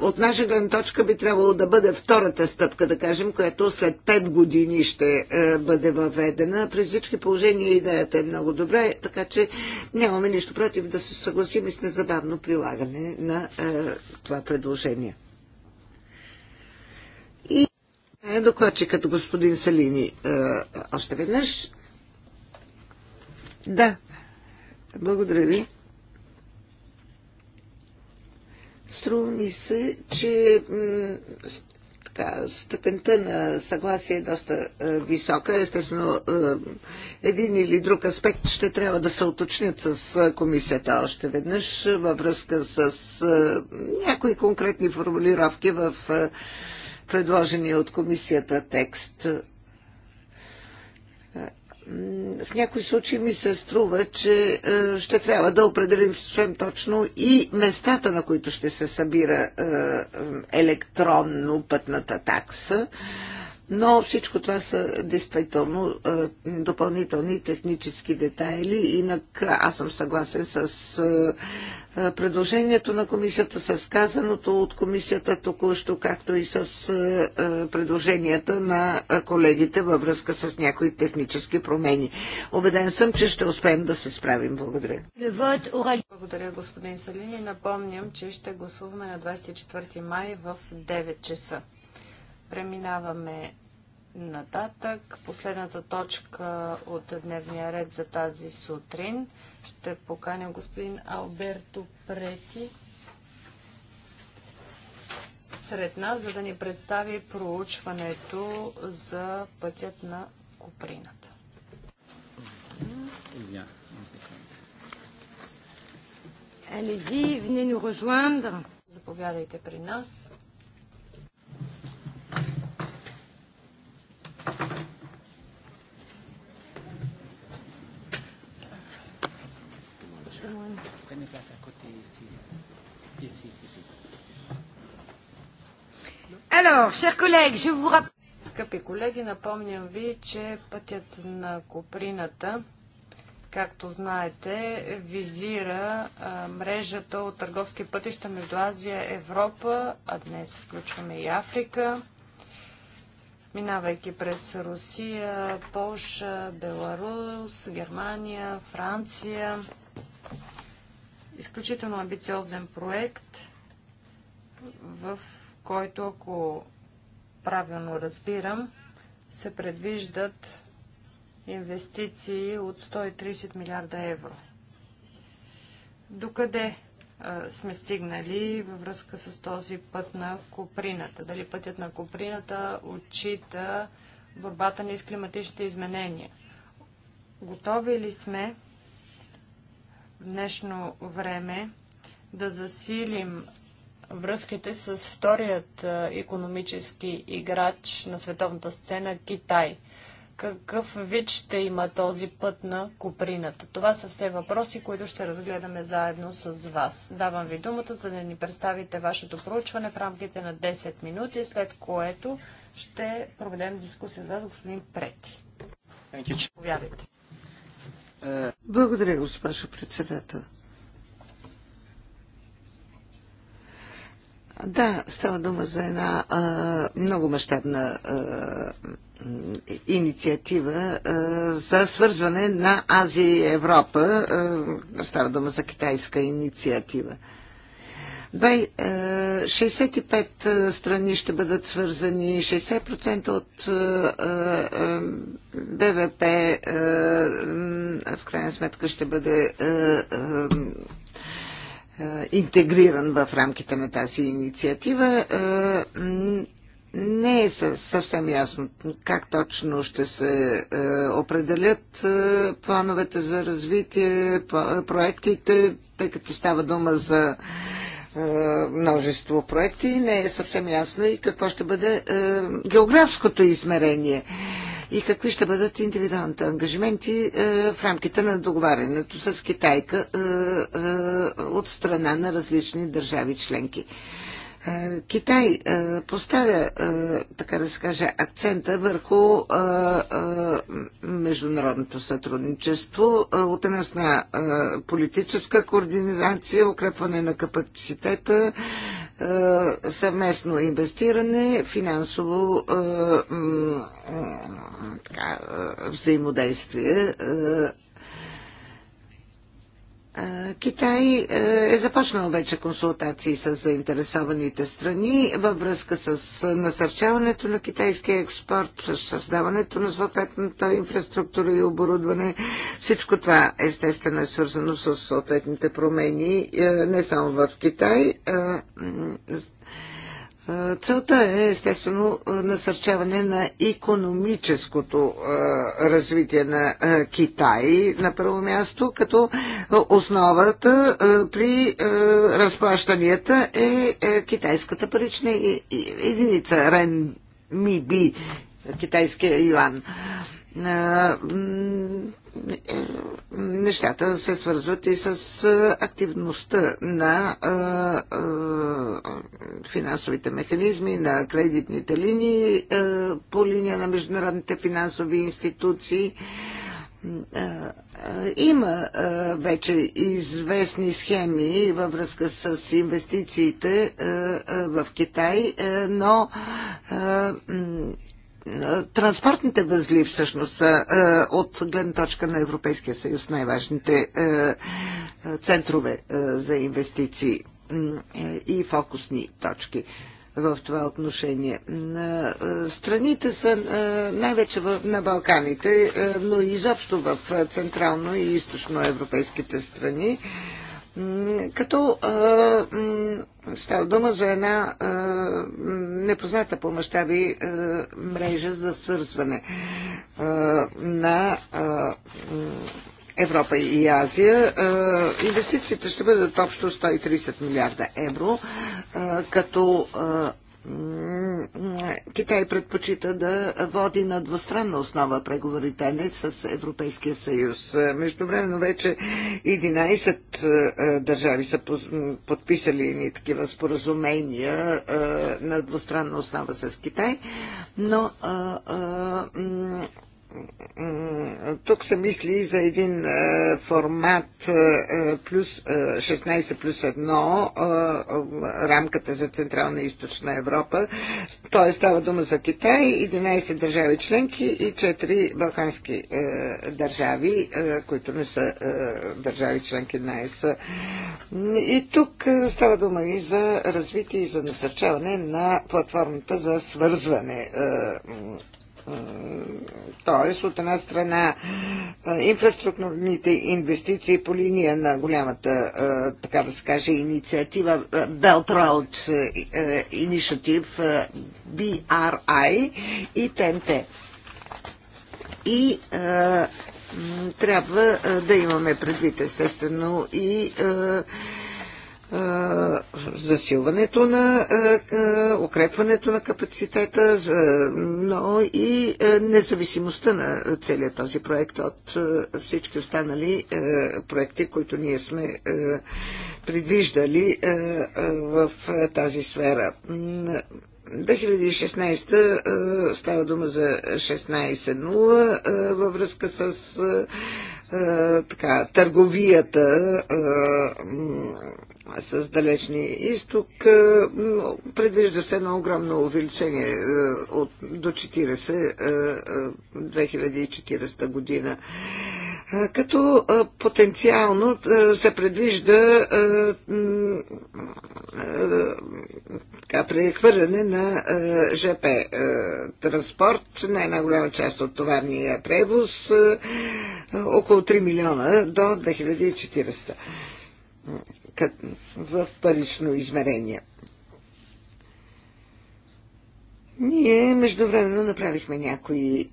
от наша гледна точка би трябвало да бъде втората стъпка, да кажем, която след 5 години ще бъде въведена. При всички положения идеята е много добра, така че нямаме нищо против да се съгласим и с незабавно прилагане на това предложение. И докладчикът господин Салини още веднъж да, благодаря ви. Струва ми се, че така, степента на съгласие е доста е, висока. Естествено, е, един или друг аспект ще трябва да се уточнят с е, комисията още веднъж е, във връзка с е, някои конкретни формулировки в е, предложения от комисията текст в някои случаи ми се струва, че е, ще трябва да определим съвсем точно и местата, на които ще се събира е, е, електронно пътната такса. Но всичко това са действително допълнителни технически детайли. Инак аз съм съгласен с предложението на комисията, с казаното от комисията току-що, както и с предложенията на колегите във връзка с някои технически промени. Обеден съм, че ще успеем да се справим. Благодаря. Благодаря, господин Салини. Напомням, че ще гласуваме на 24 май в 9 часа. Преминаваме нататък. Последната точка от дневния ред за тази сутрин ще поканя господин Алберто Прети сред нас, за да ни представи проучването за пътят на Куприната. Заповядайте при нас. Prenez place à côté ici. Ici, ici. Alors, chers collègues, je vous rappelle... Скъпи колеги, напомням ви, че пътят на Коприната, както знаете, визира а, мрежата от търговски пътища между Азия, и Европа, а днес включваме и Африка минавайки през Русия, Полша, Беларус, Германия, Франция. Изключително амбициозен проект, в който, ако правилно разбирам, се предвиждат инвестиции от 130 милиарда евро. Докъде сме стигнали във връзка с този път на Коприната? Дали пътят на Коприната отчита борбата ни с климатичните изменения? Готови ли сме днешно време да засилим връзките с вторият економически играч на световната сцена Китай. Какъв вид ще има този път на Куприната? Това са все въпроси, които ще разгледаме заедно с вас. Давам ви думата, за да ни представите вашето проучване в рамките на 10 минути, след което ще проведем дискусия с вас, господин Прети. Повярвайте. Благодаря, госпожо председател. Да, става дума за една а, много мащабна инициатива а, за свързване на Азия и Европа. А, става дума за китайска инициатива. А, 65 е, е, страни ще бъдат свързани, 60% от е, БВП в крайна сметка ще бъде интегриран в рамките на тази инициатива. Не е съвсем ясно как точно ще се определят плановете за развитие, проектите, тъй като става дума за е, множество проекти. Не е съвсем ясно и какво ще бъде е, географското измерение и какви ще бъдат индивидуалните ангажименти е, в рамките на договарянето с Китайка от страна на различни държави членки. Китай поставя, така да се каже, акцента върху международното сътрудничество от една сна политическа координация, укрепване на капацитета, съвместно инвестиране, финансово така, взаимодействие Китай е, е започнал вече консултации с заинтересованите страни във връзка с насърчаването на китайския експорт, с създаването на съответната инфраструктура и оборудване. Всичко това естествено е свързано с съответните промени е, не само в Китай. Целта е естествено насърчаване на економическото развитие на Китай на първо място, като основата при разплащанията е, е китайската парична единица, ренмиби, китайския юан нещата се свързват и с активността на финансовите механизми, на кредитните линии по линия на международните финансови институции. Има вече известни схеми във връзка с инвестициите в Китай, но транспортните възли всъщност са е, от гледна точка на Европейския съюз най-важните е, е, центрове за инвестиции и фокусни точки в това отношение. Страните са най-вече на Балканите, но и изобщо в Централно и Източно европейските страни като става дума за една непозната по мащаби мрежа за свързване на Европа и Азия. Инвестициите ще бъдат общо 130 милиарда евро, като Китай предпочита да води на двустранна основа преговорите, не с Европейския съюз. Междувременно вече 11 е, държави са подписали ни такива споразумения е, на двустранна основа с Китай, но е, тук се мисли и за един е, формат е, е, плюс 16 плюс 1 рамката за Централна и Източна Европа. Той става дума за Китай, 11 държави членки и 4 балкански държави, които не са държави членки на ЕС. И тук става дума и за развитие и за насърчаване на платформата за свързване Тоест, от една страна инфраструктурните инвестиции по линия на голямата, така да се каже, инициатива Belt Road Initiative BRI и ТНТ. И трябва да имаме предвид, естествено, и засилването на укрепването на капацитета, но и независимостта на целият този проект от всички останали проекти, които ние сме предвиждали в тази сфера. 2016 става дума за 16.0 във връзка с така, търговията с далечния изток. Предвижда се едно огромно увеличение от, до 40 2040 година като потенциално се предвижда прехвърляне на ЖП транспорт на една голяма част от товарния превоз, около 3 милиона до 2040 в парично измерение. Ние междувременно направихме някои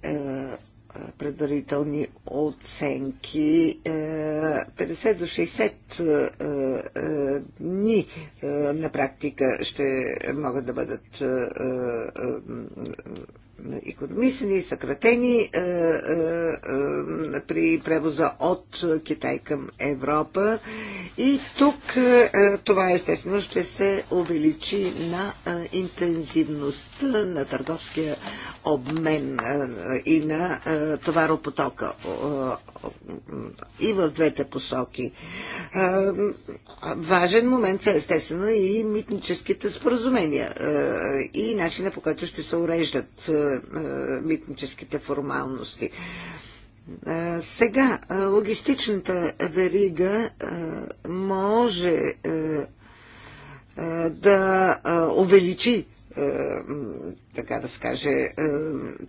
предварителни оценки. 50 е, до 60 е, е, дни на практика ще могат да бъдат економисани, съкратени е, е, е, при превоза от Китай към Европа. И тук е, е, това естествено ще се увеличи на е, интензивността на търговския обмен и на товаропотока и в двете посоки. Важен момент са естествено и митническите споразумения и начина по който ще се уреждат е, митническите формалности. Е, сега е, логистичната верига може да увеличи така да се каже,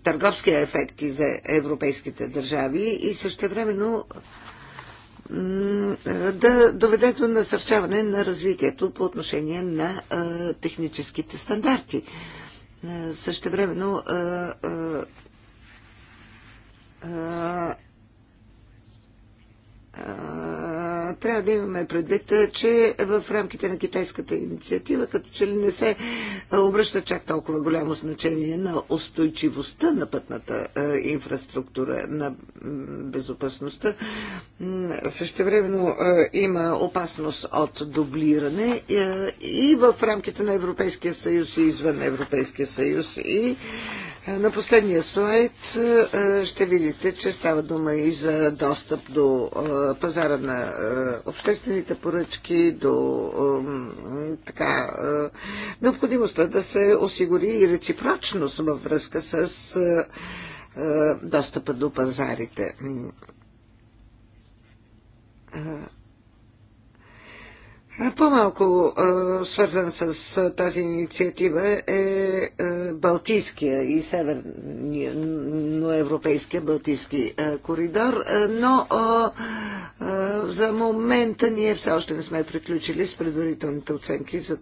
търговския ефект и за европейските държави и същевременно да доведе до насърчаване на развитието по отношение на техническите стандарти. Е, същевременно е, е, трябва да имаме предвид, че в рамките на китайската инициатива като че ли не се обръща чак толкова голямо значение на устойчивостта на пътната инфраструктура, на безопасността. времено има опасност от дублиране и в рамките на Европейския съюз и извън Европейския съюз и на последния слайд е, ще видите, че става дума и за достъп до е, пазара на е, обществените поръчки, до така, необходимостта да се осигури и реципрочност във връзка с достъпа до пазарите по-малко свързан с тази инициатива е Балтийския и Северноевропейския Балтийски коридор, но за момента ние все още не сме приключили с предварителните оценки за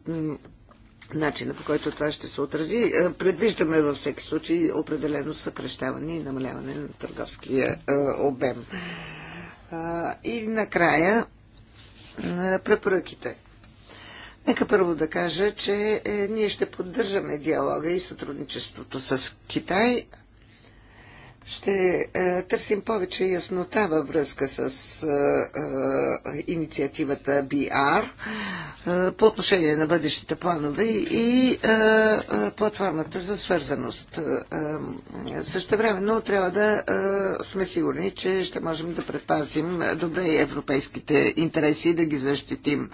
начина по който това ще се отрази. Предвиждаме във всеки случай определено съкрещаване и намаляване на търговския обем. И накрая препоръките. Нека първо да кажа, че е, ние ще поддържаме диалога и сътрудничеството с Китай, ще е, търсим повече яснота във връзка с е, е, инициативата BR е, по отношение на бъдещите планове и е, е, платформата за свързаност. Е, е също но трябва да е, сме сигурни, че ще можем да предпазим добре европейските интереси и да ги защитим.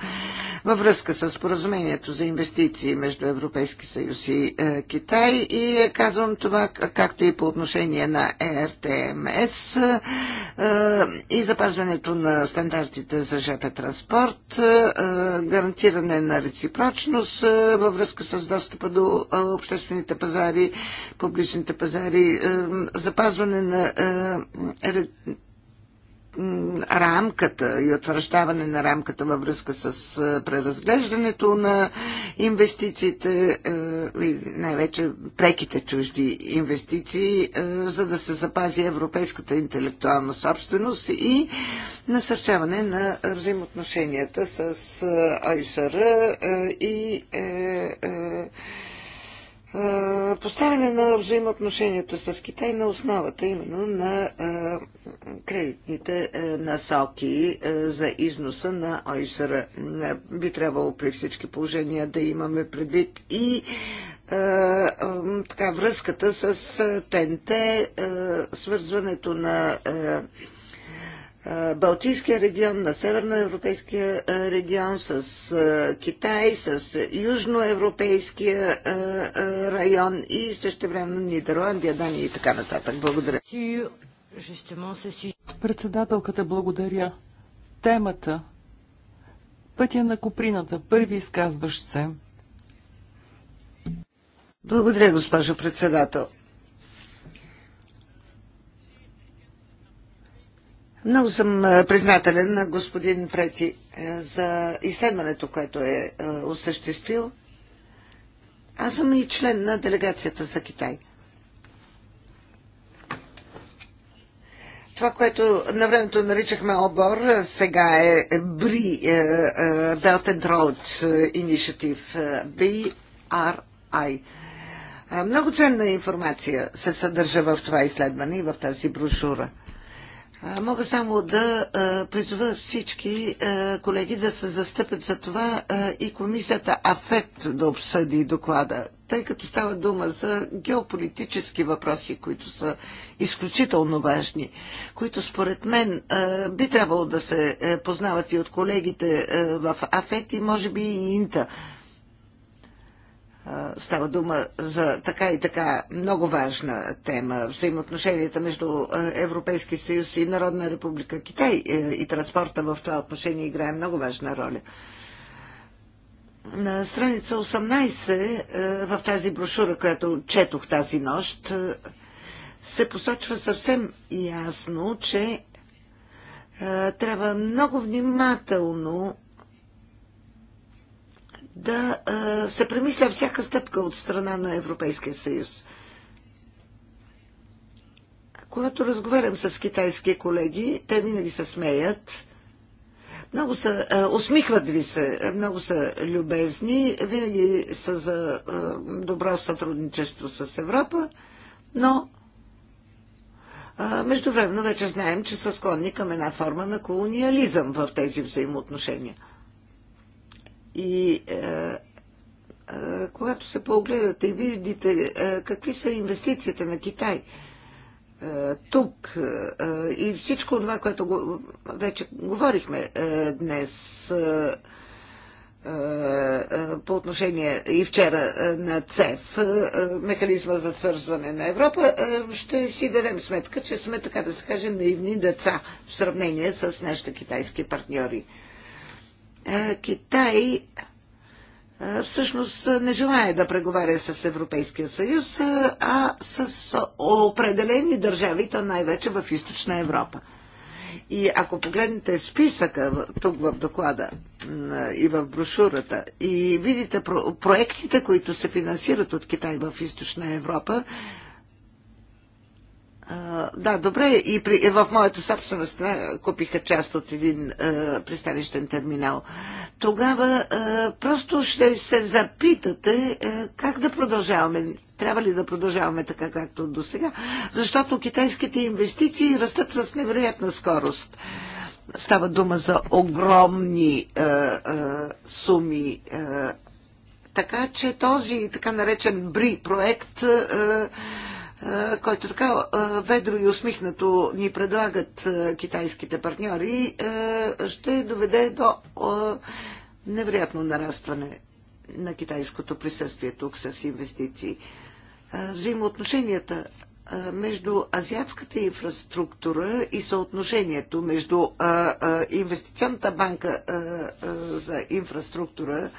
Във връзка с поразумението за инвестиции между Европейски съюз и е, Китай и е, казвам това както и по отношение на РТМС е, и запазването на стандартите за ЖП транспорт, е, гарантиране на реципрочност е, във връзка с достъпа до обществените пазари, публичните пазари, запазване на рамката и утвърждаване на рамката във връзка с преразглеждането на инвестициите, е, най-вече преките чужди инвестиции, е, за да се запази европейската интелектуална собственост и насърчаване на взаимоотношенията с ОИСР е, и поставяне на взаимоотношенията с Китай на основата именно на кредитните насоки за износа на ОИСР. Би трябвало при всички положения да имаме предвид и така, връзката с ТНТ, свързването на Балтийския регион, на Северноевропейския регион, с Китай, с Южноевропейския район и също време Нидерландия, Дания и така нататък. Благодаря. Председателката благодаря. Темата Пътя на Куприната. Първи изказващ се. Благодаря, госпожо председател. Много съм признателен на господин Прети за изследването, което е осъществил. Аз съм и член на делегацията за Китай. Това, което на времето наричахме обор, сега е BRI, е, е, Belt and Road е, Initiative, BRI. Много ценна информация се съдържа в това изследване и в тази брошура. Мога само да призова всички колеги да се застъпят за това и комисията АФЕТ да обсъди доклада, тъй като става дума за геополитически въпроси, които са изключително важни, които според мен би трябвало да се е, познават и от колегите е, в АФЕТ и може би и Инта. Става дума за така и така много важна тема. Взаимоотношенията между Европейски съюз и Народна република Китай е, и транспорта в това отношение играе много важна роля. На страница 18 е, в тази брошура, която четох тази нощ, е, се посочва съвсем ясно, че трябва много внимателно да се премисля всяка стъпка от страна на Европейския съюз. Когато разговарям с китайски колеги, те винаги се смеят. Много са, а, усмихват ви се, много са любезни, винаги са за а, добро сътрудничество с Европа, но междувременно вече знаем, че са склонни към една форма на колониализъм в тези взаимоотношения. И е, е, когато се погледате и видите е, какви са инвестициите на Китай тук и всичко това, което го, вече говорихме днес. по отношение и вчера на ЦЕФ, механизма за свързване на Европа, ще си дадем сметка, че сме, така да се каже, наивни деца в сравнение с нашите китайски партньори. Китай всъщност не желая да преговаря с Европейския съюз, а с определени държави, то най-вече в Източна Европа. И ако погледнете списъка тук в доклада и в брошурата и видите проектите, които се финансират от Китай в Източна Европа, да, добре. И, при, и е, в моята собствена страна купиха част от един а, е, пристанищен терминал. Тогава а, е, просто ще се запитате а, как да продължаваме. Трябва ли да продължаваме така, както до сега? Защото китайските инвестиции растат с невероятна скорост. Става дума за огромни а, а, суми. А, така че този така наречен БРИ проект. А, който така ведро и усмихнато ни предлагат китайските партньори, ще доведе до невероятно нарастване на китайското присъствие тук с инвестиции. Взаимоотношенията между азиатската инфраструктура и съотношението между Инвестиционната банка за инфраструктура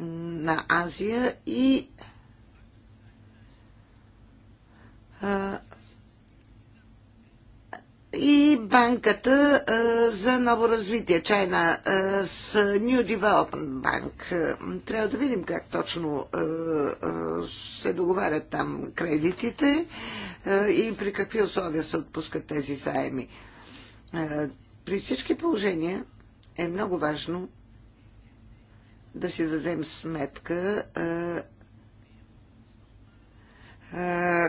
на Азия и и банката за ново развитие, Чайна с New Development Bank. Трябва да видим как точно се договарят там кредитите и при какви условия се отпускат тези заеми. При всички положения е много важно да си дадем сметка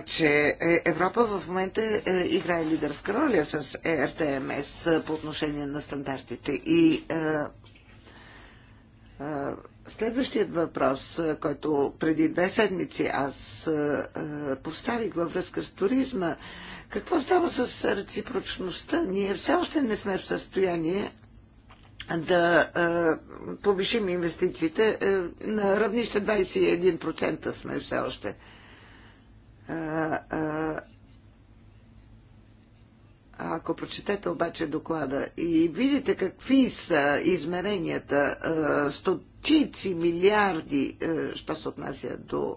че е, Европа в момента е, играе лидерска роля с ЕРТМС е, по отношение на стандартите. И Следващият въпрос, който преди две седмици аз поставих във връзка с туризма, какво става с реципрочността? Ние все още не сме в състояние да повишим инвестициите. На равнище 21% сме все още. Ако прочетете обаче доклада и видите какви са измеренията, стотици милиарди, що се отнася до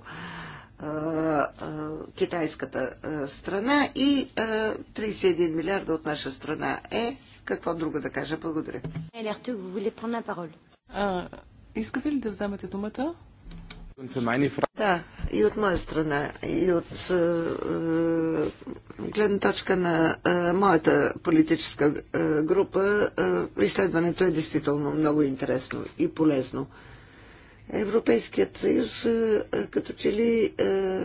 китайската страна и 31 милиарда от наша страна е. Какво друго да кажа? Благодаря. Искате ли да вземете думата? Да, и от моя страна, и от е, е, гледна точка на е, моята политическа е, група, е, изследването е действително много интересно и полезно. Европейският съюз е, е като че ли е,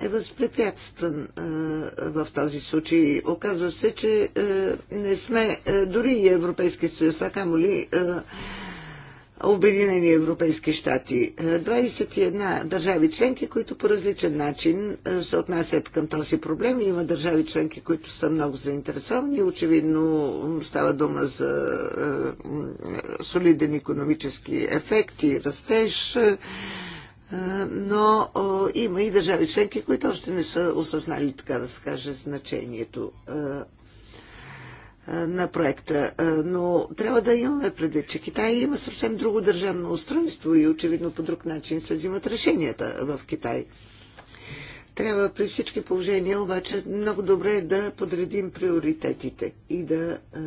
е възпрепятстван е, в този случай. Оказва се, че е, не сме е, дори и Европейски съюз, а камо ли. Е, Обединени европейски щати. 21 е, държави членки, които по различен начин е, се отнасят към този проблем. Има държави членки, които са много заинтересовани. Очевидно става дума за е, солиден економически ефект и растеж. Но има и държави членки, които още не са осъзнали, така да се каже, значението на проекта. Но трябва да имаме предвид, че Китай има съвсем друго държавно устройство и очевидно по друг начин се взимат решенията в Китай. Трябва при всички положения обаче много добре да подредим приоритетите и да а,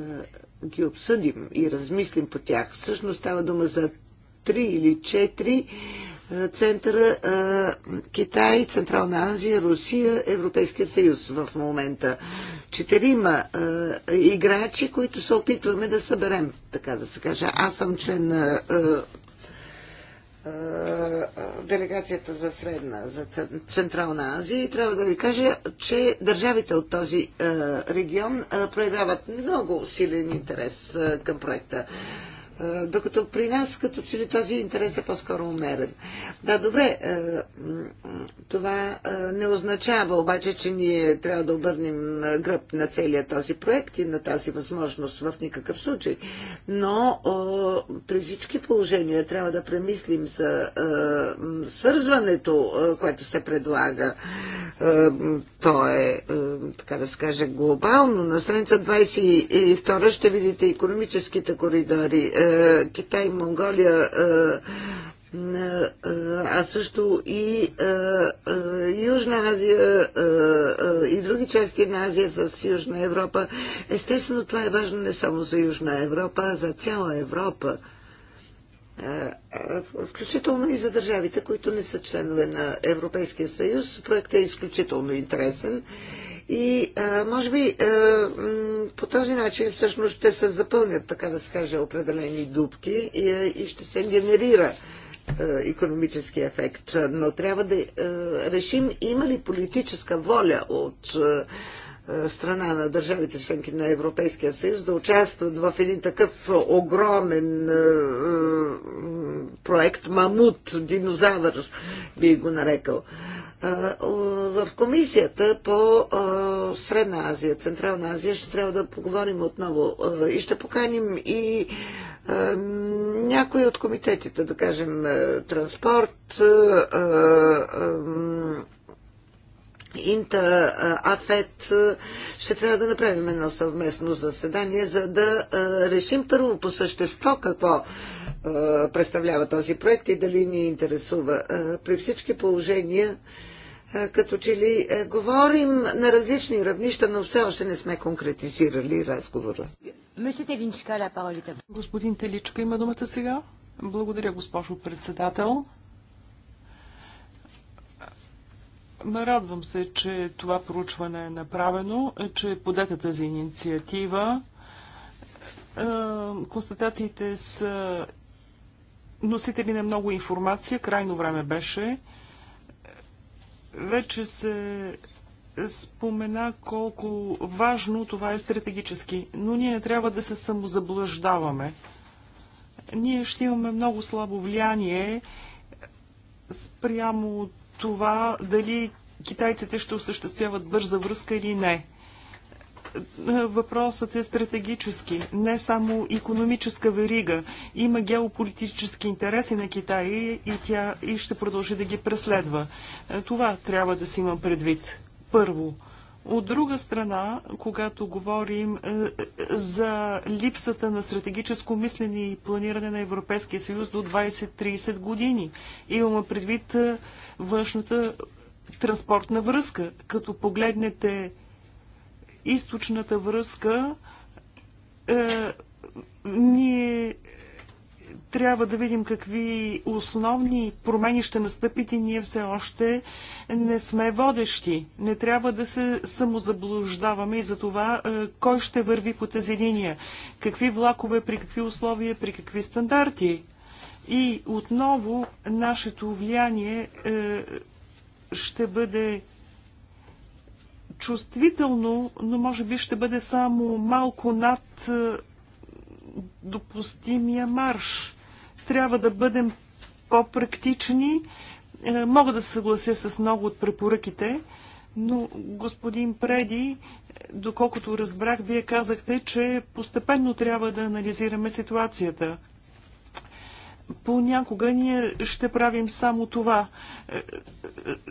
ги обсъдим и размислим по тях. Всъщност става дума за три или четири центъра Китай, Централна Азия, Русия, Европейския съюз в момента. Четирима играчи, които се опитваме да съберем, така да се каже. Аз съм член на делегацията за Средна, за Централна Азия и трябва да ви кажа, че държавите от този регион проявяват много силен интерес към проекта. Докато при нас, като че ли този интерес е по-скоро умерен. Да, добре, е, това е, не означава обаче, че ние трябва да обърнем е, гръб на целия този проект и на тази възможност в никакъв случай. Но при всички положения трябва да премислим за свързването, което се предлага. То е, така да се каже, глобално. На страница 22 ще видите економическите коридори Китай, Монголия, а също и Южна Азия и други части на Азия с Южна Европа. Естествено, това е важно не само за Южна Европа, а за цяла Европа. Включително и за държавите, които не са членове на Европейския съюз. Проектът е изключително интересен. И а, може би а, по този начин всъщност ще се запълнят, така да се каже, определени дубки и, и ще се генерира економически ефект. Но трябва да а, решим има ли политическа воля от а, страна на държавите членки на Европейския съюз да участват в един такъв огромен проект, мамут, динозавър би го нарекал. В комисията по Средна Азия, Централна Азия ще трябва да поговорим отново и ще поканим и някои от комитетите, да кажем транспорт, Инта, Афет, ще трябва да направим едно съвместно заседание, за да решим първо по същество какво представлява този проект и дали ни интересува. При всички положения, като че ли говорим на различни равнища, но все още не сме конкретизирали разговора. Господин Теличка има думата сега. Благодаря, госпожо председател. Радвам се, че това проучване е направено, че е подета тази инициатива. Е, констатациите са носители на много информация. Крайно време беше. Вече се спомена колко важно това е стратегически, но ние не трябва да се самозаблаждаваме. Ние ще имаме много слабо влияние спрямо това дали китайците ще осъществяват бърза връзка или не. Е, въпросът е стратегически, не само економическа верига. Има геополитически интереси на Китай и тя и ще продължи да ги преследва. Е, това трябва да си имам предвид. Първо. От друга страна, когато говорим е, за липсата на стратегическо мислене и планиране на Европейския съюз до 20-30 години, имаме предвид външната транспортна връзка. Като погледнете източната връзка, е, ние трябва да видим какви основни промени ще настъпят и ние все още не сме водещи. Не трябва да се самозаблуждаваме и за това е, кой ще върви по тази линия, какви влакове, при какви условия, при какви стандарти. И отново нашето влияние е, ще бъде чувствително, но може би ще бъде само малко над е, допустимия марш. Трябва да бъдем по-практични. Е, мога да се съглася с много от препоръките, но господин Преди, е, доколкото разбрах, вие казахте, че постепенно трябва да анализираме ситуацията – понякога ние ще правим само това. Е, е,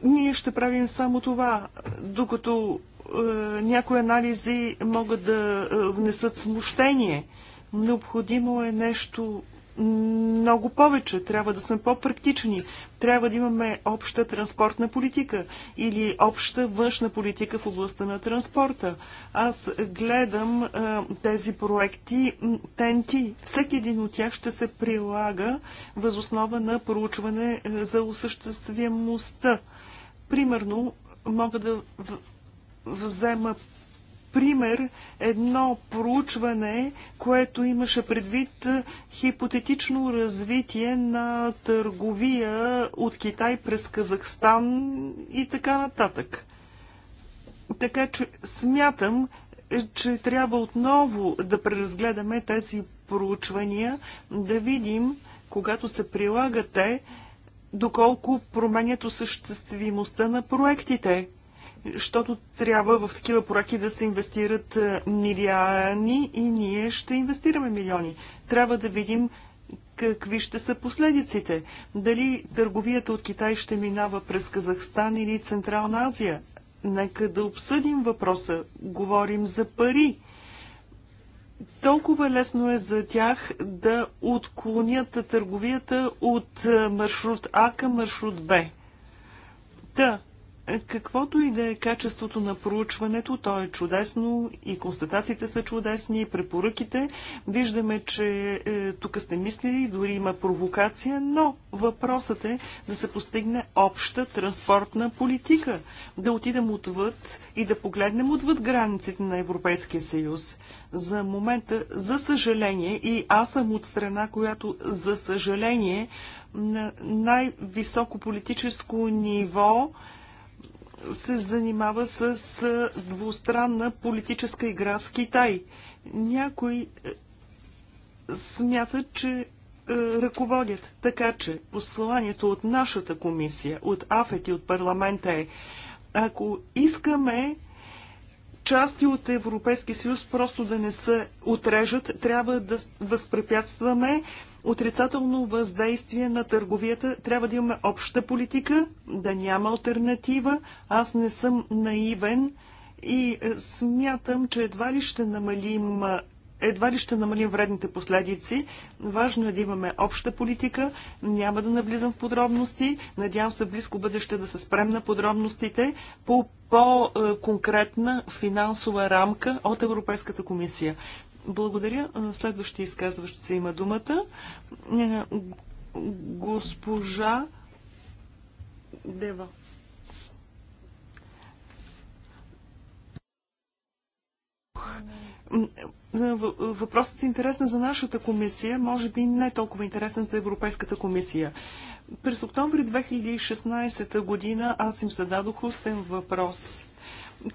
ние ще правим само това, докато е, някои анализи могат да внесат смущение. Необходимо е нещо много повече. Трябва да сме по-практични. Трябва да имаме обща транспортна политика или обща външна политика в областта на транспорта. Аз гледам а, тези проекти ТНТ. Всеки един от тях ще се прилага възоснова на проучване за осъществимостта. Примерно, мога да взема пример едно проучване, което имаше предвид хипотетично развитие на търговия от Китай през Казахстан и така нататък. Така че смятам, е, че трябва отново да преразгледаме тези проучвания, да видим, когато се прилагате, доколко променят осъществимостта на проектите защото трябва в такива проекти да се инвестират е, милиони и ние ще инвестираме милиони. Трябва да видим какви ще са последиците. Дали търговията от Китай ще минава през Казахстан или Централна Азия. Нека да обсъдим въпроса. Говорим за пари. Толкова лесно е за тях да отклонят търговията от е, маршрут А към маршрут Б. Та, да Каквото и да е качеството на проучването, то е чудесно и констатациите са чудесни, и препоръките. Виждаме, че е, тук сте мислили, дори има провокация, но въпросът е да се постигне обща транспортна политика, да отидем отвъд и да погледнем отвъд границите на Европейския съюз. За момента, за съжаление, и аз съм от страна, която за съжаление на най-високо политическо ниво се занимава с двустранна политическа игра с Китай. Някой е, смята, че е, ръководят. Така че посланието от нашата комисия, от АФЕТ и от парламента е, ако искаме части от Европейски съюз просто да не се отрежат, трябва да възпрепятстваме отрицателно въздействие на търговията. Трябва да имаме обща политика, да няма альтернатива. Аз не съм наивен и е, смятам, че едва ли ще намалим е, едва ли ще намалим вредните последици. Важно е да имаме обща политика. Няма да навлизам в подробности. Надявам се в близко бъдеще да се спрем на подробностите по по-конкретна е, финансова рамка от Европейската комисия. Благодаря. Следващи изказващи се има думата. Е, госпожа Дева. Е, въпросът е интересен за нашата комисия, може би не толкова интересен за Европейската комисия. През октомври 2016 година аз им зададох устен въпрос.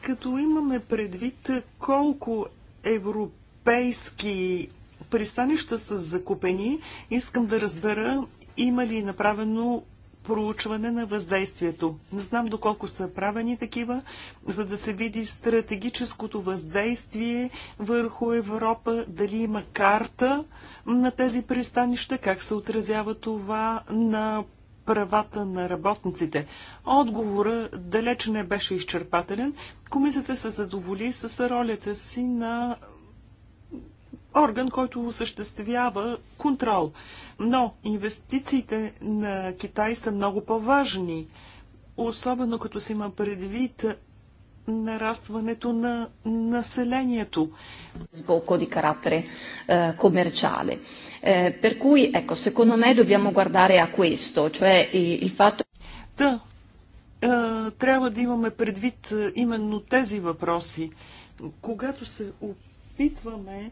Като имаме предвид колко европейски европейски пристанища са закупени. Искам да разбера има ли направено проучване на въздействието. Не знам доколко са правени такива, за да се види стратегическото въздействие върху Европа, дали има карта на тези пристанища, как се отразява това на правата на работниците. Отговора далеч не беше изчерпателен. Комисията се задоволи с ролята си на орган, който осъществява контрол. Но инвестициите на Китай са много по-важни, особено като се има предвид нарастването на населението. Сбоко ди carattere комерчале. per cui, ecco, secondo me dobbiamo guardare a questo, cioè il fatto... Да, е, трябва да имаме предвид е, именно тези въпроси. Когато се опитваме е,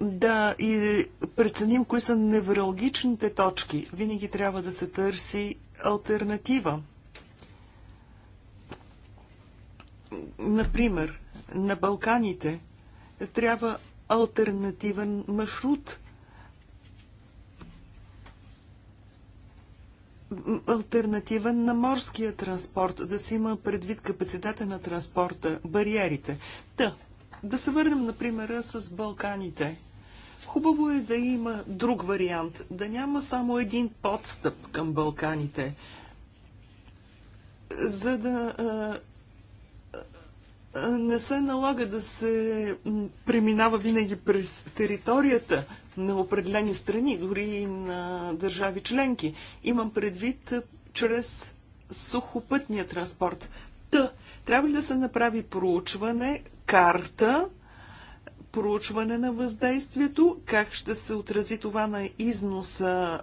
да и преценим кои са неврологичните точки. Винаги трябва да се търси альтернатива. Например, на Балканите трябва альтернативен маршрут. Альтернатива на морския транспорт, да се има предвид капацитета на транспорта, бариерите. Та, да се върнем, например, с Балканите. Хубаво е да има друг вариант, да няма само един подстъп към Балканите, за да не се налага да се преминава винаги през територията на определени страни, дори и на държави членки. Имам предвид чрез сухопътния транспорт. Та, трябва ли да се направи проучване, карта, проучване на въздействието, как ще се отрази това на износа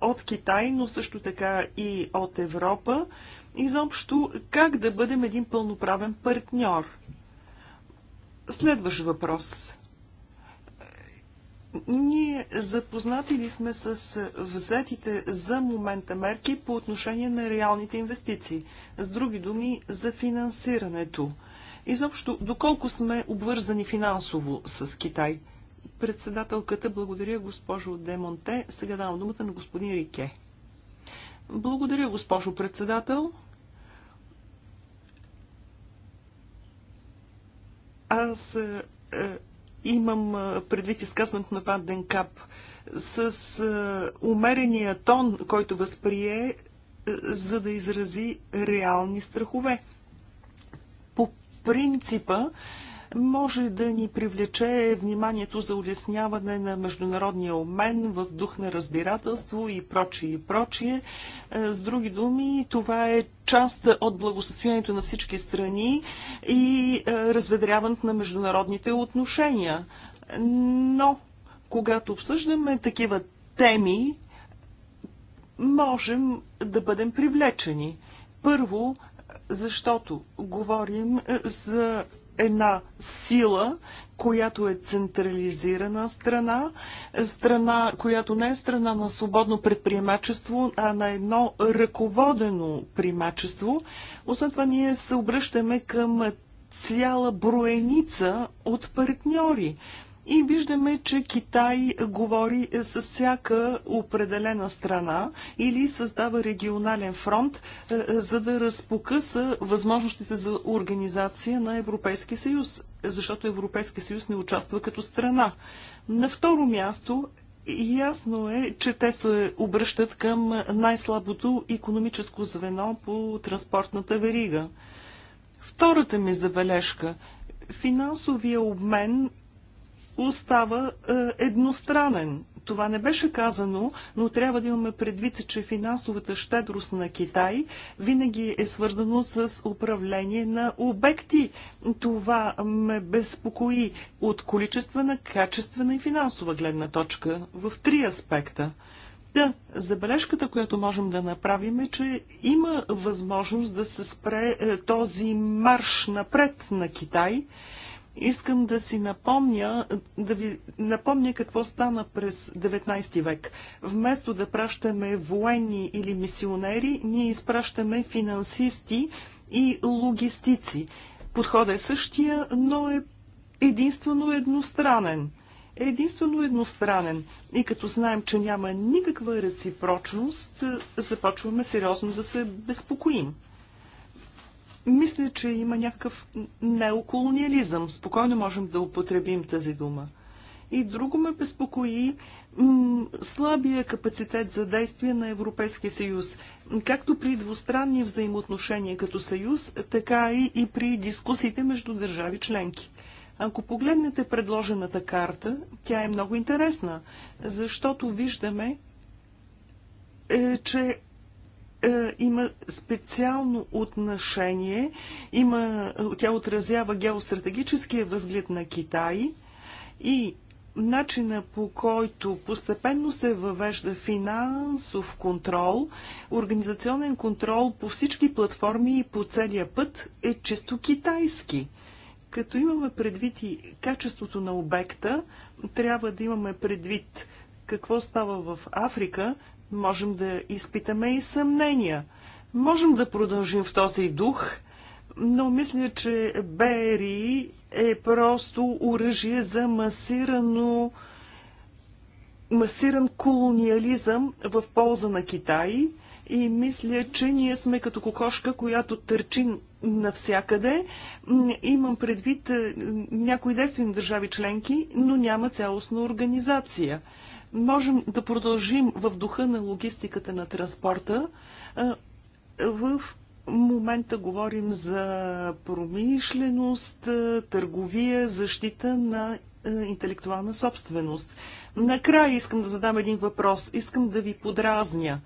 от Китай, но също така и от Европа, изобщо как да бъдем един пълноправен партньор. Следващ въпрос. Ние запознати ли сме с взетите за момента мерки по отношение на реалните инвестиции? С други думи, за финансирането. Изобщо, доколко сме обвързани финансово с Китай? Председателката, благодаря госпожо Демонте. Сега давам думата на господин Рике. Благодаря, госпожо председател. Аз имам предвид изказването на Ванден Денкап, с умерения тон, който възприе, за да изрази реални страхове. По принципа, може да ни привлече вниманието за улесняване на международния обмен в дух на разбирателство и прочие и прочие. Е, с други думи, това е част от благосъстоянието на всички страни и е, разведряването на международните отношения. Но, когато обсъждаме такива теми, можем да бъдем привлечени. Първо, защото говорим е, за една сила, която е централизирана страна, страна, която не е страна на свободно предприемачество, а на едно ръководено примачество. Освен това ние се обръщаме към цяла броеница от партньори. И виждаме, че Китай говори с всяка определена страна или създава регионален фронт, е, за да разпокъса възможностите за организация на Европейския съюз, защото Европейския съюз не участва като страна. На второ място Ясно е, че те се обръщат към най-слабото економическо звено по транспортната верига. Втората ми забележка – финансовия обмен остава е, едностранен. Това не беше казано, но трябва да имаме предвид, че финансовата щедрост на Китай винаги е свързано с управление на обекти. Това ме безпокои от количествена, качествена и финансова гледна точка в три аспекта. Да, забележката, която можем да направим е, че има възможност да се спре е, този марш напред на Китай – Искам да си напомня, да ви напомня какво стана през 19 век. Вместо да пращаме военни или мисионери, ние изпращаме финансисти и логистици. Подходът е същия, но е единствено едностранен. Е единствено едностранен. И като знаем, че няма никаква реципрочност, започваме сериозно да се безпокоим. Мисля, че има някакъв неоколониализъм. Спокойно можем да употребим тази дума. И друго ме безпокои слабия капацитет за действие на Европейския съюз, както при двустранни взаимоотношения като съюз, така и, и при дискусиите между държави членки. Ако погледнете предложената карта, тя е много интересна, защото виждаме, е, че е, има специално отношение, има, тя отразява геостратегическия възглед на Китай и начина по който постепенно се въвежда финансов контрол, организационен контрол по всички платформи и по целия път е чисто китайски. Като имаме предвид и качеството на обекта, трябва да имаме предвид какво става в Африка, Можем да изпитаме и съмнения. Можем да продължим в този дух, но мисля, че Бери е просто оръжие за масирано масиран колониализъм в полза на Китай и мисля, че ние сме като кокошка, която търчи навсякъде. Имам предвид е, някои действени държави членки, но няма цялостна организация можем да продължим в духа на логистиката на транспорта. В момента говорим за промишленост, търговия, защита на интелектуална собственост. Накрая искам да задам един въпрос. Искам да ви подразня.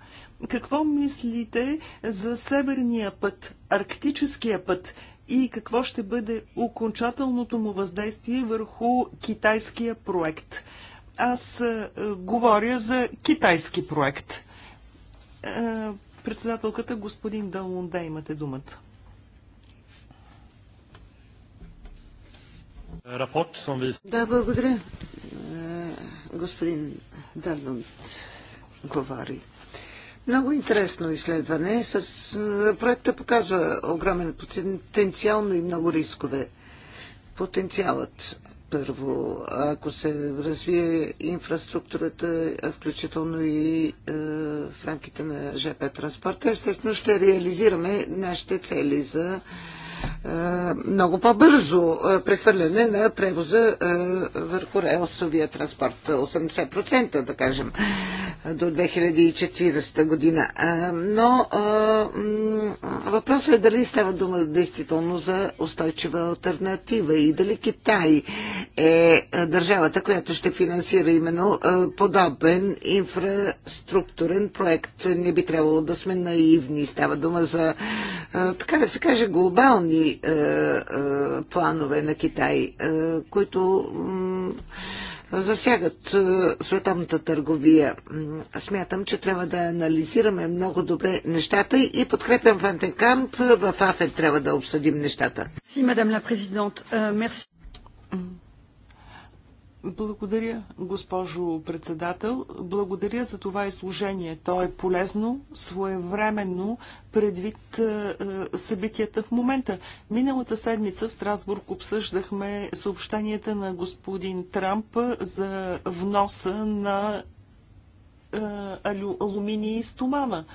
Какво мислите за северния път, арктическия път и какво ще бъде окончателното му въздействие върху китайския проект? Аз е, е, говоря за китайски проект. Е, председателката, господин да имате думата. Рапорт съм ви... Да, благодаря. Господин Далунд говори. Много интересно изследване. С проекта показва огромен потенциал, но и много рискове. Потенциалът първо, ако се развие инфраструктурата, включително и е, в рамките на ЖП транспорта, естествено ще реализираме нашите цели за е, е, много по-бързо е, прехвърляне на превоза е, върху релсовия транспорт. 80% да кажем до 2040 година. Но въпросът е дали става дума действително за устойчива альтернатива и дали Китай е държавата, която ще финансира именно подобен инфраструктурен проект. Не би трябвало да сме наивни. Става дума за, така да се каже, глобални подробни е, е, планове на Китай, е, които засягат е, световната търговия. Смятам, че трябва да анализираме много добре нещата и подкрепям Вантенкамп. В Афен трябва да обсъдим нещата. Си, мадам ла президент. Е, мерси. Благодаря, госпожо председател. Благодаря за това изложение. То е полезно, своевременно, предвид е, е, събитията в момента. Миналата седмица в Страсбург обсъждахме съобщенията на господин Трамп за вноса на е, алю, алуминий и стомана.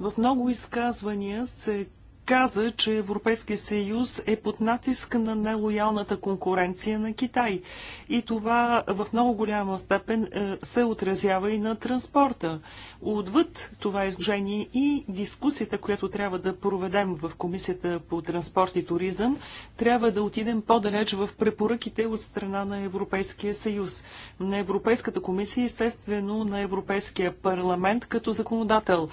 В много изказвания се каза, че Европейския съюз е под натиск на нелоялната конкуренция на Китай. И това в много голяма степен е, се отразява и на транспорта. Отвъд това изложение и дискусията, която трябва да проведем в Комисията по транспорт и туризъм, трябва да отидем по-далеч в препоръките от страна на Европейския съюз, на Европейската комисия и естествено на Европейския парламент като законодател.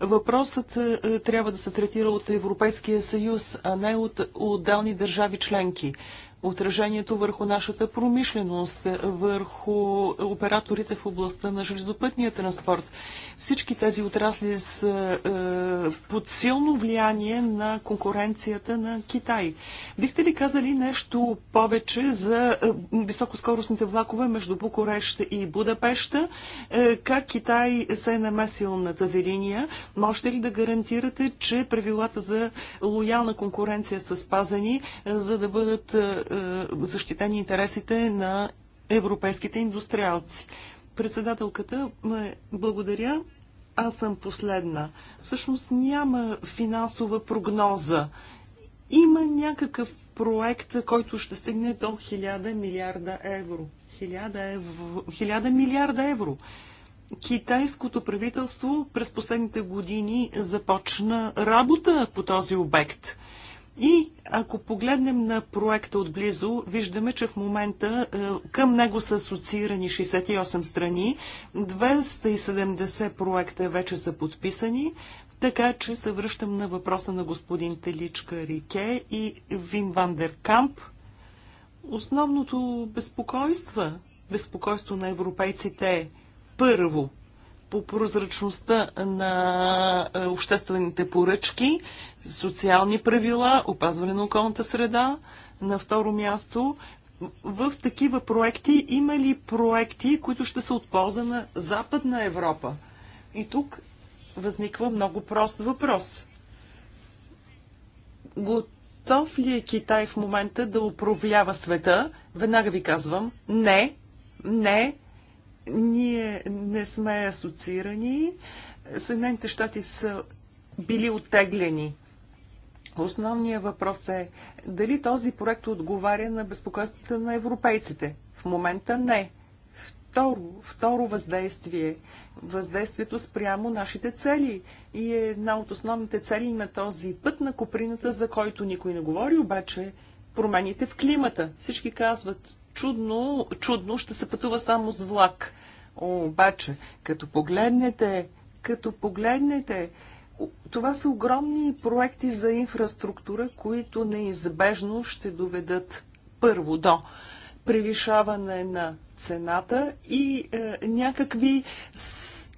Въпросът е, е, трябва да се третира от Европейския съюз, а не от отделни държави членки отражението върху нашата промишленост, върху операторите в областта на железопътния транспорт. Всички тези отрасли са е, под силно влияние на конкуренцията на Китай. Бихте ли казали нещо повече за е, високоскоростните влакове между Букурещ и Будапеща? Е, как Китай се е намесил на тази линия? Можете ли да гарантирате, че правилата за лоялна конкуренция са спазени, е, за да бъдат е, е, защитени интересите на европейските индустриалци. Председателката, ме благодаря. Аз съм последна. Всъщност няма финансова прогноза. Има някакъв проект, който ще стигне до 1000 милиарда евро. 1000, евро. 1000 милиарда евро. Китайското правителство през последните години започна работа по този обект. И ако погледнем на проекта отблизо, виждаме, че в момента е, към него са асоциирани 68 страни, 270 проекта вече са подписани, така че се връщам на въпроса на господин Теличка Рике и Вим Вандеркамп. Основното безпокойство, безпокойство на европейците е първо – по прозрачността на е, обществените поръчки, социални правила, опазване на околната среда. На второ място, в такива проекти има ли проекти, които ще са от полза на Западна Европа? И тук възниква много прост въпрос. Готов ли е Китай в момента да управлява света? Веднага ви казвам, не, не, ние не сме асоциирани. Съединените щати са били оттеглени. Основният въпрос е дали този проект отговаря на безпокойствата на европейците. В момента не. Второ, второ въздействие. Въздействието спрямо нашите цели. И е една от основните цели на този път на куприната, за който никой не говори, обаче промените в климата. Всички казват, чудно, чудно ще се пътува само с влак. Обаче, като погледнете, като погледнете, това са огромни проекти за инфраструктура, които неизбежно ще доведат първо до превишаване на цената и е, някакви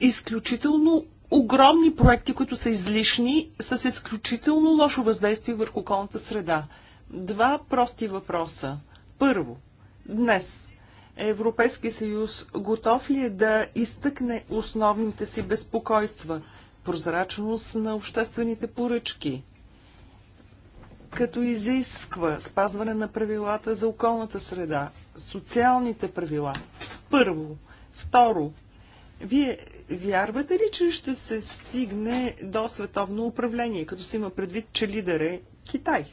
изключително огромни проекти, които са излишни, с изключително лошо въздействие върху околната среда. Два прости въпроса. Първо, днес. Европейски съюз готов ли е да изтъкне основните си безпокойства? Прозрачност на обществените поръчки, като изисква спазване на правилата за околната среда, социалните правила. Първо. Второ. Вие вярвате ли, че ще се стигне до световно управление, като се има предвид, че лидер е Китай?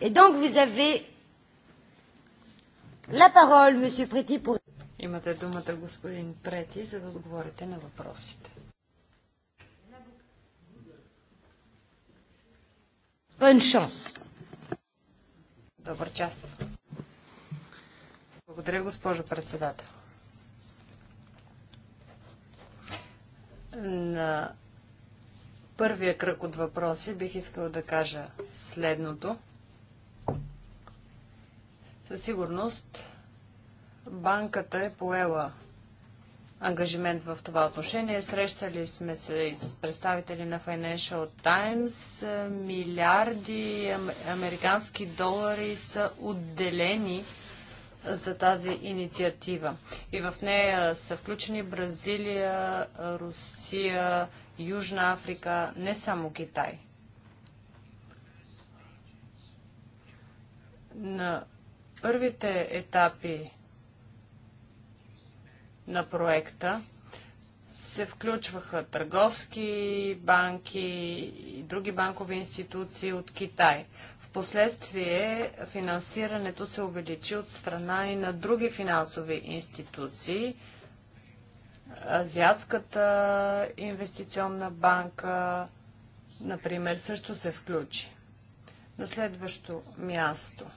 Et donc vous avez la parole, monsieur Прети, pour... Имате думата, господин Прети, за да отговорите на въпросите. Bonne chance. Добър час. Благодаря, госпожо председател. На първия кръг от въпроси бих искал да кажа следното. Със сигурност банката е поела ангажимент в това отношение. Срещали сме се с представители на Financial Times. Е, милиарди американски долари са отделени за тази инициатива. И в нея са включени Бразилия, Русия, Южна Африка, не само Китай. На първите етапи на проекта се включваха търговски банки и други банкови институции от Китай. Впоследствие финансирането се увеличи от страна и на други финансови институции. Азиатската инвестиционна банка, например, също се включи. На следващо място –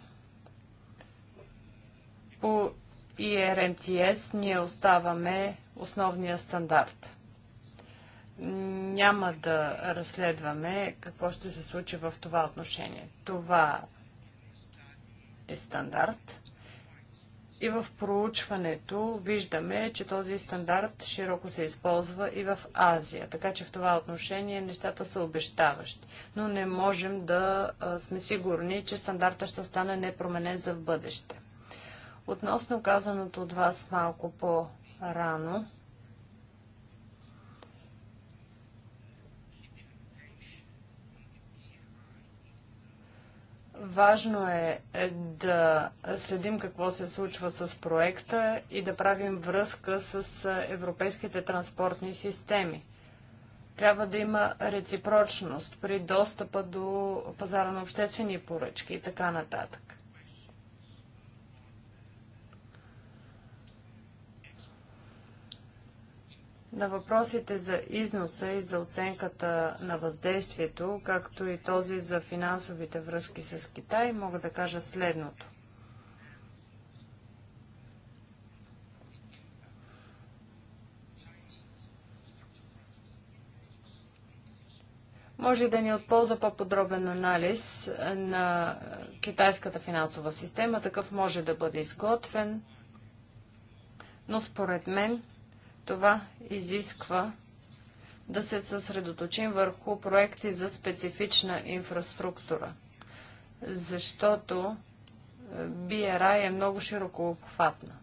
по ИРМТС ние оставаме основния стандарт. Няма да разследваме какво ще се случи в това отношение. Това е стандарт. И в проучването виждаме, че този стандарт широко се използва и в Азия. Така че в това отношение нещата са обещаващи. Но не можем да сме сигурни, че стандарта ще остане непроменен за в бъдеще. Относно казаното от вас малко по-рано, Важно е, е да следим какво се случва с проекта и да правим връзка с е, европейските транспортни системи. Трябва да има реципрочност при достъпа до пазара на обществени поръчки и така нататък. На въпросите за износа и за оценката на въздействието, както и този за финансовите връзки с Китай, мога да кажа следното. може да ни е отползва по-подробен анализ на китайската финансова система. Такъв може да бъде изготвен, но според мен това изисква да се съсредоточим върху проекти за специфична инфраструктура, защото е, BRI е много широко обхватна.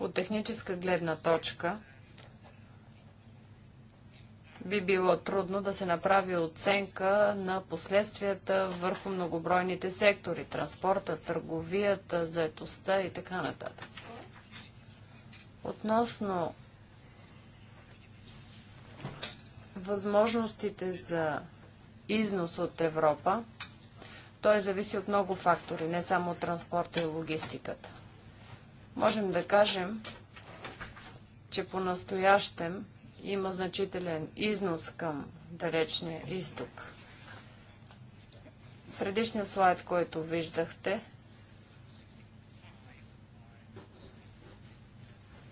От техническа гледна точка би било трудно да се направи оценка на последствията върху многобройните сектори – транспорта, търговията, заетостта и така нататък. Относно възможностите за износ от Европа, той зависи от много фактори, не само от транспорта и логистиката. Можем да кажем, че по-настоящем има значителен износ към далечния изток. Предишният слайд, който виждахте,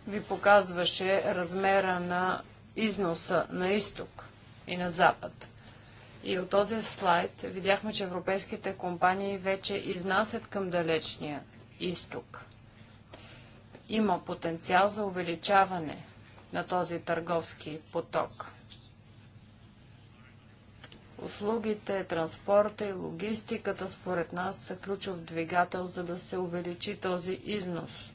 ви показваше размера на износа на изток и на запад. И от този слайд видяхме, че европейските компании вече изнасят към далечния изток. Има потенциал за увеличаване на този търговски поток. Услугите, транспорта и логистиката според нас са ключов двигател, за да се увеличи този износ.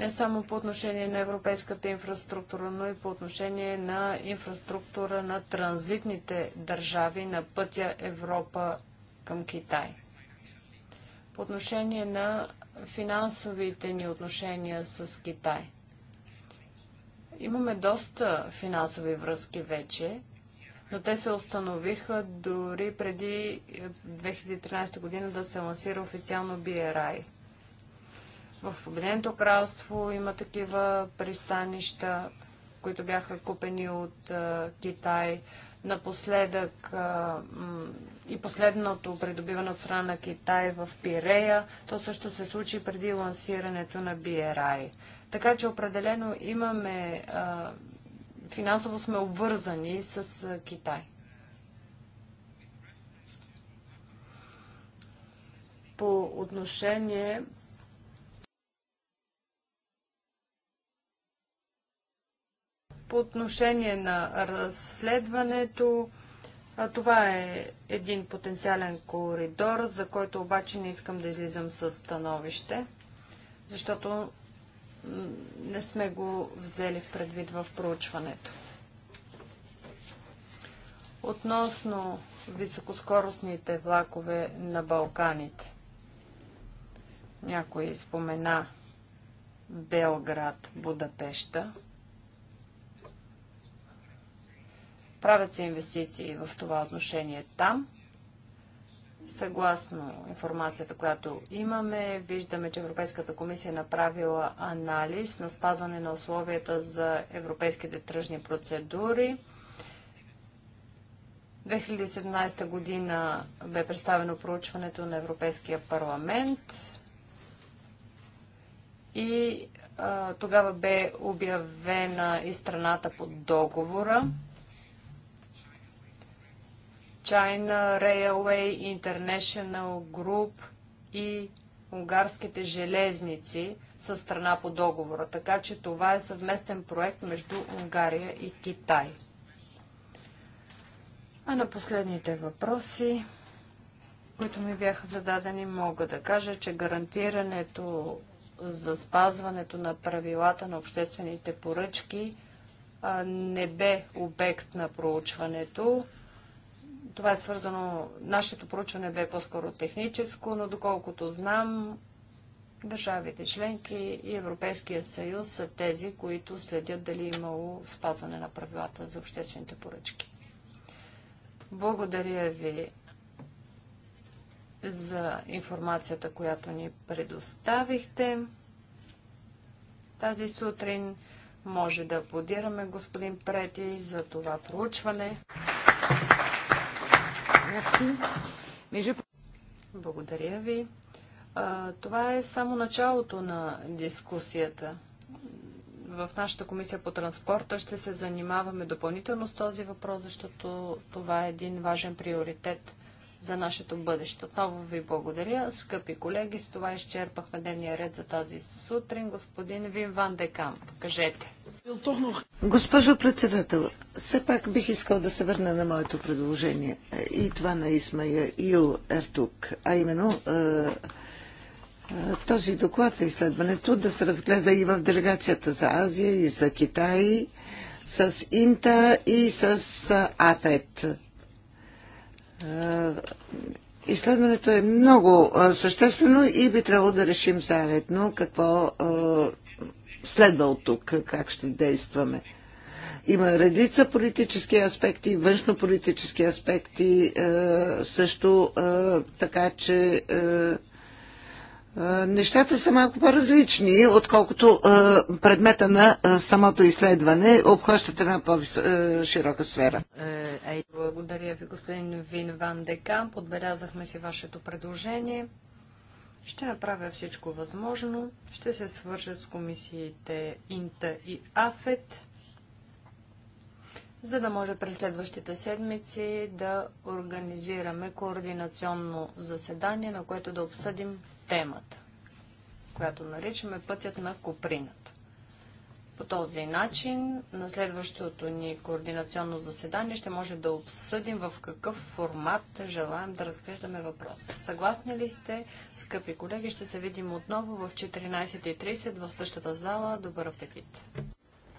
не само по отношение на европейската инфраструктура, но и по отношение на инфраструктура на транзитните държави на пътя Европа към Китай. По отношение на финансовите ни отношения с Китай. Имаме доста финансови връзки вече, но те се установиха дори преди 2013 година да се лансира официално BRI. В Обединеното кралство има такива пристанища, които бяха купени от а, Китай. Напоследък а, и последното придобиване от страна на Китай в Пирея, то също се случи преди лансирането на BRI. Така че определено имаме, а, финансово сме обвързани с Китай. По отношение По отношение на разследването, това е един потенциален коридор, за който обаче не искам да излизам с становище, защото не сме го взели в предвид в проучването. Относно високоскоростните влакове на Балканите. Някой спомена Белград, Будапешта. Правят се инвестиции в това отношение там. Съгласно информацията, която имаме, виждаме, че Европейската комисия е направила анализ на спазване на условията за европейските тръжни процедури. 2017 година бе представено проучването на Европейския парламент и а, тогава бе обявена и страната под договора. China Railway International Group и унгарските железници са страна по договора. Така че това е съвместен проект между Унгария и Китай. А на последните въпроси, които ми бяха зададени, мога да кажа, че гарантирането за спазването на правилата на обществените поръчки не бе обект на проучването. Това е свързано, нашето проучване бе по-скоро техническо, но доколкото знам, държавите членки и Европейския съюз са тези, които следят дали е имало спазване на правилата за обществените поръчки. Благодаря ви за информацията, която ни предоставихте. Тази сутрин може да аплодираме господин Прети за това проучване. Благодаря ви. А, това е само началото на дискусията. В нашата комисия по транспорта ще се занимаваме допълнително с този въпрос, защото това е един важен приоритет – за нашето бъдеще. Отново ви благодаря, скъпи колеги. С това изчерпахме дневния ред за тази сутрин. Господин Вин Ван Декам, кажете. Госпожо председател, все пак бих искал да се върна на моето предложение и това на Исмая Ил Ертук, а именно е, е, този доклад за изследването да се разгледа и в делегацията за Азия и за Китай с Инта и с е, АФЕТ. Е, изследването е много съществено и би трябвало да решим заедно какво следва от тук, как ще действаме. Има редица политически аспекти, външнополитически аспекти също, така че Нещата са малко по-различни, отколкото предмета на самото изследване обхващат една по-широка сфера. Е, е, благодаря ви, господин Вин Ван Декам. Подбелязахме си вашето предложение. Ще направя всичко възможно. Ще се свържа с комисиите Инта и АФЕТ, за да може през следващите седмици да организираме координационно заседание, на което да обсъдим темата, която наричаме пътят на Коприната. По този начин на следващото ни координационно заседание ще може да обсъдим в какъв формат желаем да разглеждаме въпрос. Съгласни ли сте, скъпи колеги? Ще се видим отново в 14.30 в същата зала. Добър апетит!